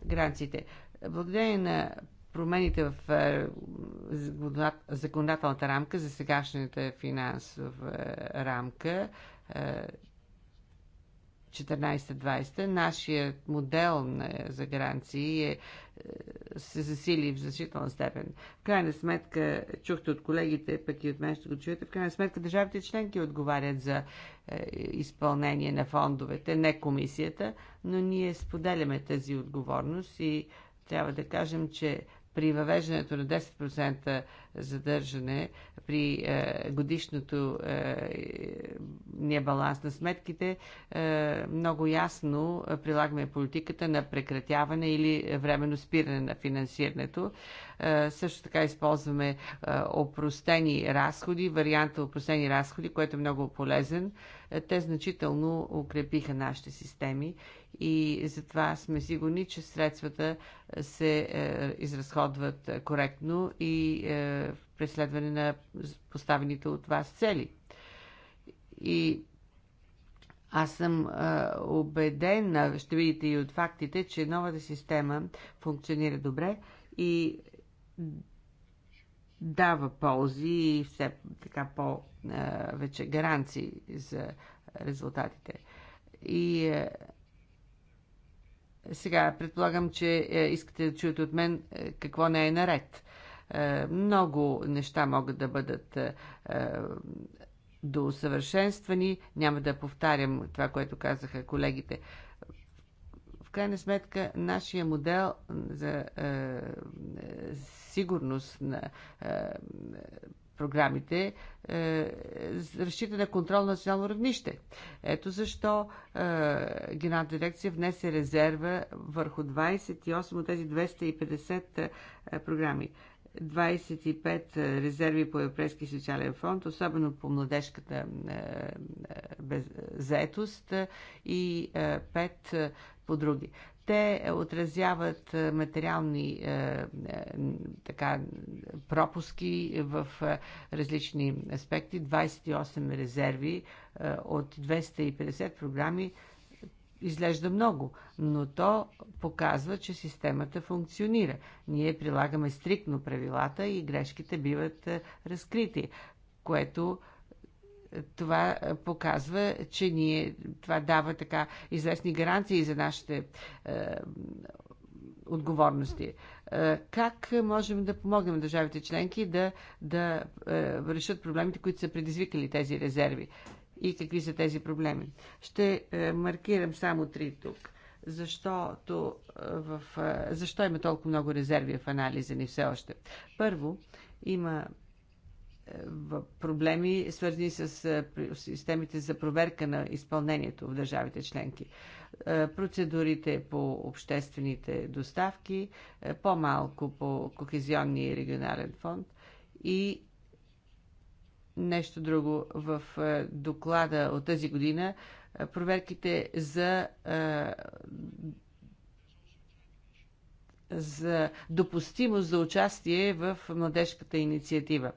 Гаранциите. Благодарение на промените в е, законодателната рамка за сегашната финансова рамка, е, 14-20. Нашият модел на, за гаранции е, е, се засили в значителна степен. В крайна сметка, чухте от колегите, пък и от мен ще го чуете, в крайна сметка държавите членки отговарят за е, изпълнение на фондовете, не комисията, но ние споделяме тази отговорност и трябва да кажем, че при въвеждането на 10% задържане при е, годишното е, небаланс на сметките, е, много ясно прилагаме политиката на прекратяване или временно спиране на финансирането. Също така използваме опростени разходи, варианта опростени разходи, което е много полезен те значително укрепиха нашите системи и затова сме сигурни, че средствата се е, изразходват коректно и е, в преследване на поставените от вас цели. И аз съм убеден, убедена, ще видите и от фактите, че новата система функционира добре и дава ползи и все така по вече гаранции за резултатите. И сега предполагам, че искате да чуете от мен какво не е наред. Много неща могат да бъдат доусъвършенствани. Няма да повтарям това, което казаха колегите. В крайна сметка, нашия модел за сигурност на е, програмите е, разчита на контрол на национално равнище. Ето защо е, Генерална дирекция внесе резерва върху 28 от тези 250 е, програми. 25 е, резерви по Европейски социален фонд, особено по младежката е, заетост и 5 по други те отразяват е, материални е, е, така, пропуски в е, различни аспекти. 28 резерви е, от 250 програми изглежда много, но то показва, че системата функционира. Ние прилагаме стриктно правилата и грешките биват разкрити, което е, това е, показва, че ние, това дава така известни гаранции за нашите е, отговорности. Е, как можем да помогнем на държавите членки да, да е, решат проблемите, които са предизвикали тези резерви? И какви са тези проблеми? Ще е, маркирам само три тук защото, е, в, е, защо има толкова много резерви в анализа ни все още. Първо, има проблеми, свързани е, с системите за проверка на изпълнението в държавите членки. Е, процедурите по обществените доставки, е, по-малко по Кохезионния и регионален фонд и нещо друго в доклада от тази година проверките за за допустимост за участие в младежката инициатива.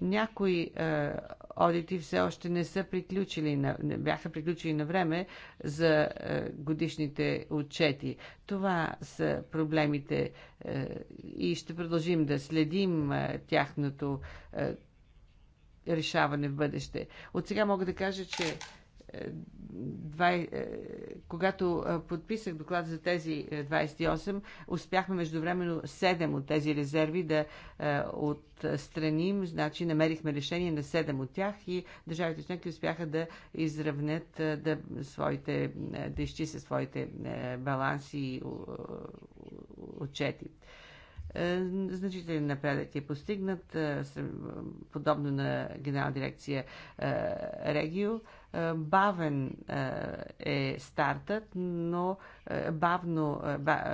Някои е, одити все още не са приключили, на, не бяха приключили на време за е, годишните отчети. Това са проблемите е, и ще продължим да следим е, тяхното е, решаване в бъдеще. От сега мога да кажа, че е, е, когато е, подписах доклад за тези 28, успяхме междувременно 7 от тези резерви да отстраним, значи намерихме решение на 7 от тях и държавите членки успяха да изравнят, да, своите, да изчистят своите баланси и отчети. Значителен напредък е постигнат, подобно на генерална дирекция Регио е, бавен е, е стартът, но е, бавно,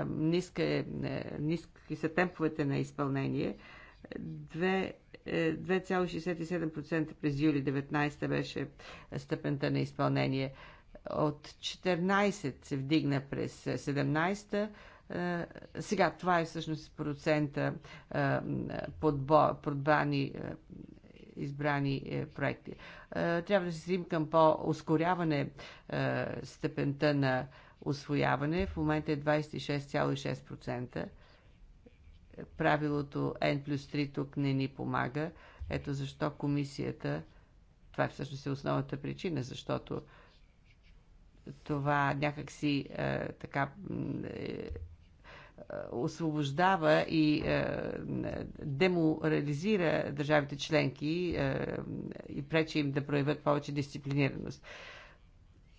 ниска, ниски са темповете на изпълнение. 2,67% през юли 19 беше степента на изпълнение. От 14 се вдигна през 17 сега това е всъщност процента подбрани избрани е, проекти. Е, трябва да се стремим към по-ускоряване е, степента на освояване. В момента е 26,6%. Правилото N плюс 3 тук не ни помага. Ето защо комисията, това е всъщност е основната причина, защото това някакси е, така е, е, освобождава и е, деморализира държавите членки е, и пречи им да проявят повече дисциплинираност.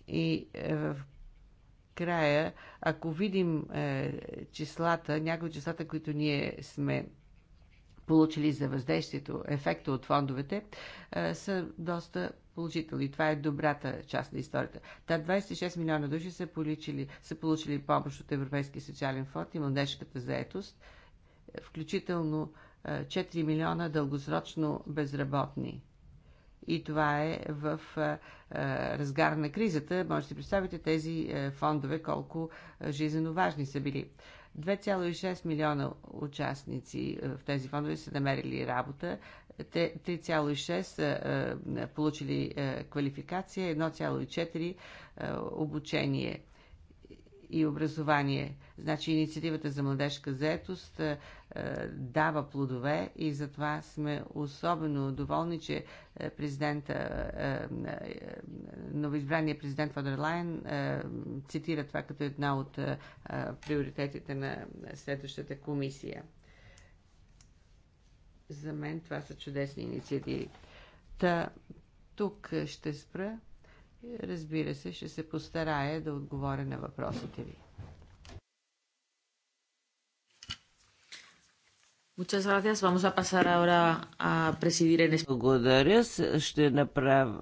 И в края, ако видим числата, някои от числата, които ние сме получили за въздействието, ефекта от фондовете, са доста и Това е добрата част на историята. Та 26 милиона души са, получили, са получили помощ от Европейския социален фонд и младежката заетост, включително 4 милиона дългосрочно безработни. И това е в разгар на кризата. Може да си представите тези фондове колко жизненно важни са били. 2,6 милиона участници в тези фондове са намерили работа, те 3,6 получили квалификация, 1,4 обучение и образование. Значи инициативата за младежка заетост дава плодове и затова сме особено доволни, че президента, новоизбрания президент Фадер Лайн цитира това като една от приоритетите на следващата комисия. За мен това са чудесни инициативи. Та, тук ще спра. Разбира се, ще се постарая да отговоря на въпросите ви. Muchas gracias. Vamos a pasar ahora a presidir en Благодаря. Ще направ...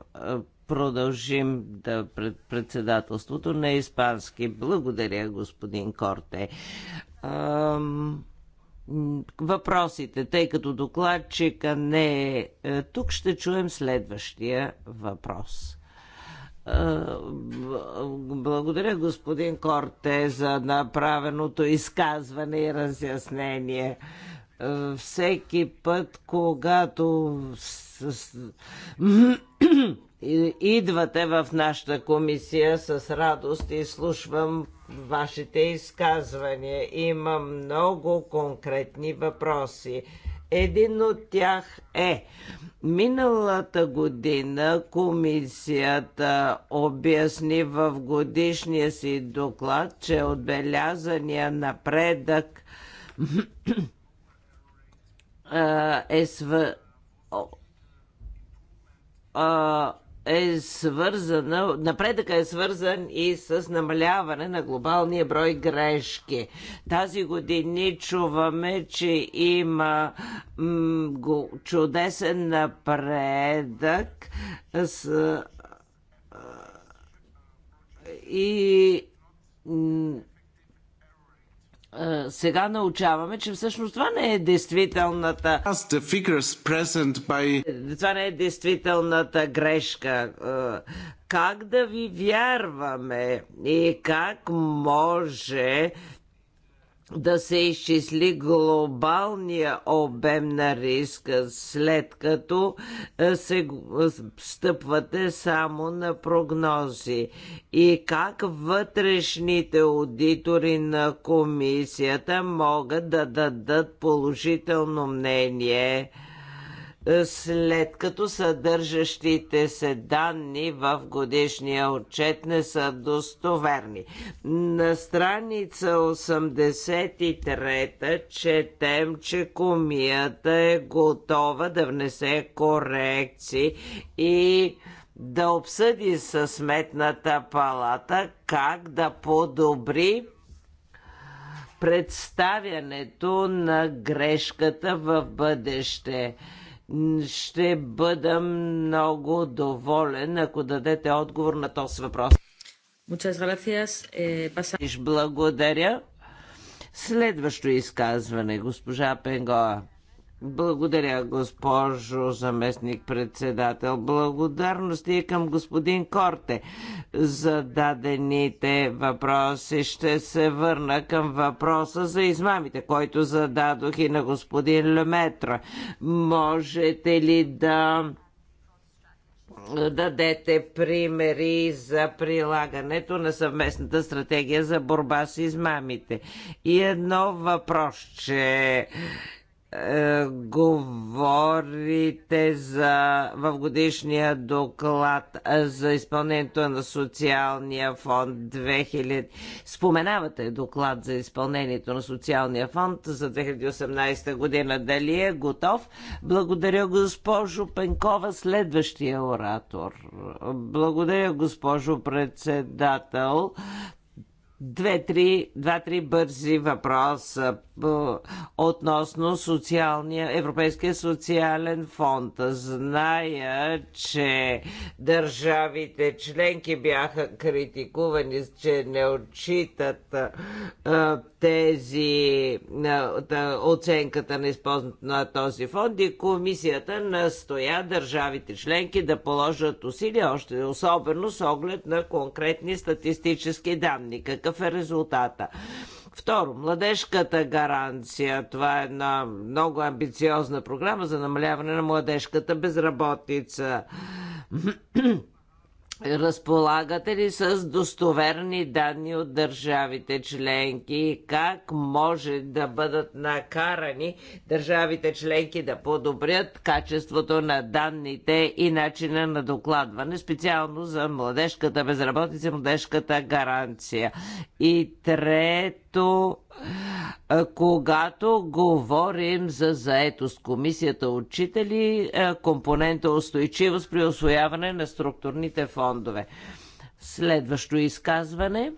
продължим да пред председателството на испански. Благодаря, господин Корте. Ам въпросите, тъй като докладчика не е, е тук, ще чуем следващия въпрос. Е, благодаря господин Корте за направеното изказване и разяснение. Е, всеки път, когато [CLEARS THROAT] идвате в нашата комисия с радост и слушвам вашите изказвания. Има много конкретни въпроси. Един от тях е миналата година комисията обясни в годишния си доклад, че отбелязания напредък е св е свързана, напредъка е свързан и с намаляване на глобалния брой грешки. Тази години чуваме, че има чудесен напредък с, и сега научаваме, че всъщност това не е действителната... Това не е действителната грешка. Как да ви вярваме и как може да се изчисли глобалния обем на риска, след като е, се е, стъпвате само на прогнози. И как вътрешните аудитори на комисията могат да дадат положително мнение – след като съдържащите се данни в годишния отчет не са достоверни. На страница 83 четем, че комията е готова да внесе корекции и да обсъди със сметната палата как да подобри представянето на грешката в бъдеще. Ще бъда много доволен, ако дадете отговор на този въпрос. Eh, Благодаря. Следващо изказване, госпожа Пенгоа. Благодаря, госпожо заместник-председател. Благодарности и към господин Корте за дадените въпроси. Ще се върна към въпроса за измамите, който зададох и на господин Леметра. Можете ли да дадете примери за прилагането на съвместната стратегия за борба с измамите? И едно въпрос, че е, говорите за, в годишния доклад за изпълнението на социалния фонд 2000. Споменавате доклад за изпълнението на социалния фонд за 2018 година. Дали е готов? Благодаря, госпожо Пенкова, следващия оратор. Благодаря, госпожо председател. Две-три, два-три бързи въпроса. Е, относно социалния, Европейския социален фонд. Зная, че държавите членки бяха критикувани, че не отчитат е, тези е, оценката на използването на този фонд и комисията настоя държавите членки да положат усилия, още особено с оглед на конкретни статистически данни. Какъв е резултата? Второ, младежката гаранция. Това е една много амбициозна програма за намаляване на младежката безработица. [CLEARS THROAT] Разполагате ли с достоверни данни от държавите членки? Как може да бъдат накарани държавите членки да подобрят качеството на данните и начина на докладване, специално за младежката безработица, младежката гаранция? И трето, когато когато говорим за заетост. Комисията отчитали компонента устойчивост при освояване на структурните фондове. Следващо изказване.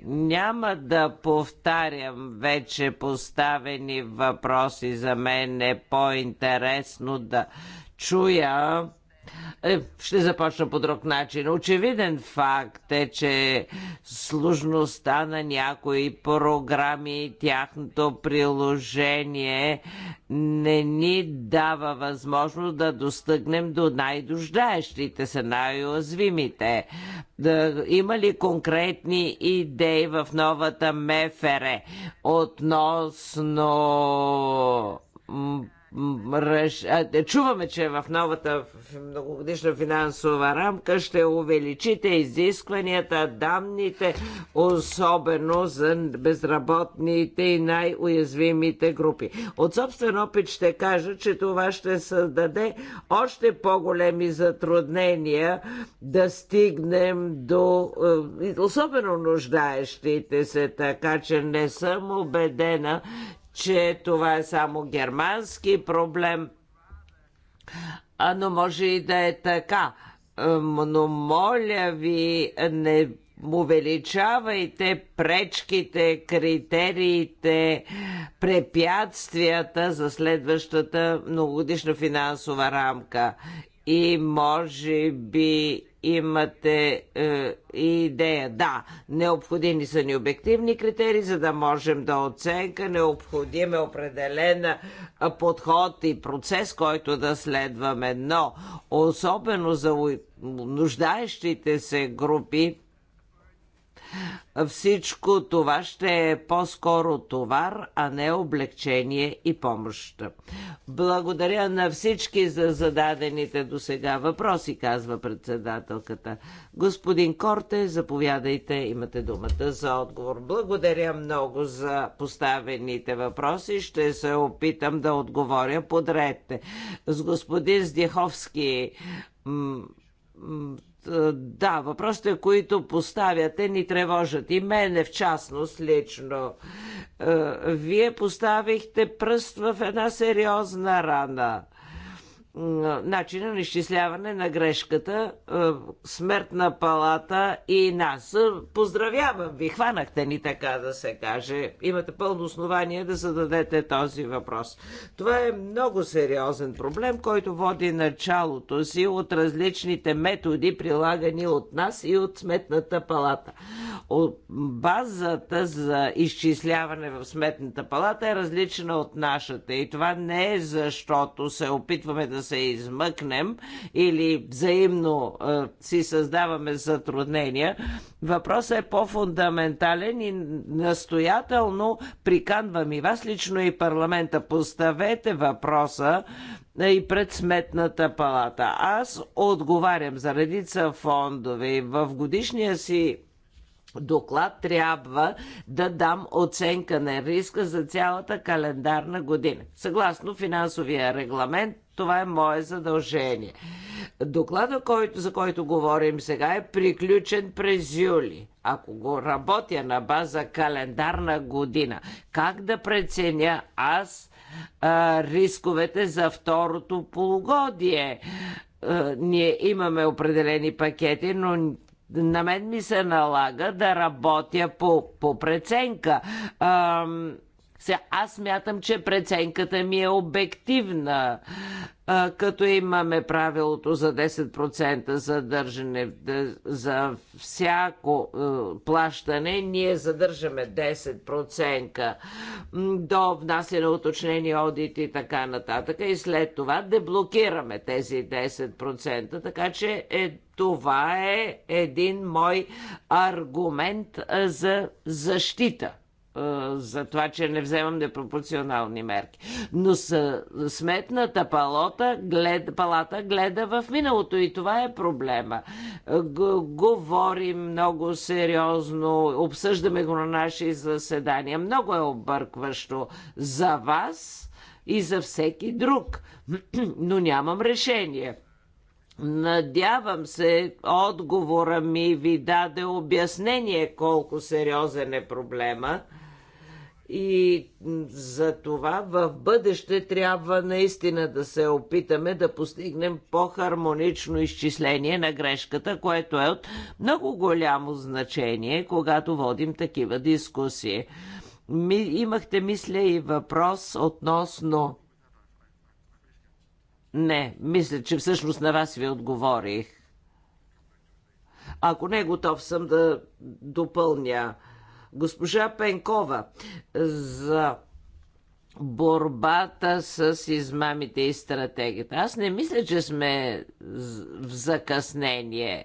Няма да повтарям вече поставени въпроси. За мен е по-интересно да чуя е, ще започна по друг начин. Очевиден факт е, че сложността на някои програми и тяхното приложение не ни дава възможност да достъгнем до най-дождаещите се, най-уязвимите. Да, има ли конкретни идеи в новата МФР относно Чуваме, че в новата многогодишна финансова рамка ще увеличите изискванията, данните, особено за безработните и най-уязвимите групи. От собствен опит ще кажа, че това ще създаде още по-големи затруднения да стигнем до е, особено нуждаещите се, така че не съм убедена, че това е само германски проблем, а, но може и да е така. Но моля ви, не увеличавайте пречките, критериите, препятствията за следващата многогодишна финансова рамка и може би имате е, идея. Да, необходими са ни обективни критерии, за да можем да оценка. Необходим е определен е, подход и процес, който да следваме. Но особено за нуждаещите се групи, всичко това ще е по-скоро товар, а не облегчение и помощ. Благодаря на всички за зададените до сега въпроси, казва председателката. Господин Корте, заповядайте, имате думата за отговор. Благодаря много за поставените въпроси. Ще се опитам да отговоря подред. С господин Здиховски, е, да, въпросите, които поставяте, ни тревожат. И мене в частност лично. Е, вие поставихте пръст в една сериозна рана начина на изчисляване на грешката, е, смъртна палата и нас. Е, поздравявам ви, хванахте ни така да се каже. Имате пълно основание да зададете този въпрос. Това е много сериозен проблем, който води началото си от различните методи, прилагани от нас и от сметната палата. От базата за изчисляване в сметната палата е различна от нашата и това не е защото се опитваме да се измъкнем или взаимно а, си създаваме затруднения. Въпросът е по-фундаментален и настоятелно приканвам и вас лично и парламента. Поставете въпроса и пред сметната палата. Аз отговарям за редица фондове. В годишния си доклад трябва да дам оценка на риска за цялата календарна година. Съгласно финансовия регламент, това е мое задължение. Доклада, който, за който говорим сега, е приключен през юли. Ако го работя на база календарна година, как да преценя аз а, рисковете за второто полугодие? А, ние имаме определени пакети, но на мен ми се налага да работя по, по преценка. А, аз мятам, че преценката ми е обективна, като имаме правилото за 10% задържане за всяко плащане, ние задържаме 10% до внасяне уточнени одити и така нататък и след това деблокираме тези 10%, така че е това е един мой аргумент за защита за това, че не вземам непропорционални мерки. Но сметната палата глед, палата гледа в миналото и това е проблема. Г, говорим много сериозно, обсъждаме го на наши заседания. Много е объркващо за вас и за всеки друг, [CLEARS THROAT] но нямам решение. Надявам се, отговора ми ви даде обяснение колко сериозен е проблема. И за това в бъдеще трябва наистина да се опитаме да постигнем по-хармонично изчисление на грешката, което е от много голямо значение, когато водим такива дискусии. Ми, имахте, мисля, и въпрос относно. Не, мисля, че всъщност на вас ви отговорих. Ако не, е готов съм да допълня госпожа Пенкова за борбата с измамите и стратегията. Аз не мисля, че сме в закъснение.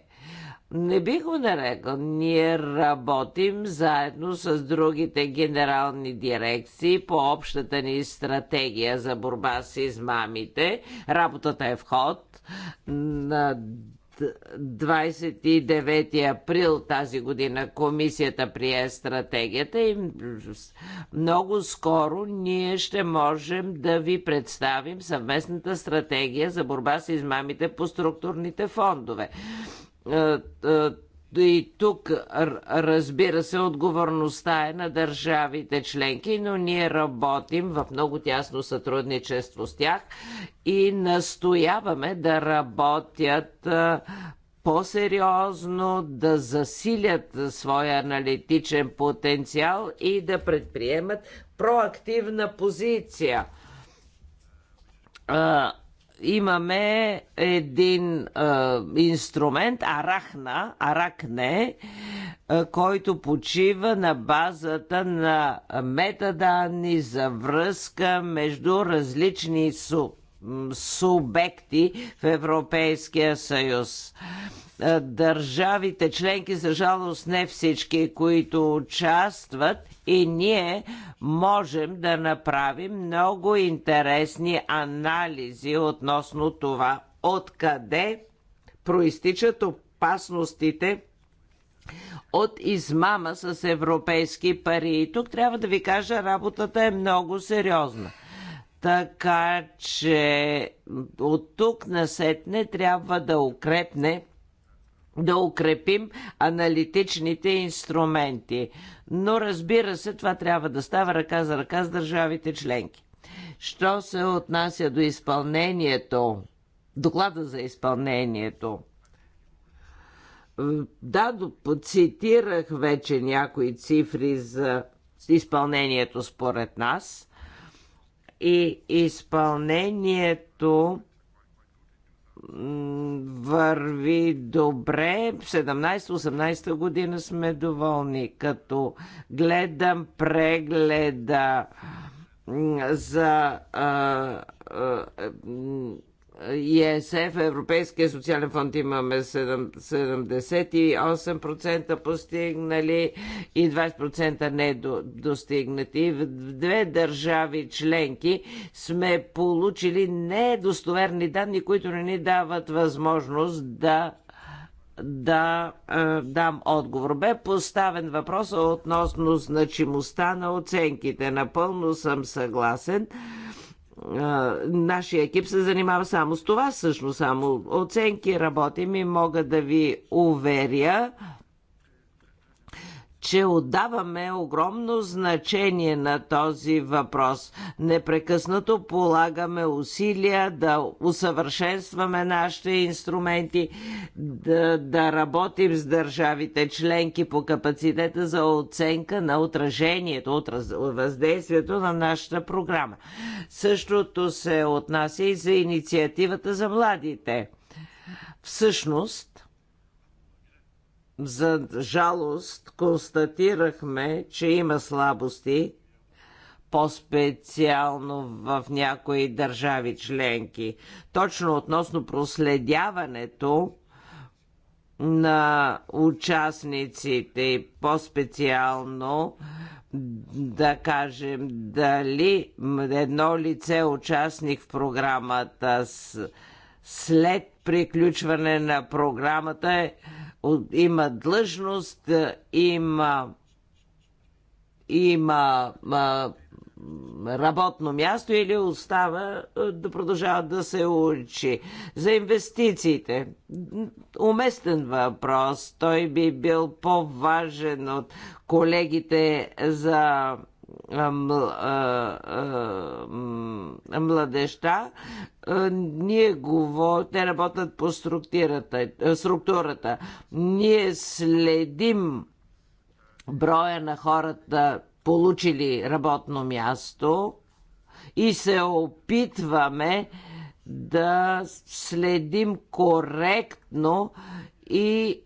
Не бих го нарекал. Ние работим заедно с другите генерални дирекции по общата ни стратегия за борба с измамите. Работата е в ход. На 29 април тази година комисията прие стратегията и много скоро ние ще можем да ви представим съвместната стратегия за борба с измамите по структурните фондове е, е, и тук, разбира се, отговорността е на държавите членки, но ние работим в много тясно сътрудничество с тях и настояваме да работят по-сериозно, да засилят своя аналитичен потенциал и да предприемат проактивна позиция имаме един а, е, инструмент, арахна, аракне, а, който почива на базата на метаданни за връзка между различни суб субекти в Европейския съюз. Е, държавите членки, за жалост не всички, които участват и ние можем да направим много интересни анализи относно това откъде проистичат опасностите от измама с европейски пари. И тук трябва да ви кажа, работата е много сериозна. Така че от тук сетне трябва да укрепне да укрепим аналитичните инструменти. Но разбира се, това трябва да става ръка за ръка с държавите членки. Що се отнася до изпълнението, доклада за изпълнението, да, цитирах вече някои цифри за изпълнението според нас и изпълнението върви добре. 17-18 година сме доволни. Като гледам прегледа за а, а, ЕСФ, Европейския социален фонд имаме 78% постигнали и 20% не достигнати. В две държави членки сме получили недостоверни данни, които не ни дават възможност да да е, дам отговор. Бе поставен въпрос относно значимостта на оценките. Напълно съм съгласен нашия екип се занимава само с това, всъщност само оценки работим и мога да ви уверя, че отдаваме огромно значение на този въпрос. Непрекъснато полагаме усилия да усъвършенстваме нашите инструменти, да, да работим с държавите членки по капацитета за оценка на отражението, от въздействието на нашата програма. Същото се отнася и за инициативата за младите. Всъщност, за жалост констатирахме, че има слабости, по-специално в някои държави членки. Точно относно проследяването на участниците, по-специално да кажем дали едно лице участник в програмата с, след приключване на програмата е има длъжност, има, има а, работно място или остава да продължава да се учи. За инвестициите. Уместен въпрос. Той би бил по-важен от колегите за младеща, ние говорим, те работят по структурата, структурата. Ние следим броя на хората, получили работно място и се опитваме да следим коректно и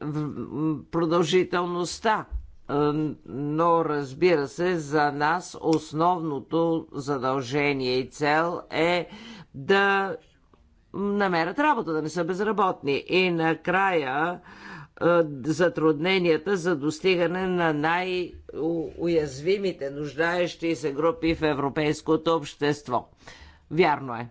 продължителността но разбира се, за нас основното задължение и цел е да намерят работа, да не са безработни. И накрая затрудненията за достигане на най-уязвимите, нуждаещи се групи в европейското общество. Вярно е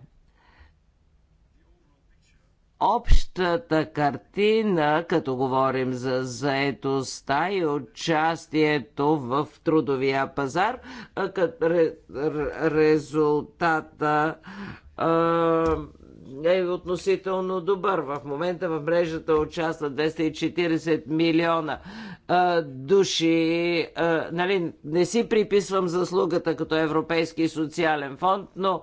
общата картина, като говорим за заетостта и участието в трудовия пазар, като резултата е относително добър. В момента в мрежата участват 240 милиона души. нали, не си приписвам заслугата като Европейски социален фонд, но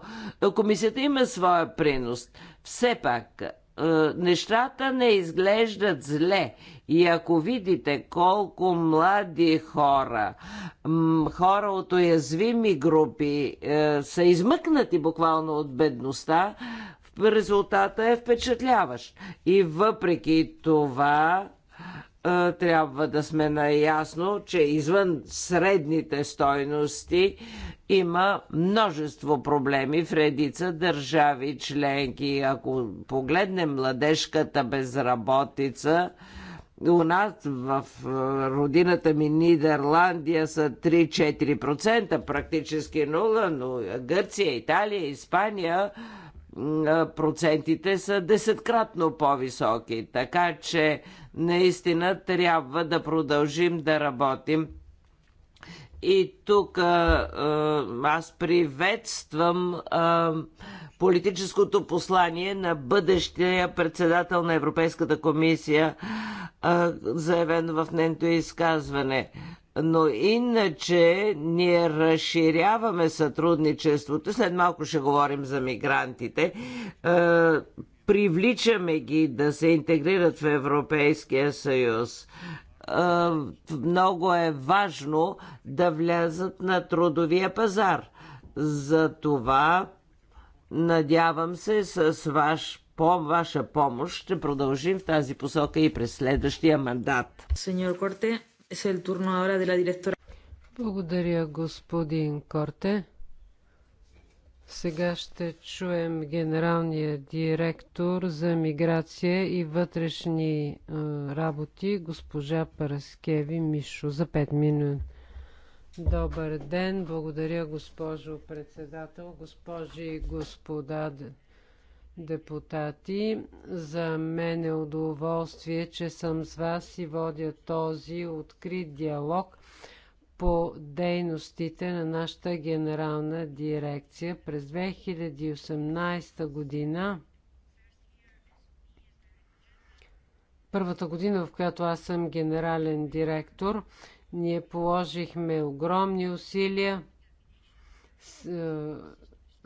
комисията има своя принос. Все пак е, нещата не изглеждат зле. И ако видите колко млади хора, хора от уязвими групи е, са измъкнати буквално от бедността, резултата е впечатляващ. И въпреки това трябва да сме наясно, че извън средните стойности има множество проблеми в редица държави членки. Ако погледнем младежката безработица, у нас в родината ми Нидерландия са 3-4%, практически нула, но Гърция, Италия, Испания процентите са десеткратно по-високи. Така че наистина трябва да продължим да работим. И тук аз приветствам политическото послание на бъдещия председател на Европейската комисия, заявено в нейното изказване. Но иначе ние разширяваме сътрудничеството. След малко ще говорим за мигрантите привличаме ги да се интегрират в Европейския съюз. Много е важно да влязат на трудовия пазар. За това Надявам се с ваш, по ваша помощ ще продължим в тази посока и през следващия мандат. Сеньор Корте, е el ahora de la Благодаря, господин Корте. Сега ще чуем генералния директор за миграция и вътрешни работи, госпожа Параскеви Мишо, за 5 минути. Добър ден, благодаря госпожо председател, госпожи и господа депутати. За мен е удоволствие, че съм с вас и водя този открит диалог по дейностите на нашата генерална дирекция. През 2018 година първата година, в която аз съм генерален директор, ние положихме огромни усилия с, е,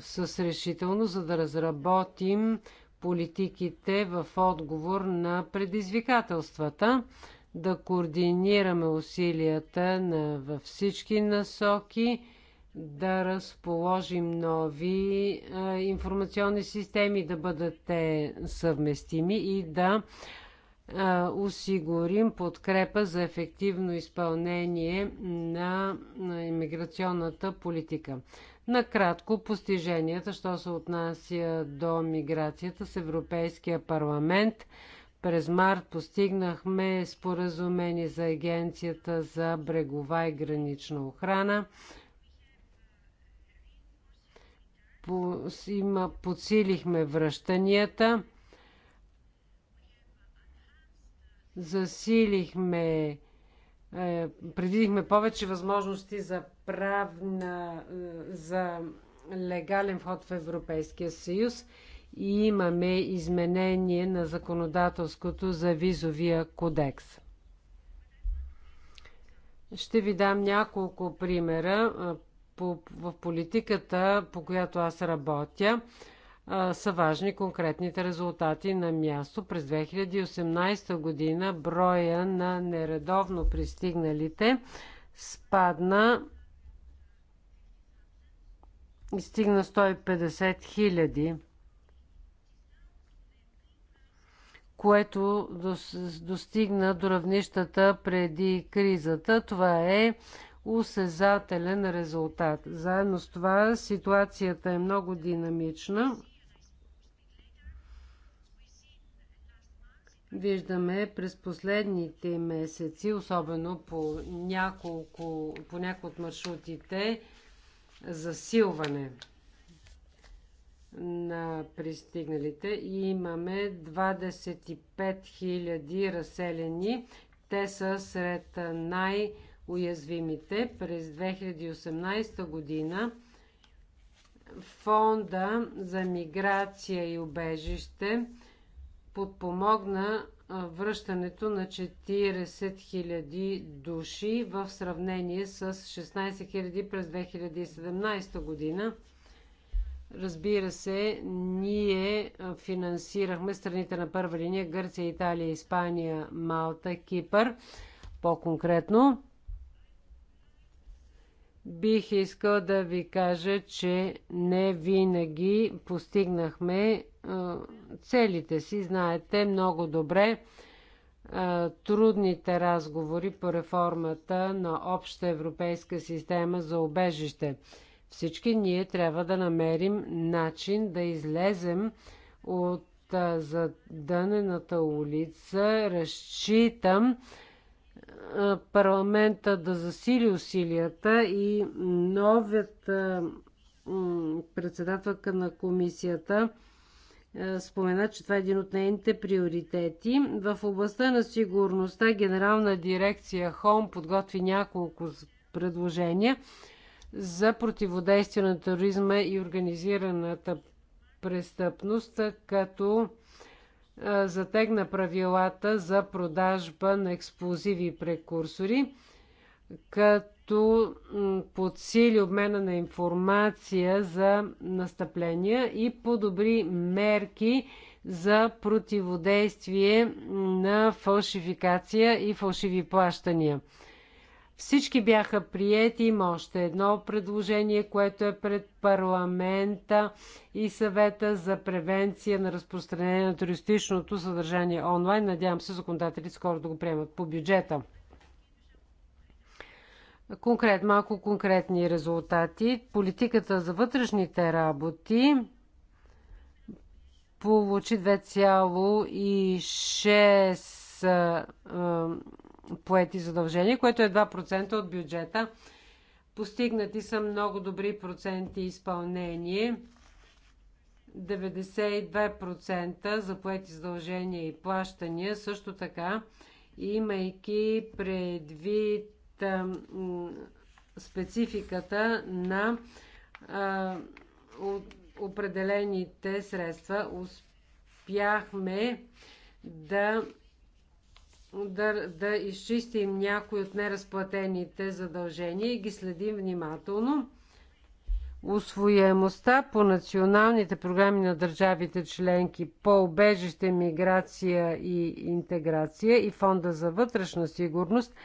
с решително, за да разработим политиките в отговор на предизвикателствата, да координираме усилията на, във всички насоки, да разположим нови а, е, информационни системи, да бъдат те съвместими и да осигурим подкрепа за ефективно изпълнение на иммиграционната политика. Накратко, постиженията, що се отнася до миграцията с Европейския парламент. През март постигнахме споразумение за Агенцията за брегова и гранична охрана. подсилихме връщанията. Засилихме, е, предвидихме повече възможности за правна, е, за легален вход в Европейския съюз и имаме изменение на законодателството за визовия кодекс. Ще ви дам няколко примера е, по, в политиката, по която аз работя са важни конкретните резултати на място. През 2018 година броя на нередовно пристигналите спадна и стигна 150 хиляди, което достигна до равнищата преди кризата. Това е усезателен резултат. Заедно с това ситуацията е много динамична виждаме през последните месеци, особено по няколко, по няколко от маршрутите, засилване на пристигналите. И имаме 25 000 разселени. Те са сред най-уязвимите. През 2018 година Фонда за миграция и убежище – подпомогна връщането на 40 000 души в сравнение с 16 000 през 2017 година. Разбира се, ние финансирахме страните на първа линия Гърция, Италия, Испания, Малта, Кипър. По-конкретно, бих искал да ви кажа, че не винаги постигнахме целите си. Знаете много добре трудните разговори по реформата на обща европейска система за обежище. Всички ние трябва да намерим начин да излезем от задънената улица. Разчитам парламента да засили усилията и новият председателка на комисията – е, спомена, че това е един от нейните приоритети. В областта на сигурността Генерална дирекция ХОМ подготви няколко предложения за противодействие на тероризма и организираната престъпност, като е, затегна правилата за продажба на експлозиви и прекурсори, като като подсили обмена на информация за настъпления и подобри мерки за противодействие на фалшификация и фалшиви плащания. Всички бяха приети. Има още едно предложение, което е пред парламента и съвета за превенция на разпространение на туристичното съдържание онлайн. Надявам се законодателите скоро да го приемат по бюджета. Конкрет, малко конкретни резултати. Политиката за вътрешните работи получи 2,6 е, поети задължения, което е 2% от бюджета. Постигнати са много добри проценти изпълнение. 92% за поети задължения и плащания. Също така, имайки предвид спецификата на определените средства. Успяхме да, да, да изчистим някои от неразплатените задължения и ги следим внимателно. Освоемостта по националните програми на държавите членки по обежище, миграция и интеграция и Фонда за вътрешна сигурност –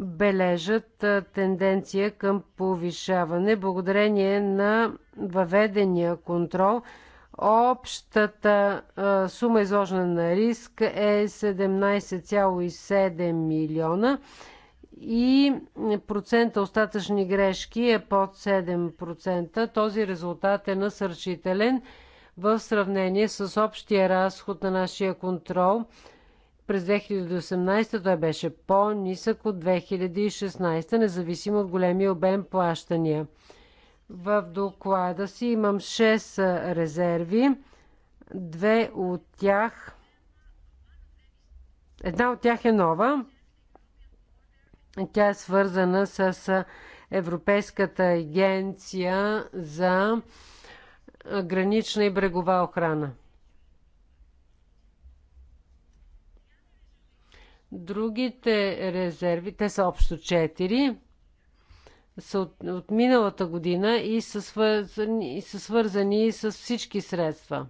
бележат тенденция към повишаване благодарение на въведения контрол. Общата сума изложена на риск е 17,7 милиона и процента остатъчни грешки е под 7%. Този резултат е насърчителен в сравнение с общия разход на нашия контрол – през 2018 той беше по-нисък от 2016, независимо от големия обем плащания. В доклада си имам 6 резерви. Две от тях. Една от тях е нова. Тя е свързана с Европейската агенция за гранична и брегова охрана. Другите резерви, те са общо 4, са от, от миналата година и са, свързани, и са свързани с всички средства.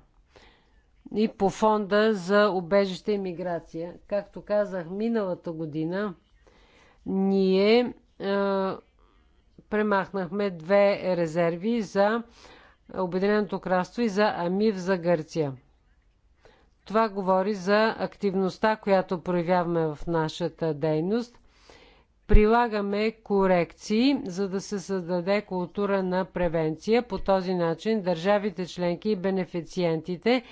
И по фонда за обежище и миграция. Както казах, миналата година ние е, премахнахме две резерви за Обединеното кралство и за АМИВ за Гърция. Това говори за активността, която проявяваме в нашата дейност. Прилагаме корекции, за да се създаде култура на превенция. По този начин държавите членки и бенефициентите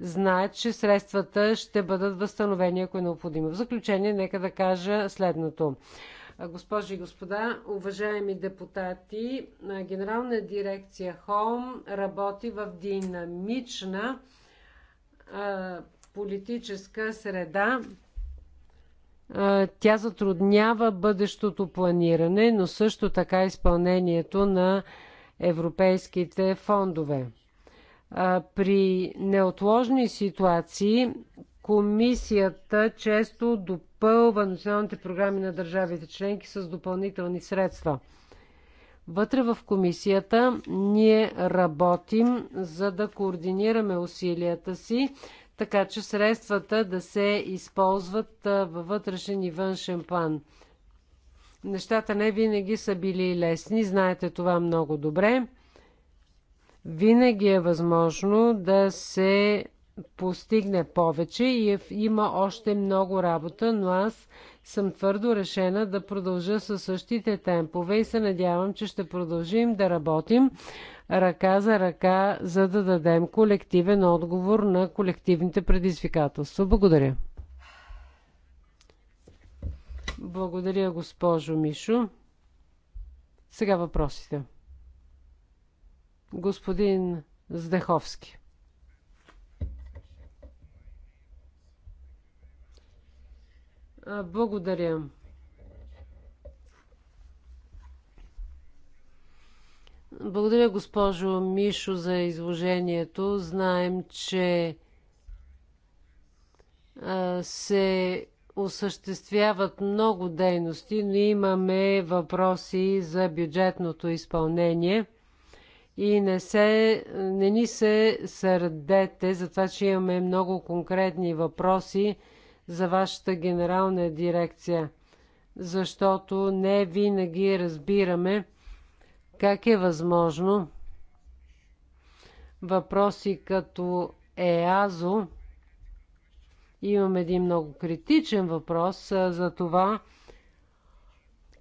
знаят, че средствата ще бъдат възстановени, ако е необходимо. В заключение, нека да кажа следното. Госпожи и господа, уважаеми депутати, Генерална дирекция ХОМ работи в динамична политическа среда, тя затруднява бъдещото планиране, но също така изпълнението на европейските фондове. При неотложни ситуации комисията често допълва националните програми на държавите членки с допълнителни средства – Вътре в комисията ние работим, за да координираме усилията си, така че средствата да се използват във вътрешен и външен план. Нещата не винаги са били лесни, знаете това много добре. Винаги е възможно да се постигне повече и е, има още много работа, но аз съм твърдо решена да продължа със същите темпове и се надявам, че ще продължим да работим ръка за ръка, за да дадем колективен отговор на колективните предизвикателства. Благодаря. Благодаря, госпожо Мишо. Сега въпросите. Господин Здеховски. Благодаря. Благодаря, госпожо Мишо, за изложението. Знаем, че се осъществяват много дейности, но имаме въпроси за бюджетното изпълнение. И не, се, не ни се сърдете за това, че имаме много конкретни въпроси за вашата генерална дирекция, защото не винаги разбираме как е възможно въпроси като ЕАЗО. Имам един много критичен въпрос за това,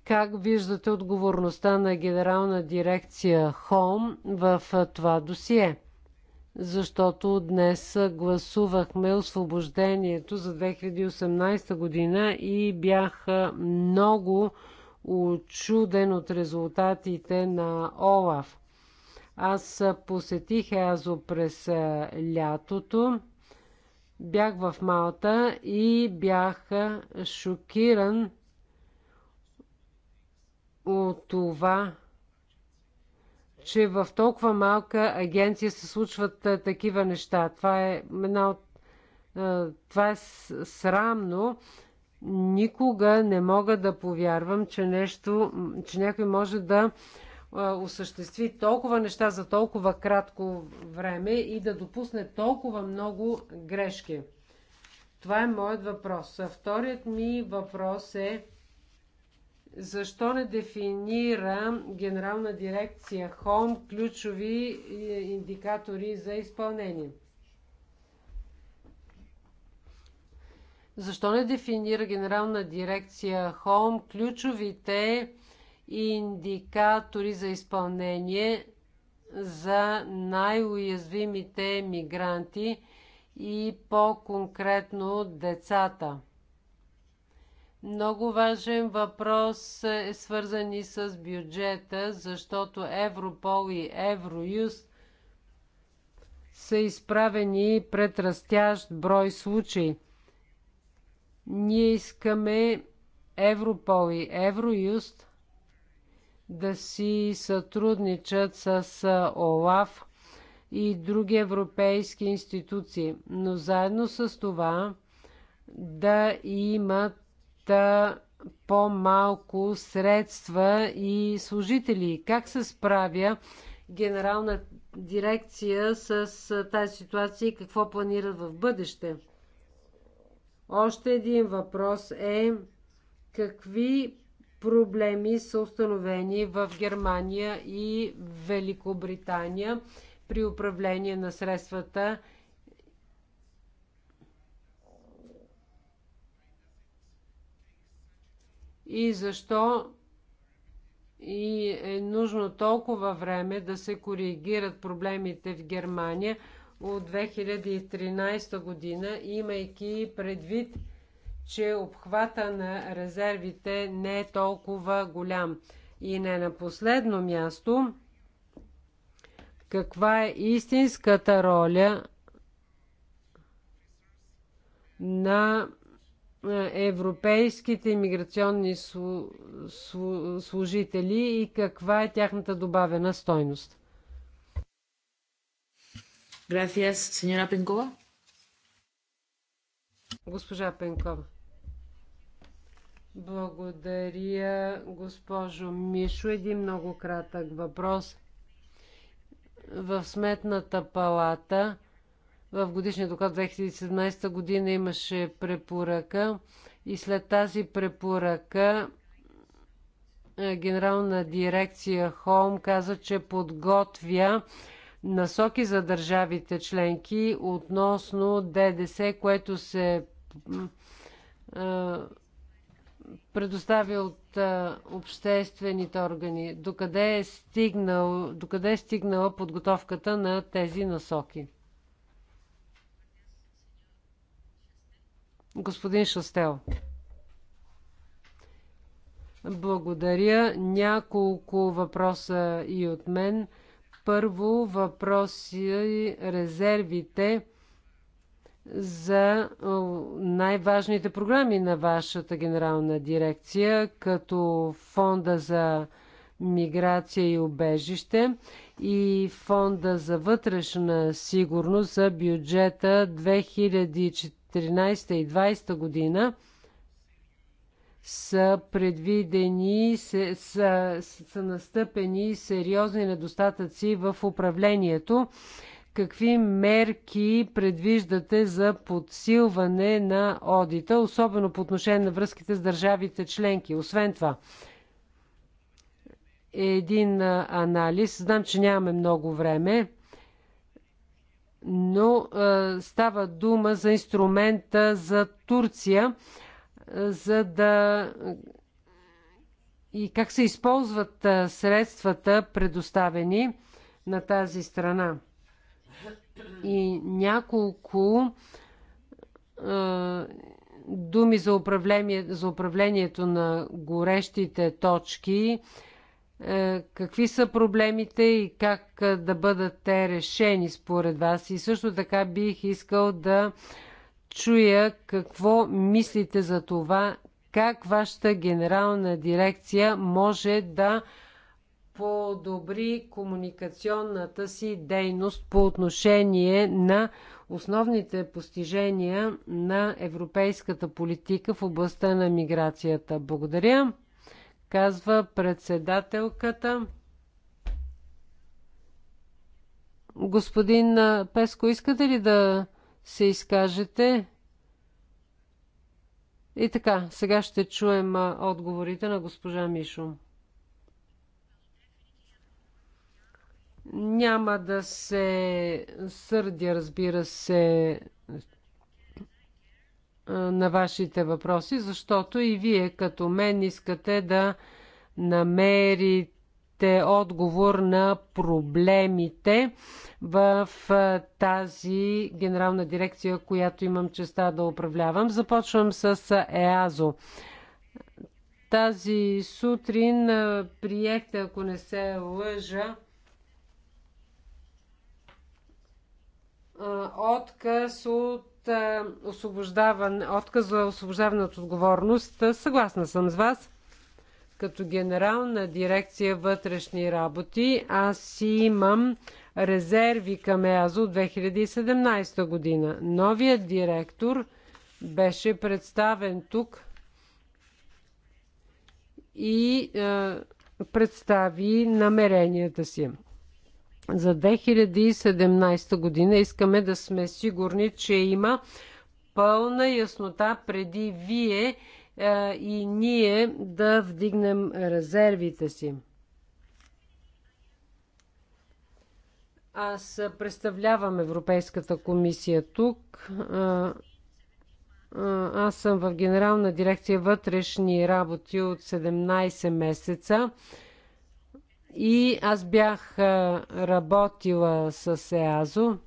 как виждате отговорността на генерална дирекция Холм в това досие? защото днес гласувахме освобождението за 2018 година и бях много очуден от резултатите на ОЛАФ. Аз посетих Еазо през лятото, бях в Малта и бях шокиран от това, че в толкова малка агенция се случват такива неща. Това е, една от, това е срамно. Никога не мога да повярвам, че, нещо, че някой може да осъществи толкова неща за толкова кратко време и да допусне толкова много грешки. Това е моят въпрос. Вторият ми въпрос е защо не дефинира Генерална дирекция ХОМ ключови е, индикатори за изпълнение? Защо не дефинира Генерална дирекция ХОМ ключовите индикатори за изпълнение за най-уязвимите мигранти и по-конкретно децата? Много важен въпрос е свързан и с бюджета, защото Европол и Евроюст са изправени пред растящ брой случаи. Ние искаме Европол и Евроюст да си сътрудничат с ОЛАФ и други европейски институции, но заедно с това да имат Та по-малко средства и служители. Как се справя генерална дирекция с тази ситуация и какво планират в бъдеще? Още един въпрос е какви проблеми са установени в Германия и Великобритания при управление на средствата и защо и е нужно толкова време да се коригират проблемите в Германия от 2013 година, имайки предвид, че обхвата на резервите не е толкова голям. И не на последно място, каква е истинската роля на европейските иммиграционни служители и каква е тяхната добавена стойност? Gracias, señora Пенкова. Госпожа Пенкова. Благодаря, госпожо Мишо. Един много кратък въпрос. В сметната палата в годишния доклад 2017 година имаше препоръка и след тази препоръка е, генерална дирекция Холм каза, че подготвя насоки за държавите членки относно ДДС, което се е, предоставя от е, обществените органи. Докъде е, стигнал, докъде е стигнала подготовката на тези насоки? Господин Шастел. Благодаря. Няколко въпроса и от мен. Първо въпроси резервите за най-важните програми на вашата генерална дирекция, като Фонда за миграция и обежище и Фонда за вътрешна сигурност за бюджета 2014 2014 и 2020 година са предвидени, са, са, са настъпени сериозни недостатъци в управлението. Какви мерки предвиждате за подсилване на одита, особено по отношение на връзките с държавите членки? Освен това, един анализ. Знам, че нямаме много време но става дума за инструмента за Турция, за да и как се използват средствата, предоставени на тази страна. И няколко думи за, управление, за управлението на горещите точки е, какви са проблемите и как е, да бъдат те решени според вас. И също така бих искал да чуя какво мислите за това, как вашата генерална дирекция може да подобри комуникационната си дейност по отношение на основните постижения на европейската политика в областта на миграцията. Благодаря казва председателката. Господин Песко, искате ли да се изкажете? И така, сега ще чуем отговорите на госпожа Мишо. Няма да се сърдя, разбира се, на вашите въпроси, защото и вие като мен искате да намерите отговор на проблемите в тази генерална дирекция, която имам честа да управлявам. Започвам с ЕАЗО. Тази сутрин приехте, ако не се лъжа, отказ от освобождаване, отказ за освобождаване от отговорност. Съгласна съм с вас. Като генерална дирекция вътрешни работи, аз си имам резерви към ЕАЗО от 2017 година. Новият директор беше представен тук и е, представи намеренията си за 2017 година искаме да сме сигурни, че има пълна яснота преди вие е, и ние да вдигнем резервите си. Аз представлявам Европейската комисия тук. Аз съм в Генерална дирекция вътрешни работи от 17 месеца. И аз бях работила с ЕАЗО.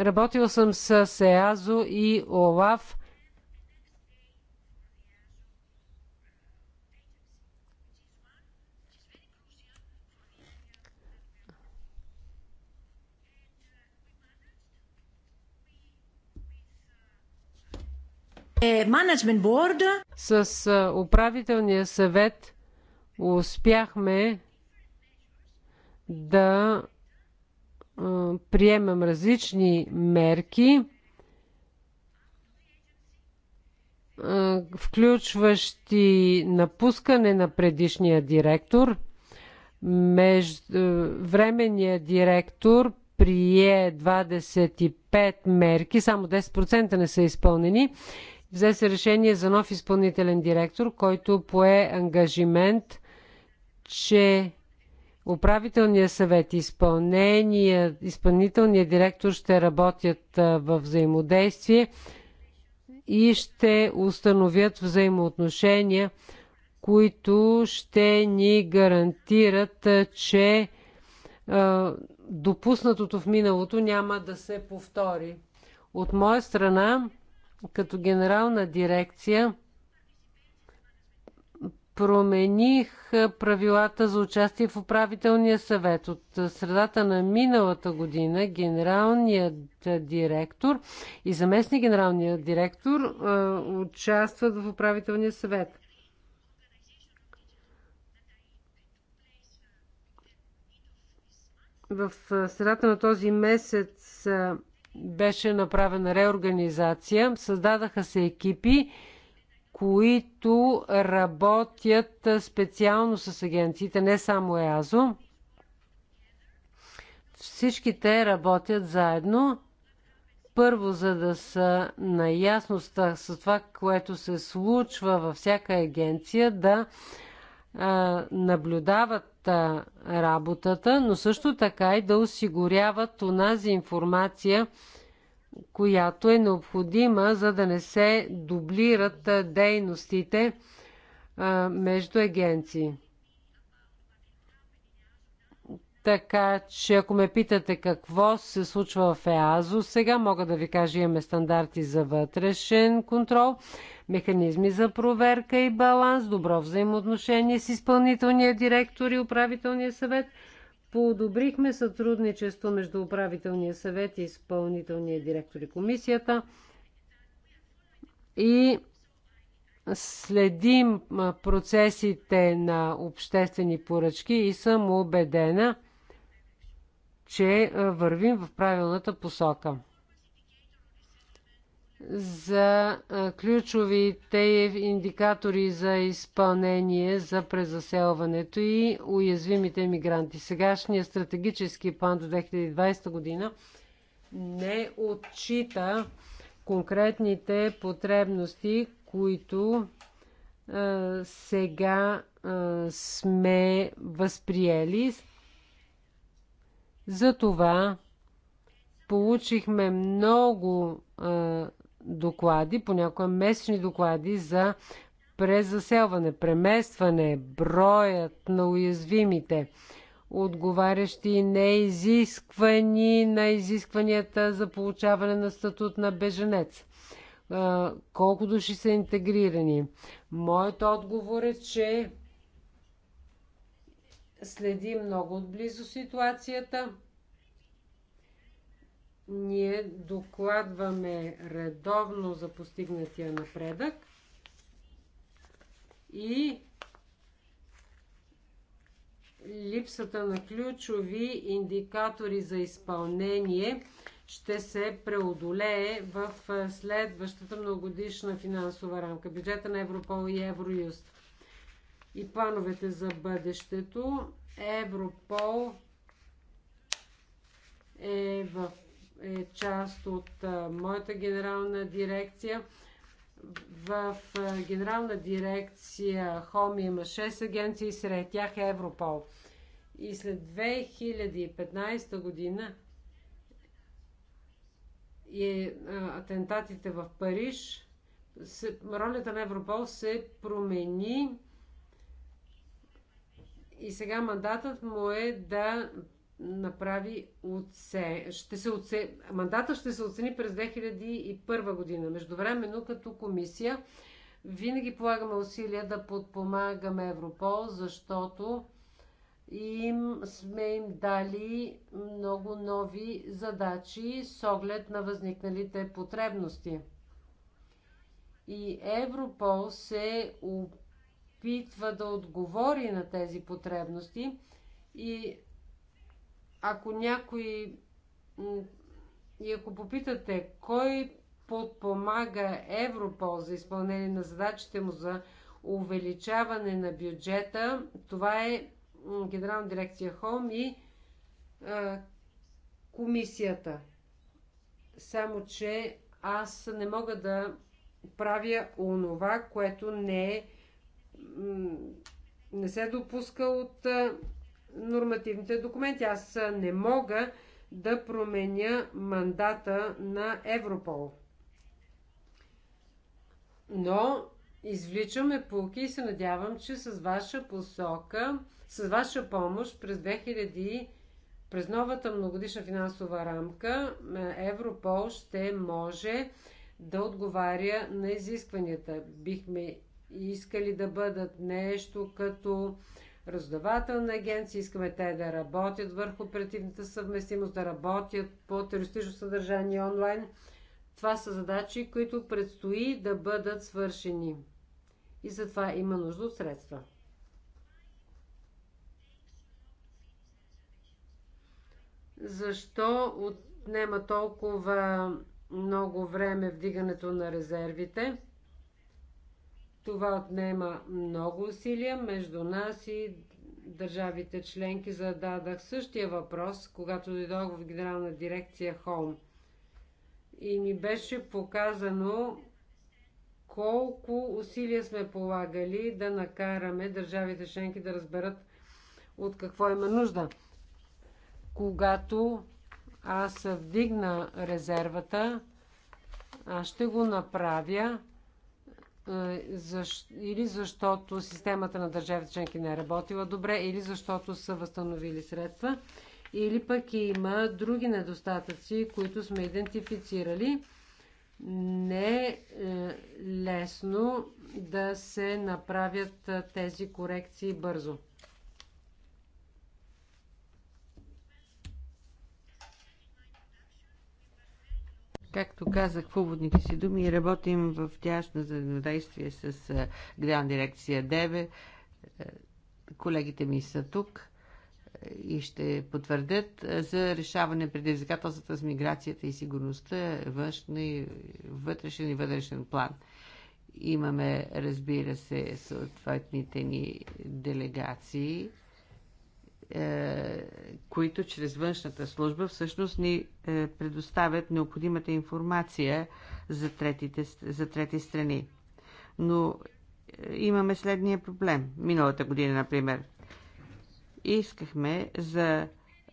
Работила съм с ЕАЗО и ОЛАВ Е, С управителния съвет успяхме да приемем различни мерки, включващи напускане на предишния директор. Между, директор прие 25 мерки, само 10% не са изпълнени взе се решение за нов изпълнителен директор, който пое ангажимент, че управителният съвет и изпълнителният директор ще работят в взаимодействие и ще установят взаимоотношения, които ще ни гарантират, че допуснатото в миналото няма да се повтори. От моя страна като генерална дирекция промених правилата за участие в управителния съвет. От средата на миналата година генералният директор и заместник генералният директор участват в управителния съвет. В средата на този месец беше направена реорганизация, създадаха се екипи, които работят специално с агенциите, не само ЕАЗО. Всички те работят заедно. Първо, за да са наясно с това, което се случва във всяка агенция, да а, наблюдават работата, но също така и да осигуряват онази информация, която е необходима, за да не се дублират дейностите между агенции. Така че, ако ме питате какво се случва в ЕАЗО, сега мога да ви кажа, имаме стандарти за вътрешен контрол – механизми за проверка и баланс, добро взаимоотношение с изпълнителния директор и управителния съвет. Подобрихме сътрудничество между управителния съвет и изпълнителния директор и комисията. И следим процесите на обществени поръчки и съм убедена, че вървим в правилната посока за ключовите индикатори за изпълнение за презаселването и уязвимите мигранти. Сегашният стратегически план до 2020 година не отчита конкретните потребности, които а, сега а, сме възприели. Затова получихме много а, доклади, понякога месечни доклади за презаселване, преместване, броят на уязвимите, отговарящи неизисквани на изискванията за получаване на статут на беженец. Колко души са интегрирани? Моят отговор е, че следи много отблизо ситуацията. Ние докладваме редовно за постигнатия напредък и липсата на ключови индикатори за изпълнение ще се преодолее в следващата многогодишна финансова рамка. Бюджета на Европол и Евроюст и плановете за бъдещето. Европол е в е част от моята генерална дирекция. В генерална дирекция Хоми има 6 агенции, сред тях е Европол. И след 2015 година и атентатите в Париж, ролята на Европол се промени и сега мандатът му е да направи отсе, ще се отсе, мандата ще се оцени през 2001 година. Междувременно като комисия винаги полагаме усилия да подпомагаме Европол, защото им сме им дали много нови задачи с оглед на възникналите потребности. И Европол се опитва да отговори на тези потребности и ако някой и ако попитате кой подпомага Европол за изпълнение на задачите му за увеличаване на бюджета, това е Генерална дирекция Холм и а, комисията. Само, че аз не мога да правя онова, което не е не се е допуска от нормативните документи. Аз не мога да променя мандата на Европол. Но извличаме пулки и се надявам, че с ваша посока, с ваша помощ през 2000 през новата многодишна финансова рамка Европол ще може да отговаря на изискванията. Бихме искали да бъдат нещо като раздавателна агенция, искаме те да работят върху оперативната съвместимост, да работят по терористично съдържание онлайн. Това са задачи, които предстои да бъдат свършени. И затова има нужда от средства. Защо отнема толкова много време вдигането на резервите? Това отнема много усилия между нас и държавите членки. Зададах същия въпрос, когато дойдох в генерална дирекция Холм. И ми беше показано колко усилия сме полагали да накараме държавите членки да разберат от какво има нужда. Когато аз вдигна резервата, аз ще го направя е, или защото системата на държавите членки не е работила добре, или защото са възстановили средства, или пък има други недостатъци, които сме идентифицирали. Не е, е лесно да се направят е, тези корекции бързо. Както казах в уводните си думи, работим в тясно взаимодействие с Гран дирекция ДЕВЕ. Колегите ми са тук е, и ще потвърдят е, за решаване предизвикателствата с миграцията и сигурността, външно и вътрешен и вътрешен план. Имаме, разбира се, съответните ни делегации – е, които чрез външната служба всъщност ни е, предоставят необходимата информация за, третите, за трети страни. Но е, имаме следния проблем. Миналата година, например, искахме за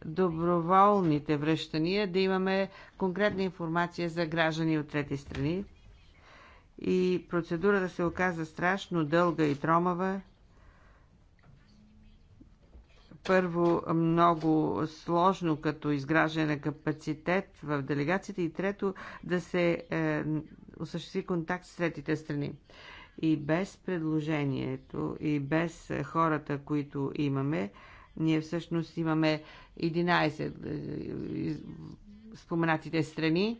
доброволните връщания да имаме конкретна информация за граждани от трети страни. И процедурата се оказа страшно дълга и тромава, първо много сложно като изграждане на капацитет в делегацията и трето да се е, осъществи контакт с третите страни. И без предложението и без хората, които имаме, ние всъщност имаме 11 е, споменатите страни.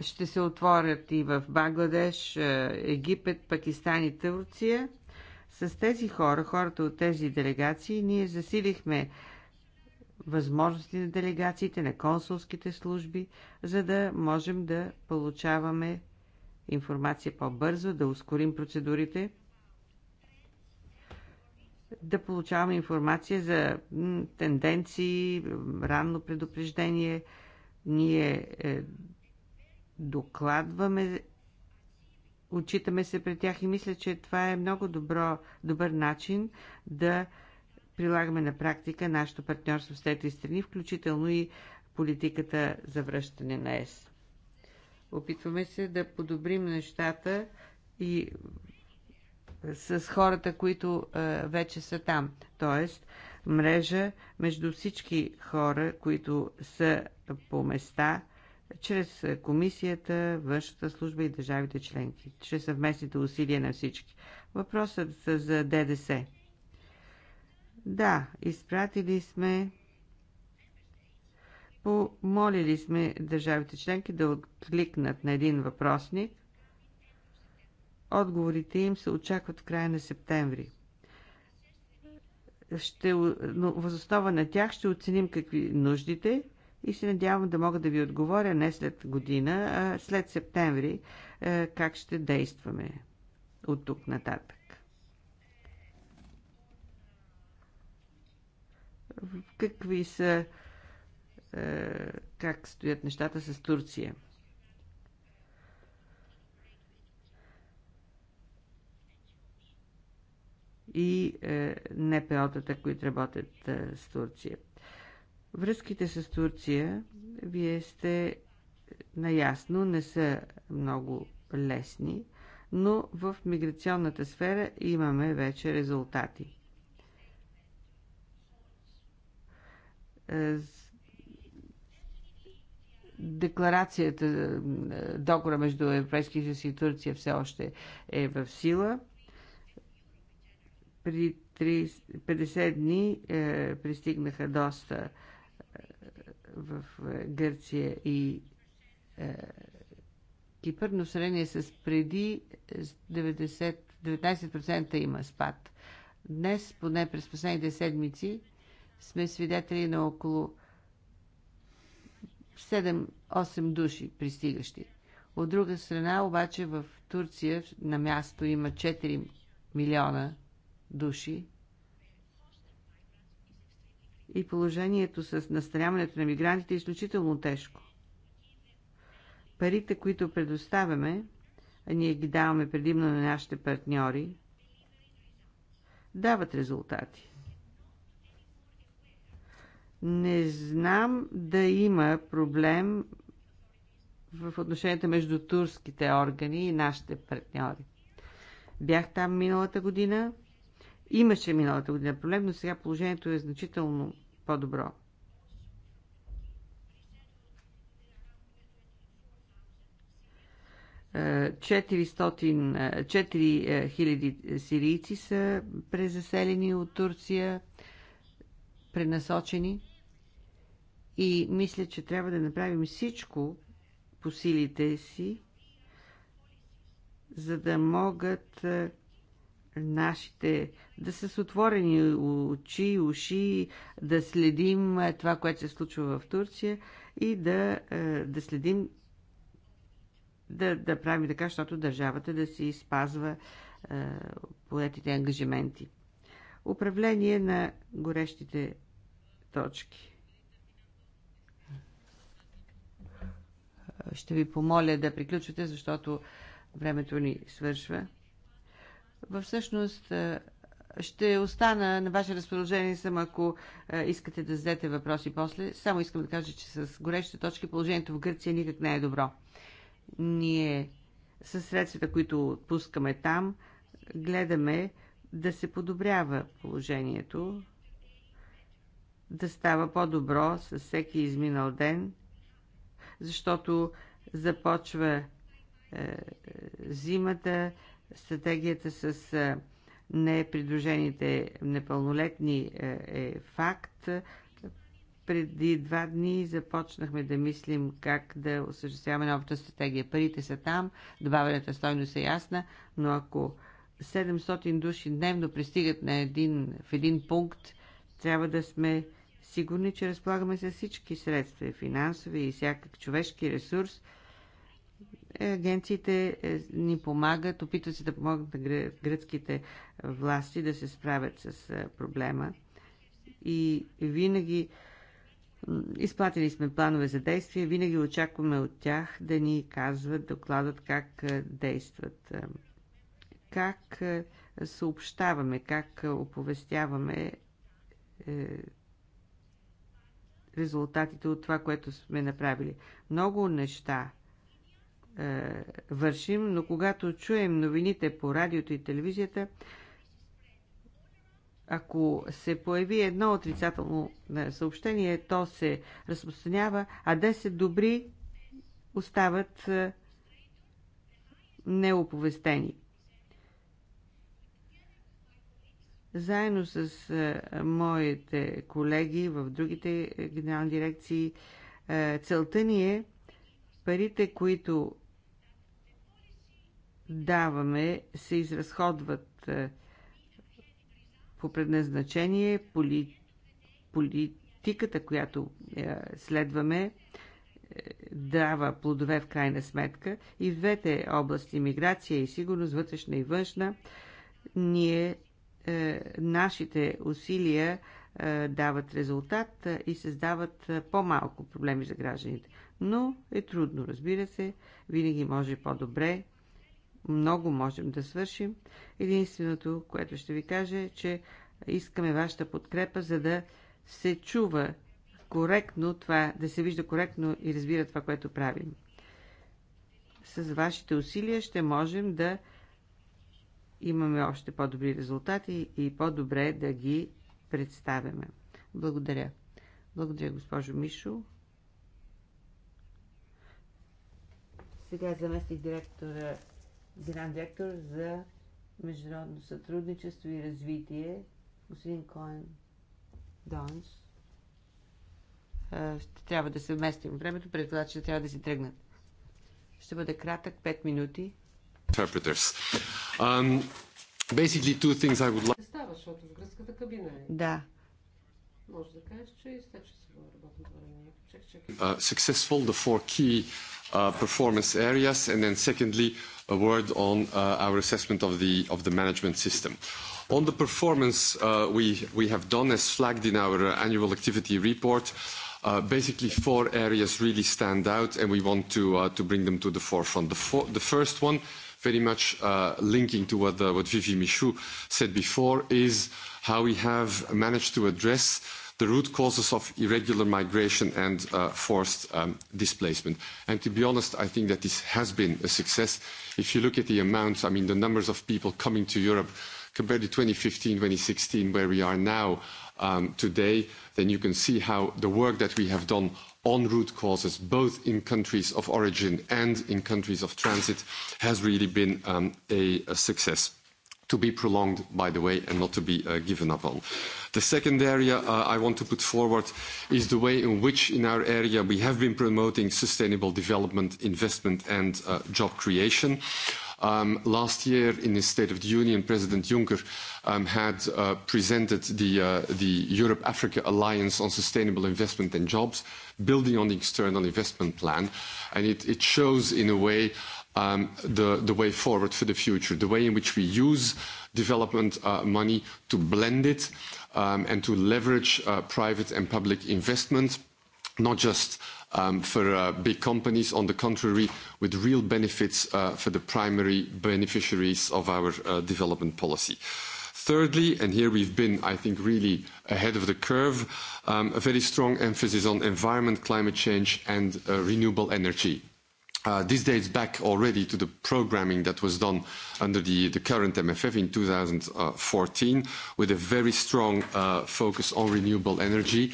Ще се отворят и в Бангладеш, е, Египет, Пакистан и Турция с тези хора, хората от тези делегации, ние засилихме възможности на делегациите, на консулските служби, за да можем да получаваме информация по-бързо, да ускорим процедурите, да получаваме информация за тенденции, ранно предупреждение. Ние е, докладваме отчитаме се пред тях и мисля, че това е много добро, добър начин да прилагаме на практика нашето партньорство с тези страни, включително и политиката за връщане на ЕС. Опитваме се да подобрим нещата и е, с хората, които а, е, вече са там. Тоест, мрежа между всички хора, които са по места, чрез комисията, външната служба и държавите членки, чрез съвместните усилия на всички. Въпросът за ДДС. Да, изпратили сме помолили сме държавите членки да откликнат на един въпросник. Отговорите им се очакват в края на септември. Ще, но възоснова на тях ще оценим какви нуждите, и се надявам да мога да ви отговоря не след година, а след септември, е, как ще действаме от тук нататък. Какви са е, как стоят нещата с Турция? и е, НПО-тата, които работят е, с Турция. Връзките с Турция, вие сте наясно, не са много лесни, но в миграционната сфера имаме вече резултати. Декларацията, договора между Европейския съюз и Турция все още е в сила. При 50 дни е, пристигнаха доста в е, Гърция и е, Кипър, но сравнение с преди 90, е, 19% има спад. Днес, поне през последните седмици, сме свидетели на около 7-8 души пристигащи. От друга страна, обаче в Турция на място има 4 милиона души и положението с настаняването на мигрантите е изключително тежко. Парите, които предоставяме, а ние ги даваме предимно на нашите партньори, дават резултати. Не знам да има проблем в отношенията между турските органи и нашите партньори. Бях там миналата година. Имаше миналата година проблем, но сега положението е значително по-добро. Е, е, четири е, хиляди сирийци са презаселени от Турция, пренасочени. И мисля, че трябва да направим всичко по силите си, за да могат нашите, да са с отворени очи, уши, да следим е, това, което се случва в Турция и да, е, да следим, да, да правим така, защото държавата да си спазва е, поетите ангажименти. Управление на горещите точки. Ще ви помоля да приключвате, защото времето ни свършва. Всъщност ще остана на ваше разположение съм, ако искате да зададете въпроси после. Само искам да кажа, че с горещите точки положението в Гърция никак не е добро. Ние със средствата, които отпускаме там, гледаме да се подобрява положението, да става по-добро с всеки изминал ден, защото започва е, е зимата, Стратегията с непридружените непълнолетни е, е факт. Преди два дни започнахме да мислим как да осъществяваме новата стратегия. Парите са там, добавената стойност е ясна, но ако 700 души дневно пристигат на един, в един пункт, трябва да сме сигурни, че разполагаме с всички средства, финансови и всякак човешки ресурс – Агенциите е, ни помагат, опитват се да помогнат на гръцките власти да се справят с е, проблема. И винаги изплатили сме планове за действие, винаги очакваме от тях да ни казват, докладат как е, действат, как съобщаваме, как оповестяваме резултатите от това, което сме направили. Много неща е, вършим, но когато чуем новините по радиото и телевизията, ако се появи едно отрицателно е, съобщение, то се разпространява, а 10 добри остават е, неоповестени. Заедно с е, моите колеги в другите генерални дирекции, е, целта ни е парите, които даваме, се изразходват е, по предназначение политиката, която е, следваме, е, дава плодове в крайна сметка и в двете области миграция и сигурност, вътрешна и външна, ние е, нашите усилия е, дават резултат и създават по-малко проблеми за гражданите. Но е трудно, разбира се, винаги може по-добре много можем да свършим. Единственото, което ще ви кажа е, че искаме вашата подкрепа, за да се чува коректно това, да се вижда коректно и разбира това, което правим. С вашите усилия ще можем да имаме още по-добри резултати и по-добре да ги представяме. Благодаря. Благодаря, госпожо Мишо. Сега заместих директора генерален директор за международно сътрудничество и развитие, господин Коен Донс. Ще трябва да се вместим времето, преди това ще трябва да си тръгнат. Ще бъде кратък, 5 минути. Um, basically two things I would like... Става, защото в гръцката кабина е. Да. Може да кажеш, че изтече се работното време. Чек, чек. Uh, successful, the four key uh, performance areas, and then secondly, a word on our assessment of the management system. On the performance we have done, as flagged in our annual activity report, basically four areas really stand out, and we want to bring them to the forefront. The first one, very much linking to what Vivi Michaud said before, is how we have managed to address the root causes of irregular migration and uh, forced um, displacement. And to be honest, I think that this has been a success. If you look at the amounts, I mean, the numbers of people coming to Europe compared to 2015, 2016, where we are now um, today, then you can see how the work that we have done on root causes, both in countries of origin and in countries of transit, has really been um, a, a success to be prolonged, by the way, and not to be uh, given up on. The second area uh, I want to put forward is the way in which in our area we have been promoting sustainable development, investment and uh, job creation. Um, last year in his State of the Union, President Juncker um, had uh, presented the, uh, the Europe-Africa Alliance on Sustainable Investment and Jobs, building on the external investment plan. And it, it shows in a way the way forward for the future, the way in which we use development money to blend it and to leverage private and public investment, not just for big companies, on the contrary, with real benefits for the primary beneficiaries of our development policy. Thirdly, and here we've been, I think, really ahead of the curve, a very strong emphasis on environment, climate change, and renewable energy Uh, this dates back already to the programming that was done under the, the current MFF in 2014 with a very strong uh, focus on renewable energy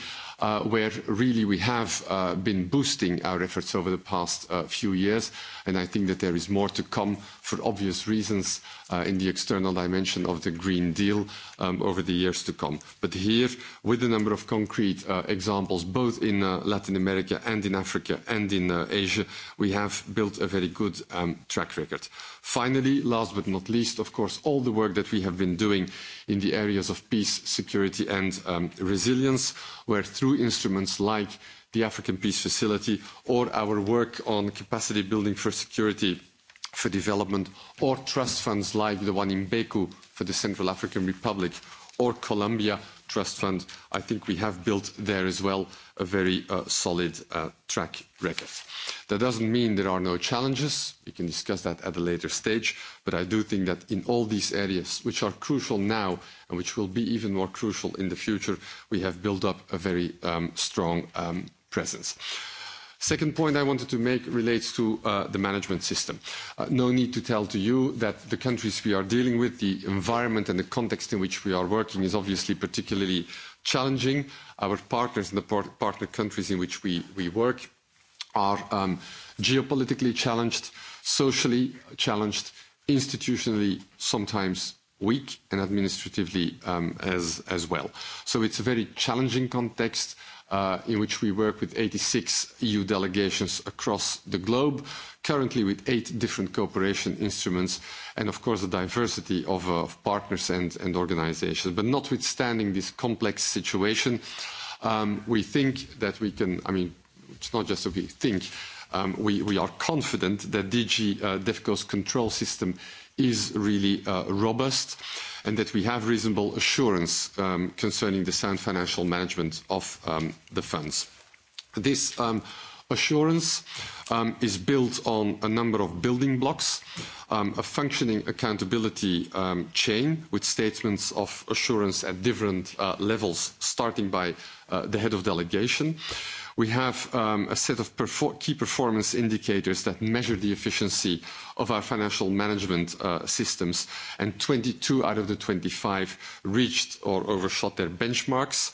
where really we have been boosting our efforts over the past few years, and I think that there is more to come for obvious reasons in the external dimension of the Green Deal over the years to come. But here, with a number of concrete examples, both in Latin America and in Africa and in Asia, we have built a very good track record. Finally, last but not least, of course, all the work that we have been doing in the areas of peace, security, and resilience, where through instruments like the African Peace Facility or our work on capacity building for security for development or trust funds like the one in Beku for the Central African Republic or Colombia Trust Fund, I think we have built there as well a very solid track record. That doesn't mean there are no challenges. We can discuss that at a later stage. But I do think that in all these areas, which are crucial now and which will be even more crucial in the future, we have built up a very strong presence. Second point I wanted to make relates to the management system. No need to tell to you that the countries we are dealing with, the environment and the context in which we are working is obviously particularly challenging. Our partners in the partner countries in which we work are geopolitically challenged, socially challenged, institutionally sometimes weak, and administratively as well. So It's a very challenging context in which we work with 86 EU delegations across the globe, currently with eight different cooperation instruments, and of course, a diversity of partners and organizations. But notwithstanding this complex situation, we think that we can... I mean, it's not just that we think, we are confident that DG DEFCO's control system is really robust and that we have reasonable assurance concerning the sound financial management of the funds. This assurance is built on a number of building blocks, a functioning accountability chain with statements of assurance at different levels, starting by the head of delegation. We have a set of key performance indicators that measure the efficiency of our financial management systems, and 22 out of the 25 reached or overshot their benchmarks.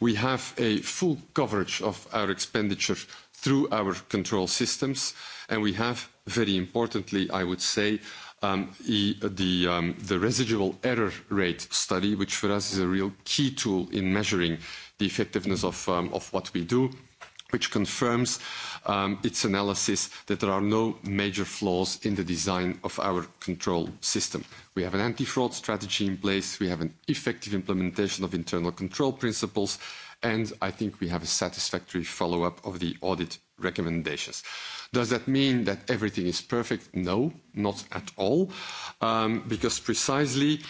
We have a full coverage of our expenditure through our control systems, and we have, very importantly, I would say, the residual error rate study, which for us is a real key tool in measuring the effectiveness of what we do which confirms its analysis that there are no major flaws in the design of our control system. We have an anti-fraud strategy in place, we have an effective implementation of internal control principles, and I think we have a satisfactory follow-up of the audit recommendations. Does that mean that everything is perfect? No, not at all, because precisely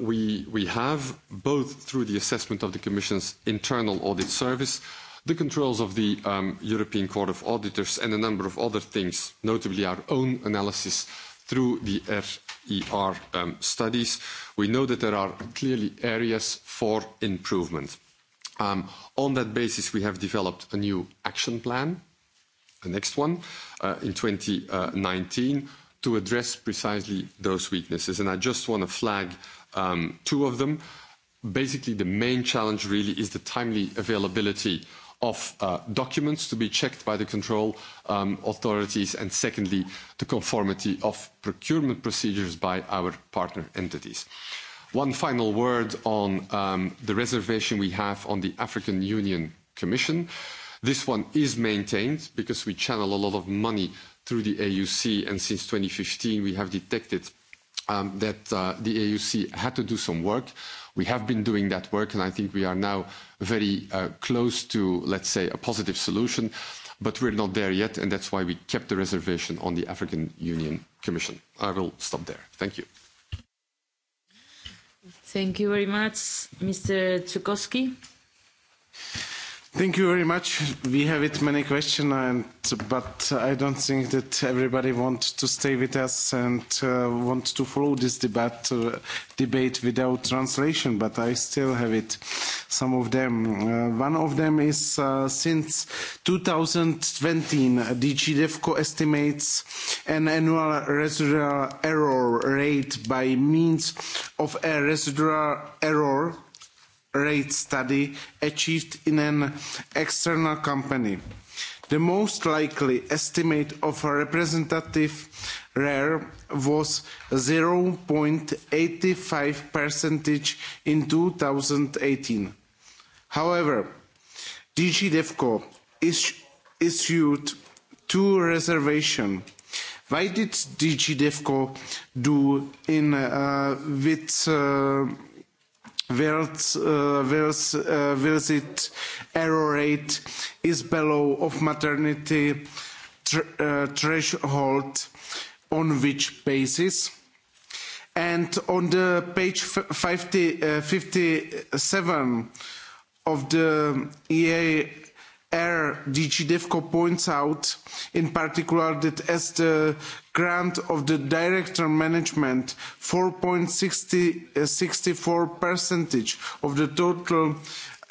we have, both through the assessment of the Commission's internal audit service, the controls of the European Court of Auditors, and a number of other things, notably our own analysis through the RER studies, we know that there are clearly areas for improvement. on that basis, we have developed a new action plan, the next one, in 2019, to address precisely those weaknesses. And I just want to flag um, two of them. Basically, the main challenge really is the timely availability of uh, documents to be checked by the control um, authorities, and secondly, the conformity of procurement procedures by our partner entities. One final word on um, the reservation we have on the African Union Commission. This one is maintained because we channel a lot of money through the AUC, and since 2015 we have detected um, that uh, the AUC had to do some work We have been doing that work, and I think we are now very close to, let's say, a positive solution, but we're not there yet, and that's why we kept the reservation on the African Union Commission. I will stop there. Thank you. Thank you very much, Mr. Thank you very much. We have it many questions, and, but I don't think that everybody wants to stay with us and uh, want to follow this debate, uh, debate without translation, but I still have it, some of them. Uh, one of them is uh, since 2020, DG DEFCO estimates an annual residual error rate by means of a residual error rate study achieved in an external company. The most likely estimate of a representative rare was 0.85 percentage in 2018. However, DG DevCo issued two reservations. Why did DG DevCo do in uh, with uh, visit error rate is below of maternity threshold on which basis and on the page fifty seven of the EA error DG devco points out in particular that as the grant of the director management 4.64 percentage of the total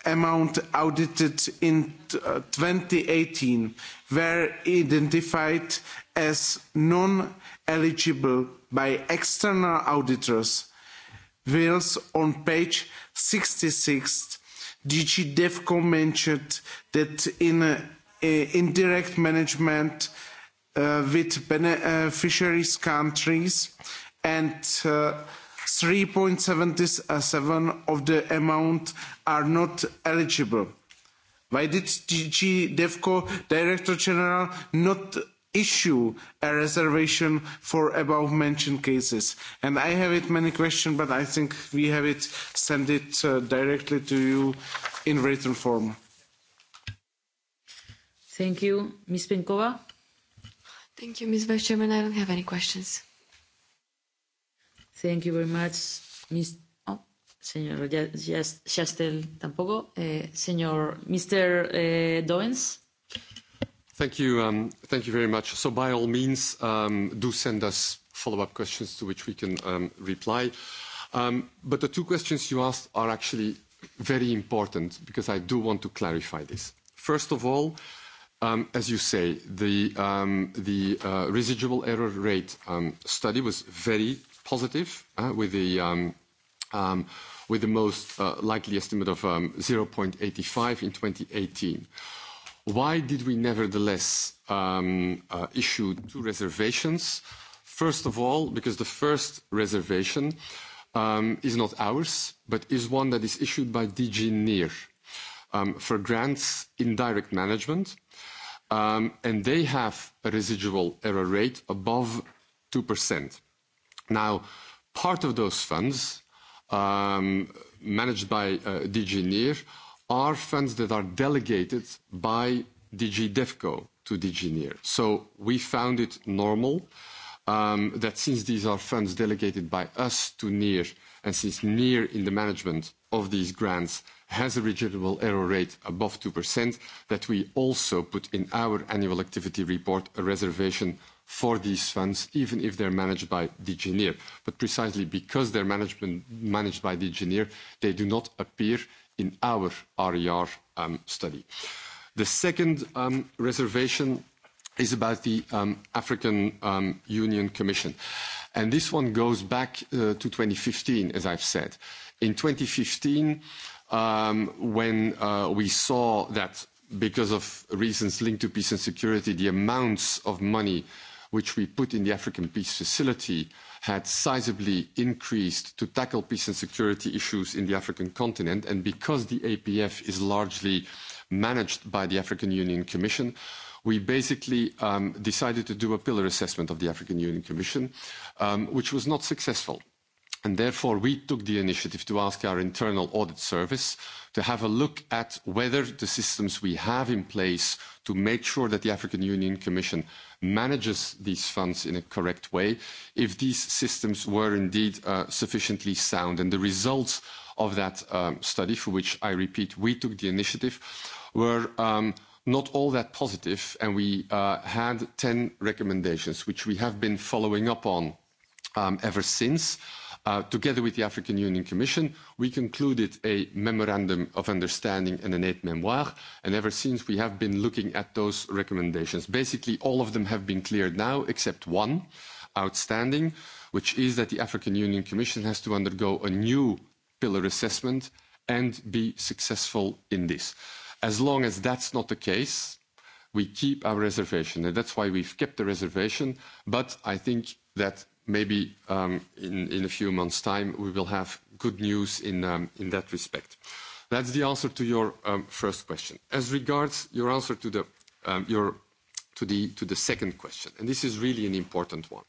amount audited in 2018 were identified as non-eligible by external auditors, whilst on page 66 DG DEFCO mentioned that in uh, indirect management uh, with beneficiaries countries and uh, 3.77 of the amount are not eligible. Why did DG DEFCO Director General not issue a reservation for above mentioned cases and i have it many questions but i think we have it send it directly to you in written form thank you ms penkova thank you ms vice chairman i don't have any questions thank you very much ms oh, tampoco mr doens Thank you. Um, thank you very much. So by all means, um, do send us follow-up questions to which we can um, reply. Um, but the two questions you asked are actually very important because I do want to clarify this. First of all, um, as you say, the, um, the uh, residual error rate um, study was very positive uh, with the um, um, with the most uh, likely estimate of um, 0.85 in 2018. Why did we nevertheless um, uh, issue two reservations? First of all, because the first reservation um, is not ours, but is one that is issued by DG NIR for grants in direct management. Um, and they have a residual error rate above 2%. Now, part of those funds um, managed by uh, DG NIR are funds that are delegated by DG DEFCO to DG NEAR. So we found it normal um, that since these are funds delegated by us to NEAR, and since NEAR in the management of these grants has a regenerable error rate above 2%, that we also put in our annual activity report a reservation for these funds, even if they're managed by DG NEAR. But precisely because they're management managed by DG NEAR, they do not appear in our RER study. The second reservation is about the African Union Commission. And this one goes back to 2015, as I've said. In 2015, um, when we saw that because of reasons linked to peace and security, the amounts of money which we put in the African Peace Facility had sizably increased to tackle peace and security issues in the African continent. And because the APF is largely managed by the African Union Commission, we basically um, decided to do a pillar assessment of the African Union Commission, um, which was not successful And therefore, we took the initiative to ask our internal audit service to have a look at whether the systems we have in place to make sure that the African Union Commission manages these funds in a correct way, if these systems were indeed sufficiently sound. And the results of that study, for which I repeat, we took the initiative, were not all that positive, and we had 10 recommendations, which we have been following up on ever since together with the African Union Commission, we concluded a memorandum of understanding and an aide memoire. And ever since, we have been looking at those recommendations. Basically, all of them have been cleared now, except one outstanding, which is that the African Union Commission has to undergo a new pillar assessment and be successful in this. As long as that's not the case, we keep our reservation, and that's why we've kept the reservation. But I think that maybe um, in, in a few months' time we will have good news in, um, in that respect. That's the answer to your um, first question. As regards your answer to the, um, your, to, the, to the second question, and this is really an important one,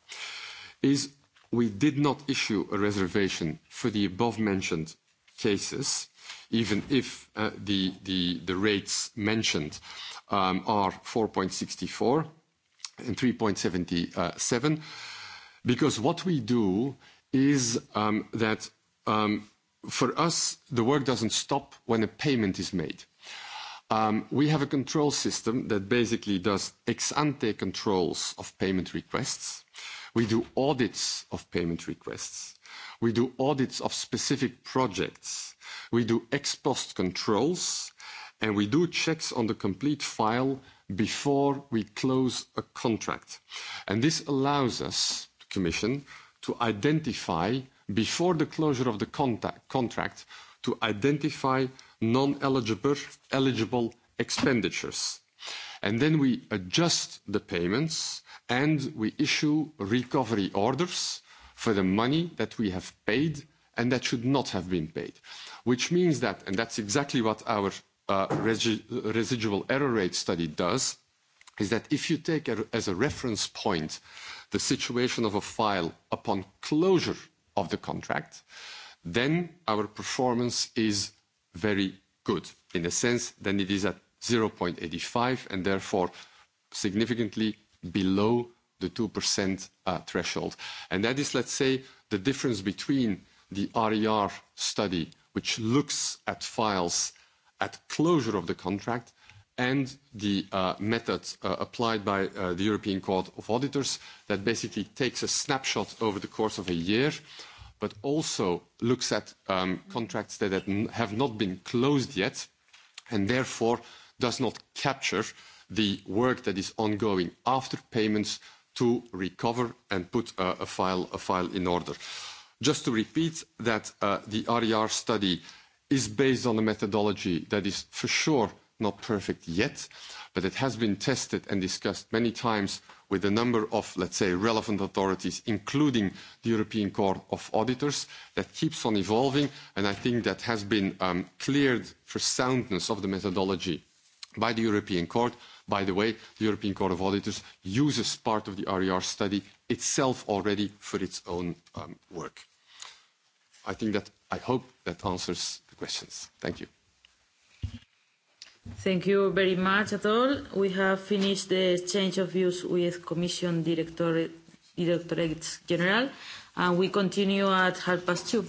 is we did not issue a reservation for the above-mentioned cases, even if uh, the, the, the rates mentioned um, are 4.64 and 3.77 Because what we do is um, that um, for us, the work doesn't stop when a payment is made. Um, we have a control system that basically does ex ante controls of payment requests. We do audits of payment requests. We do audits of specific projects. We do ex post controls. And we do checks on the complete file before we close a contract. And this allows us Commission to identify, before the closure of the contract, to identify non-eligible expenditures. And then we adjust the payments, and we issue recovery orders for the money that we have paid and that should not have been paid. Which means that, and that's exactly what our residual error rate study does, is that if you take as a reference point the situation of a file upon closure of the contract, then our performance is very good in the sense that it is at 0.85 and therefore significantly below the 2% threshold. And That is, let's say, the difference between the RER study, which looks at files at closure of the contract, and the method applied by the European Court of Auditors that basically takes a snapshot over the course of a year, but also looks at contracts that have not been closed yet, and therefore does not capture the work that is ongoing after payments to recover and put a, file, a file in order. Just to repeat that the RER study is based on a methodology that is for sure not perfect yet, but it has been tested and discussed many times with a number of, let's say, relevant authorities, including the European Court of Auditors, that keeps on evolving, and I think that has been um, cleared for soundness of the methodology by the European Court. By the way, the European Court of Auditors uses part of the RER study itself already for its own um, work. I think that I hope that answers the questions. Thank you. Thank you very much at all. We have finished the exchange of views with Commission Director Directorate General, and we continue at half past two.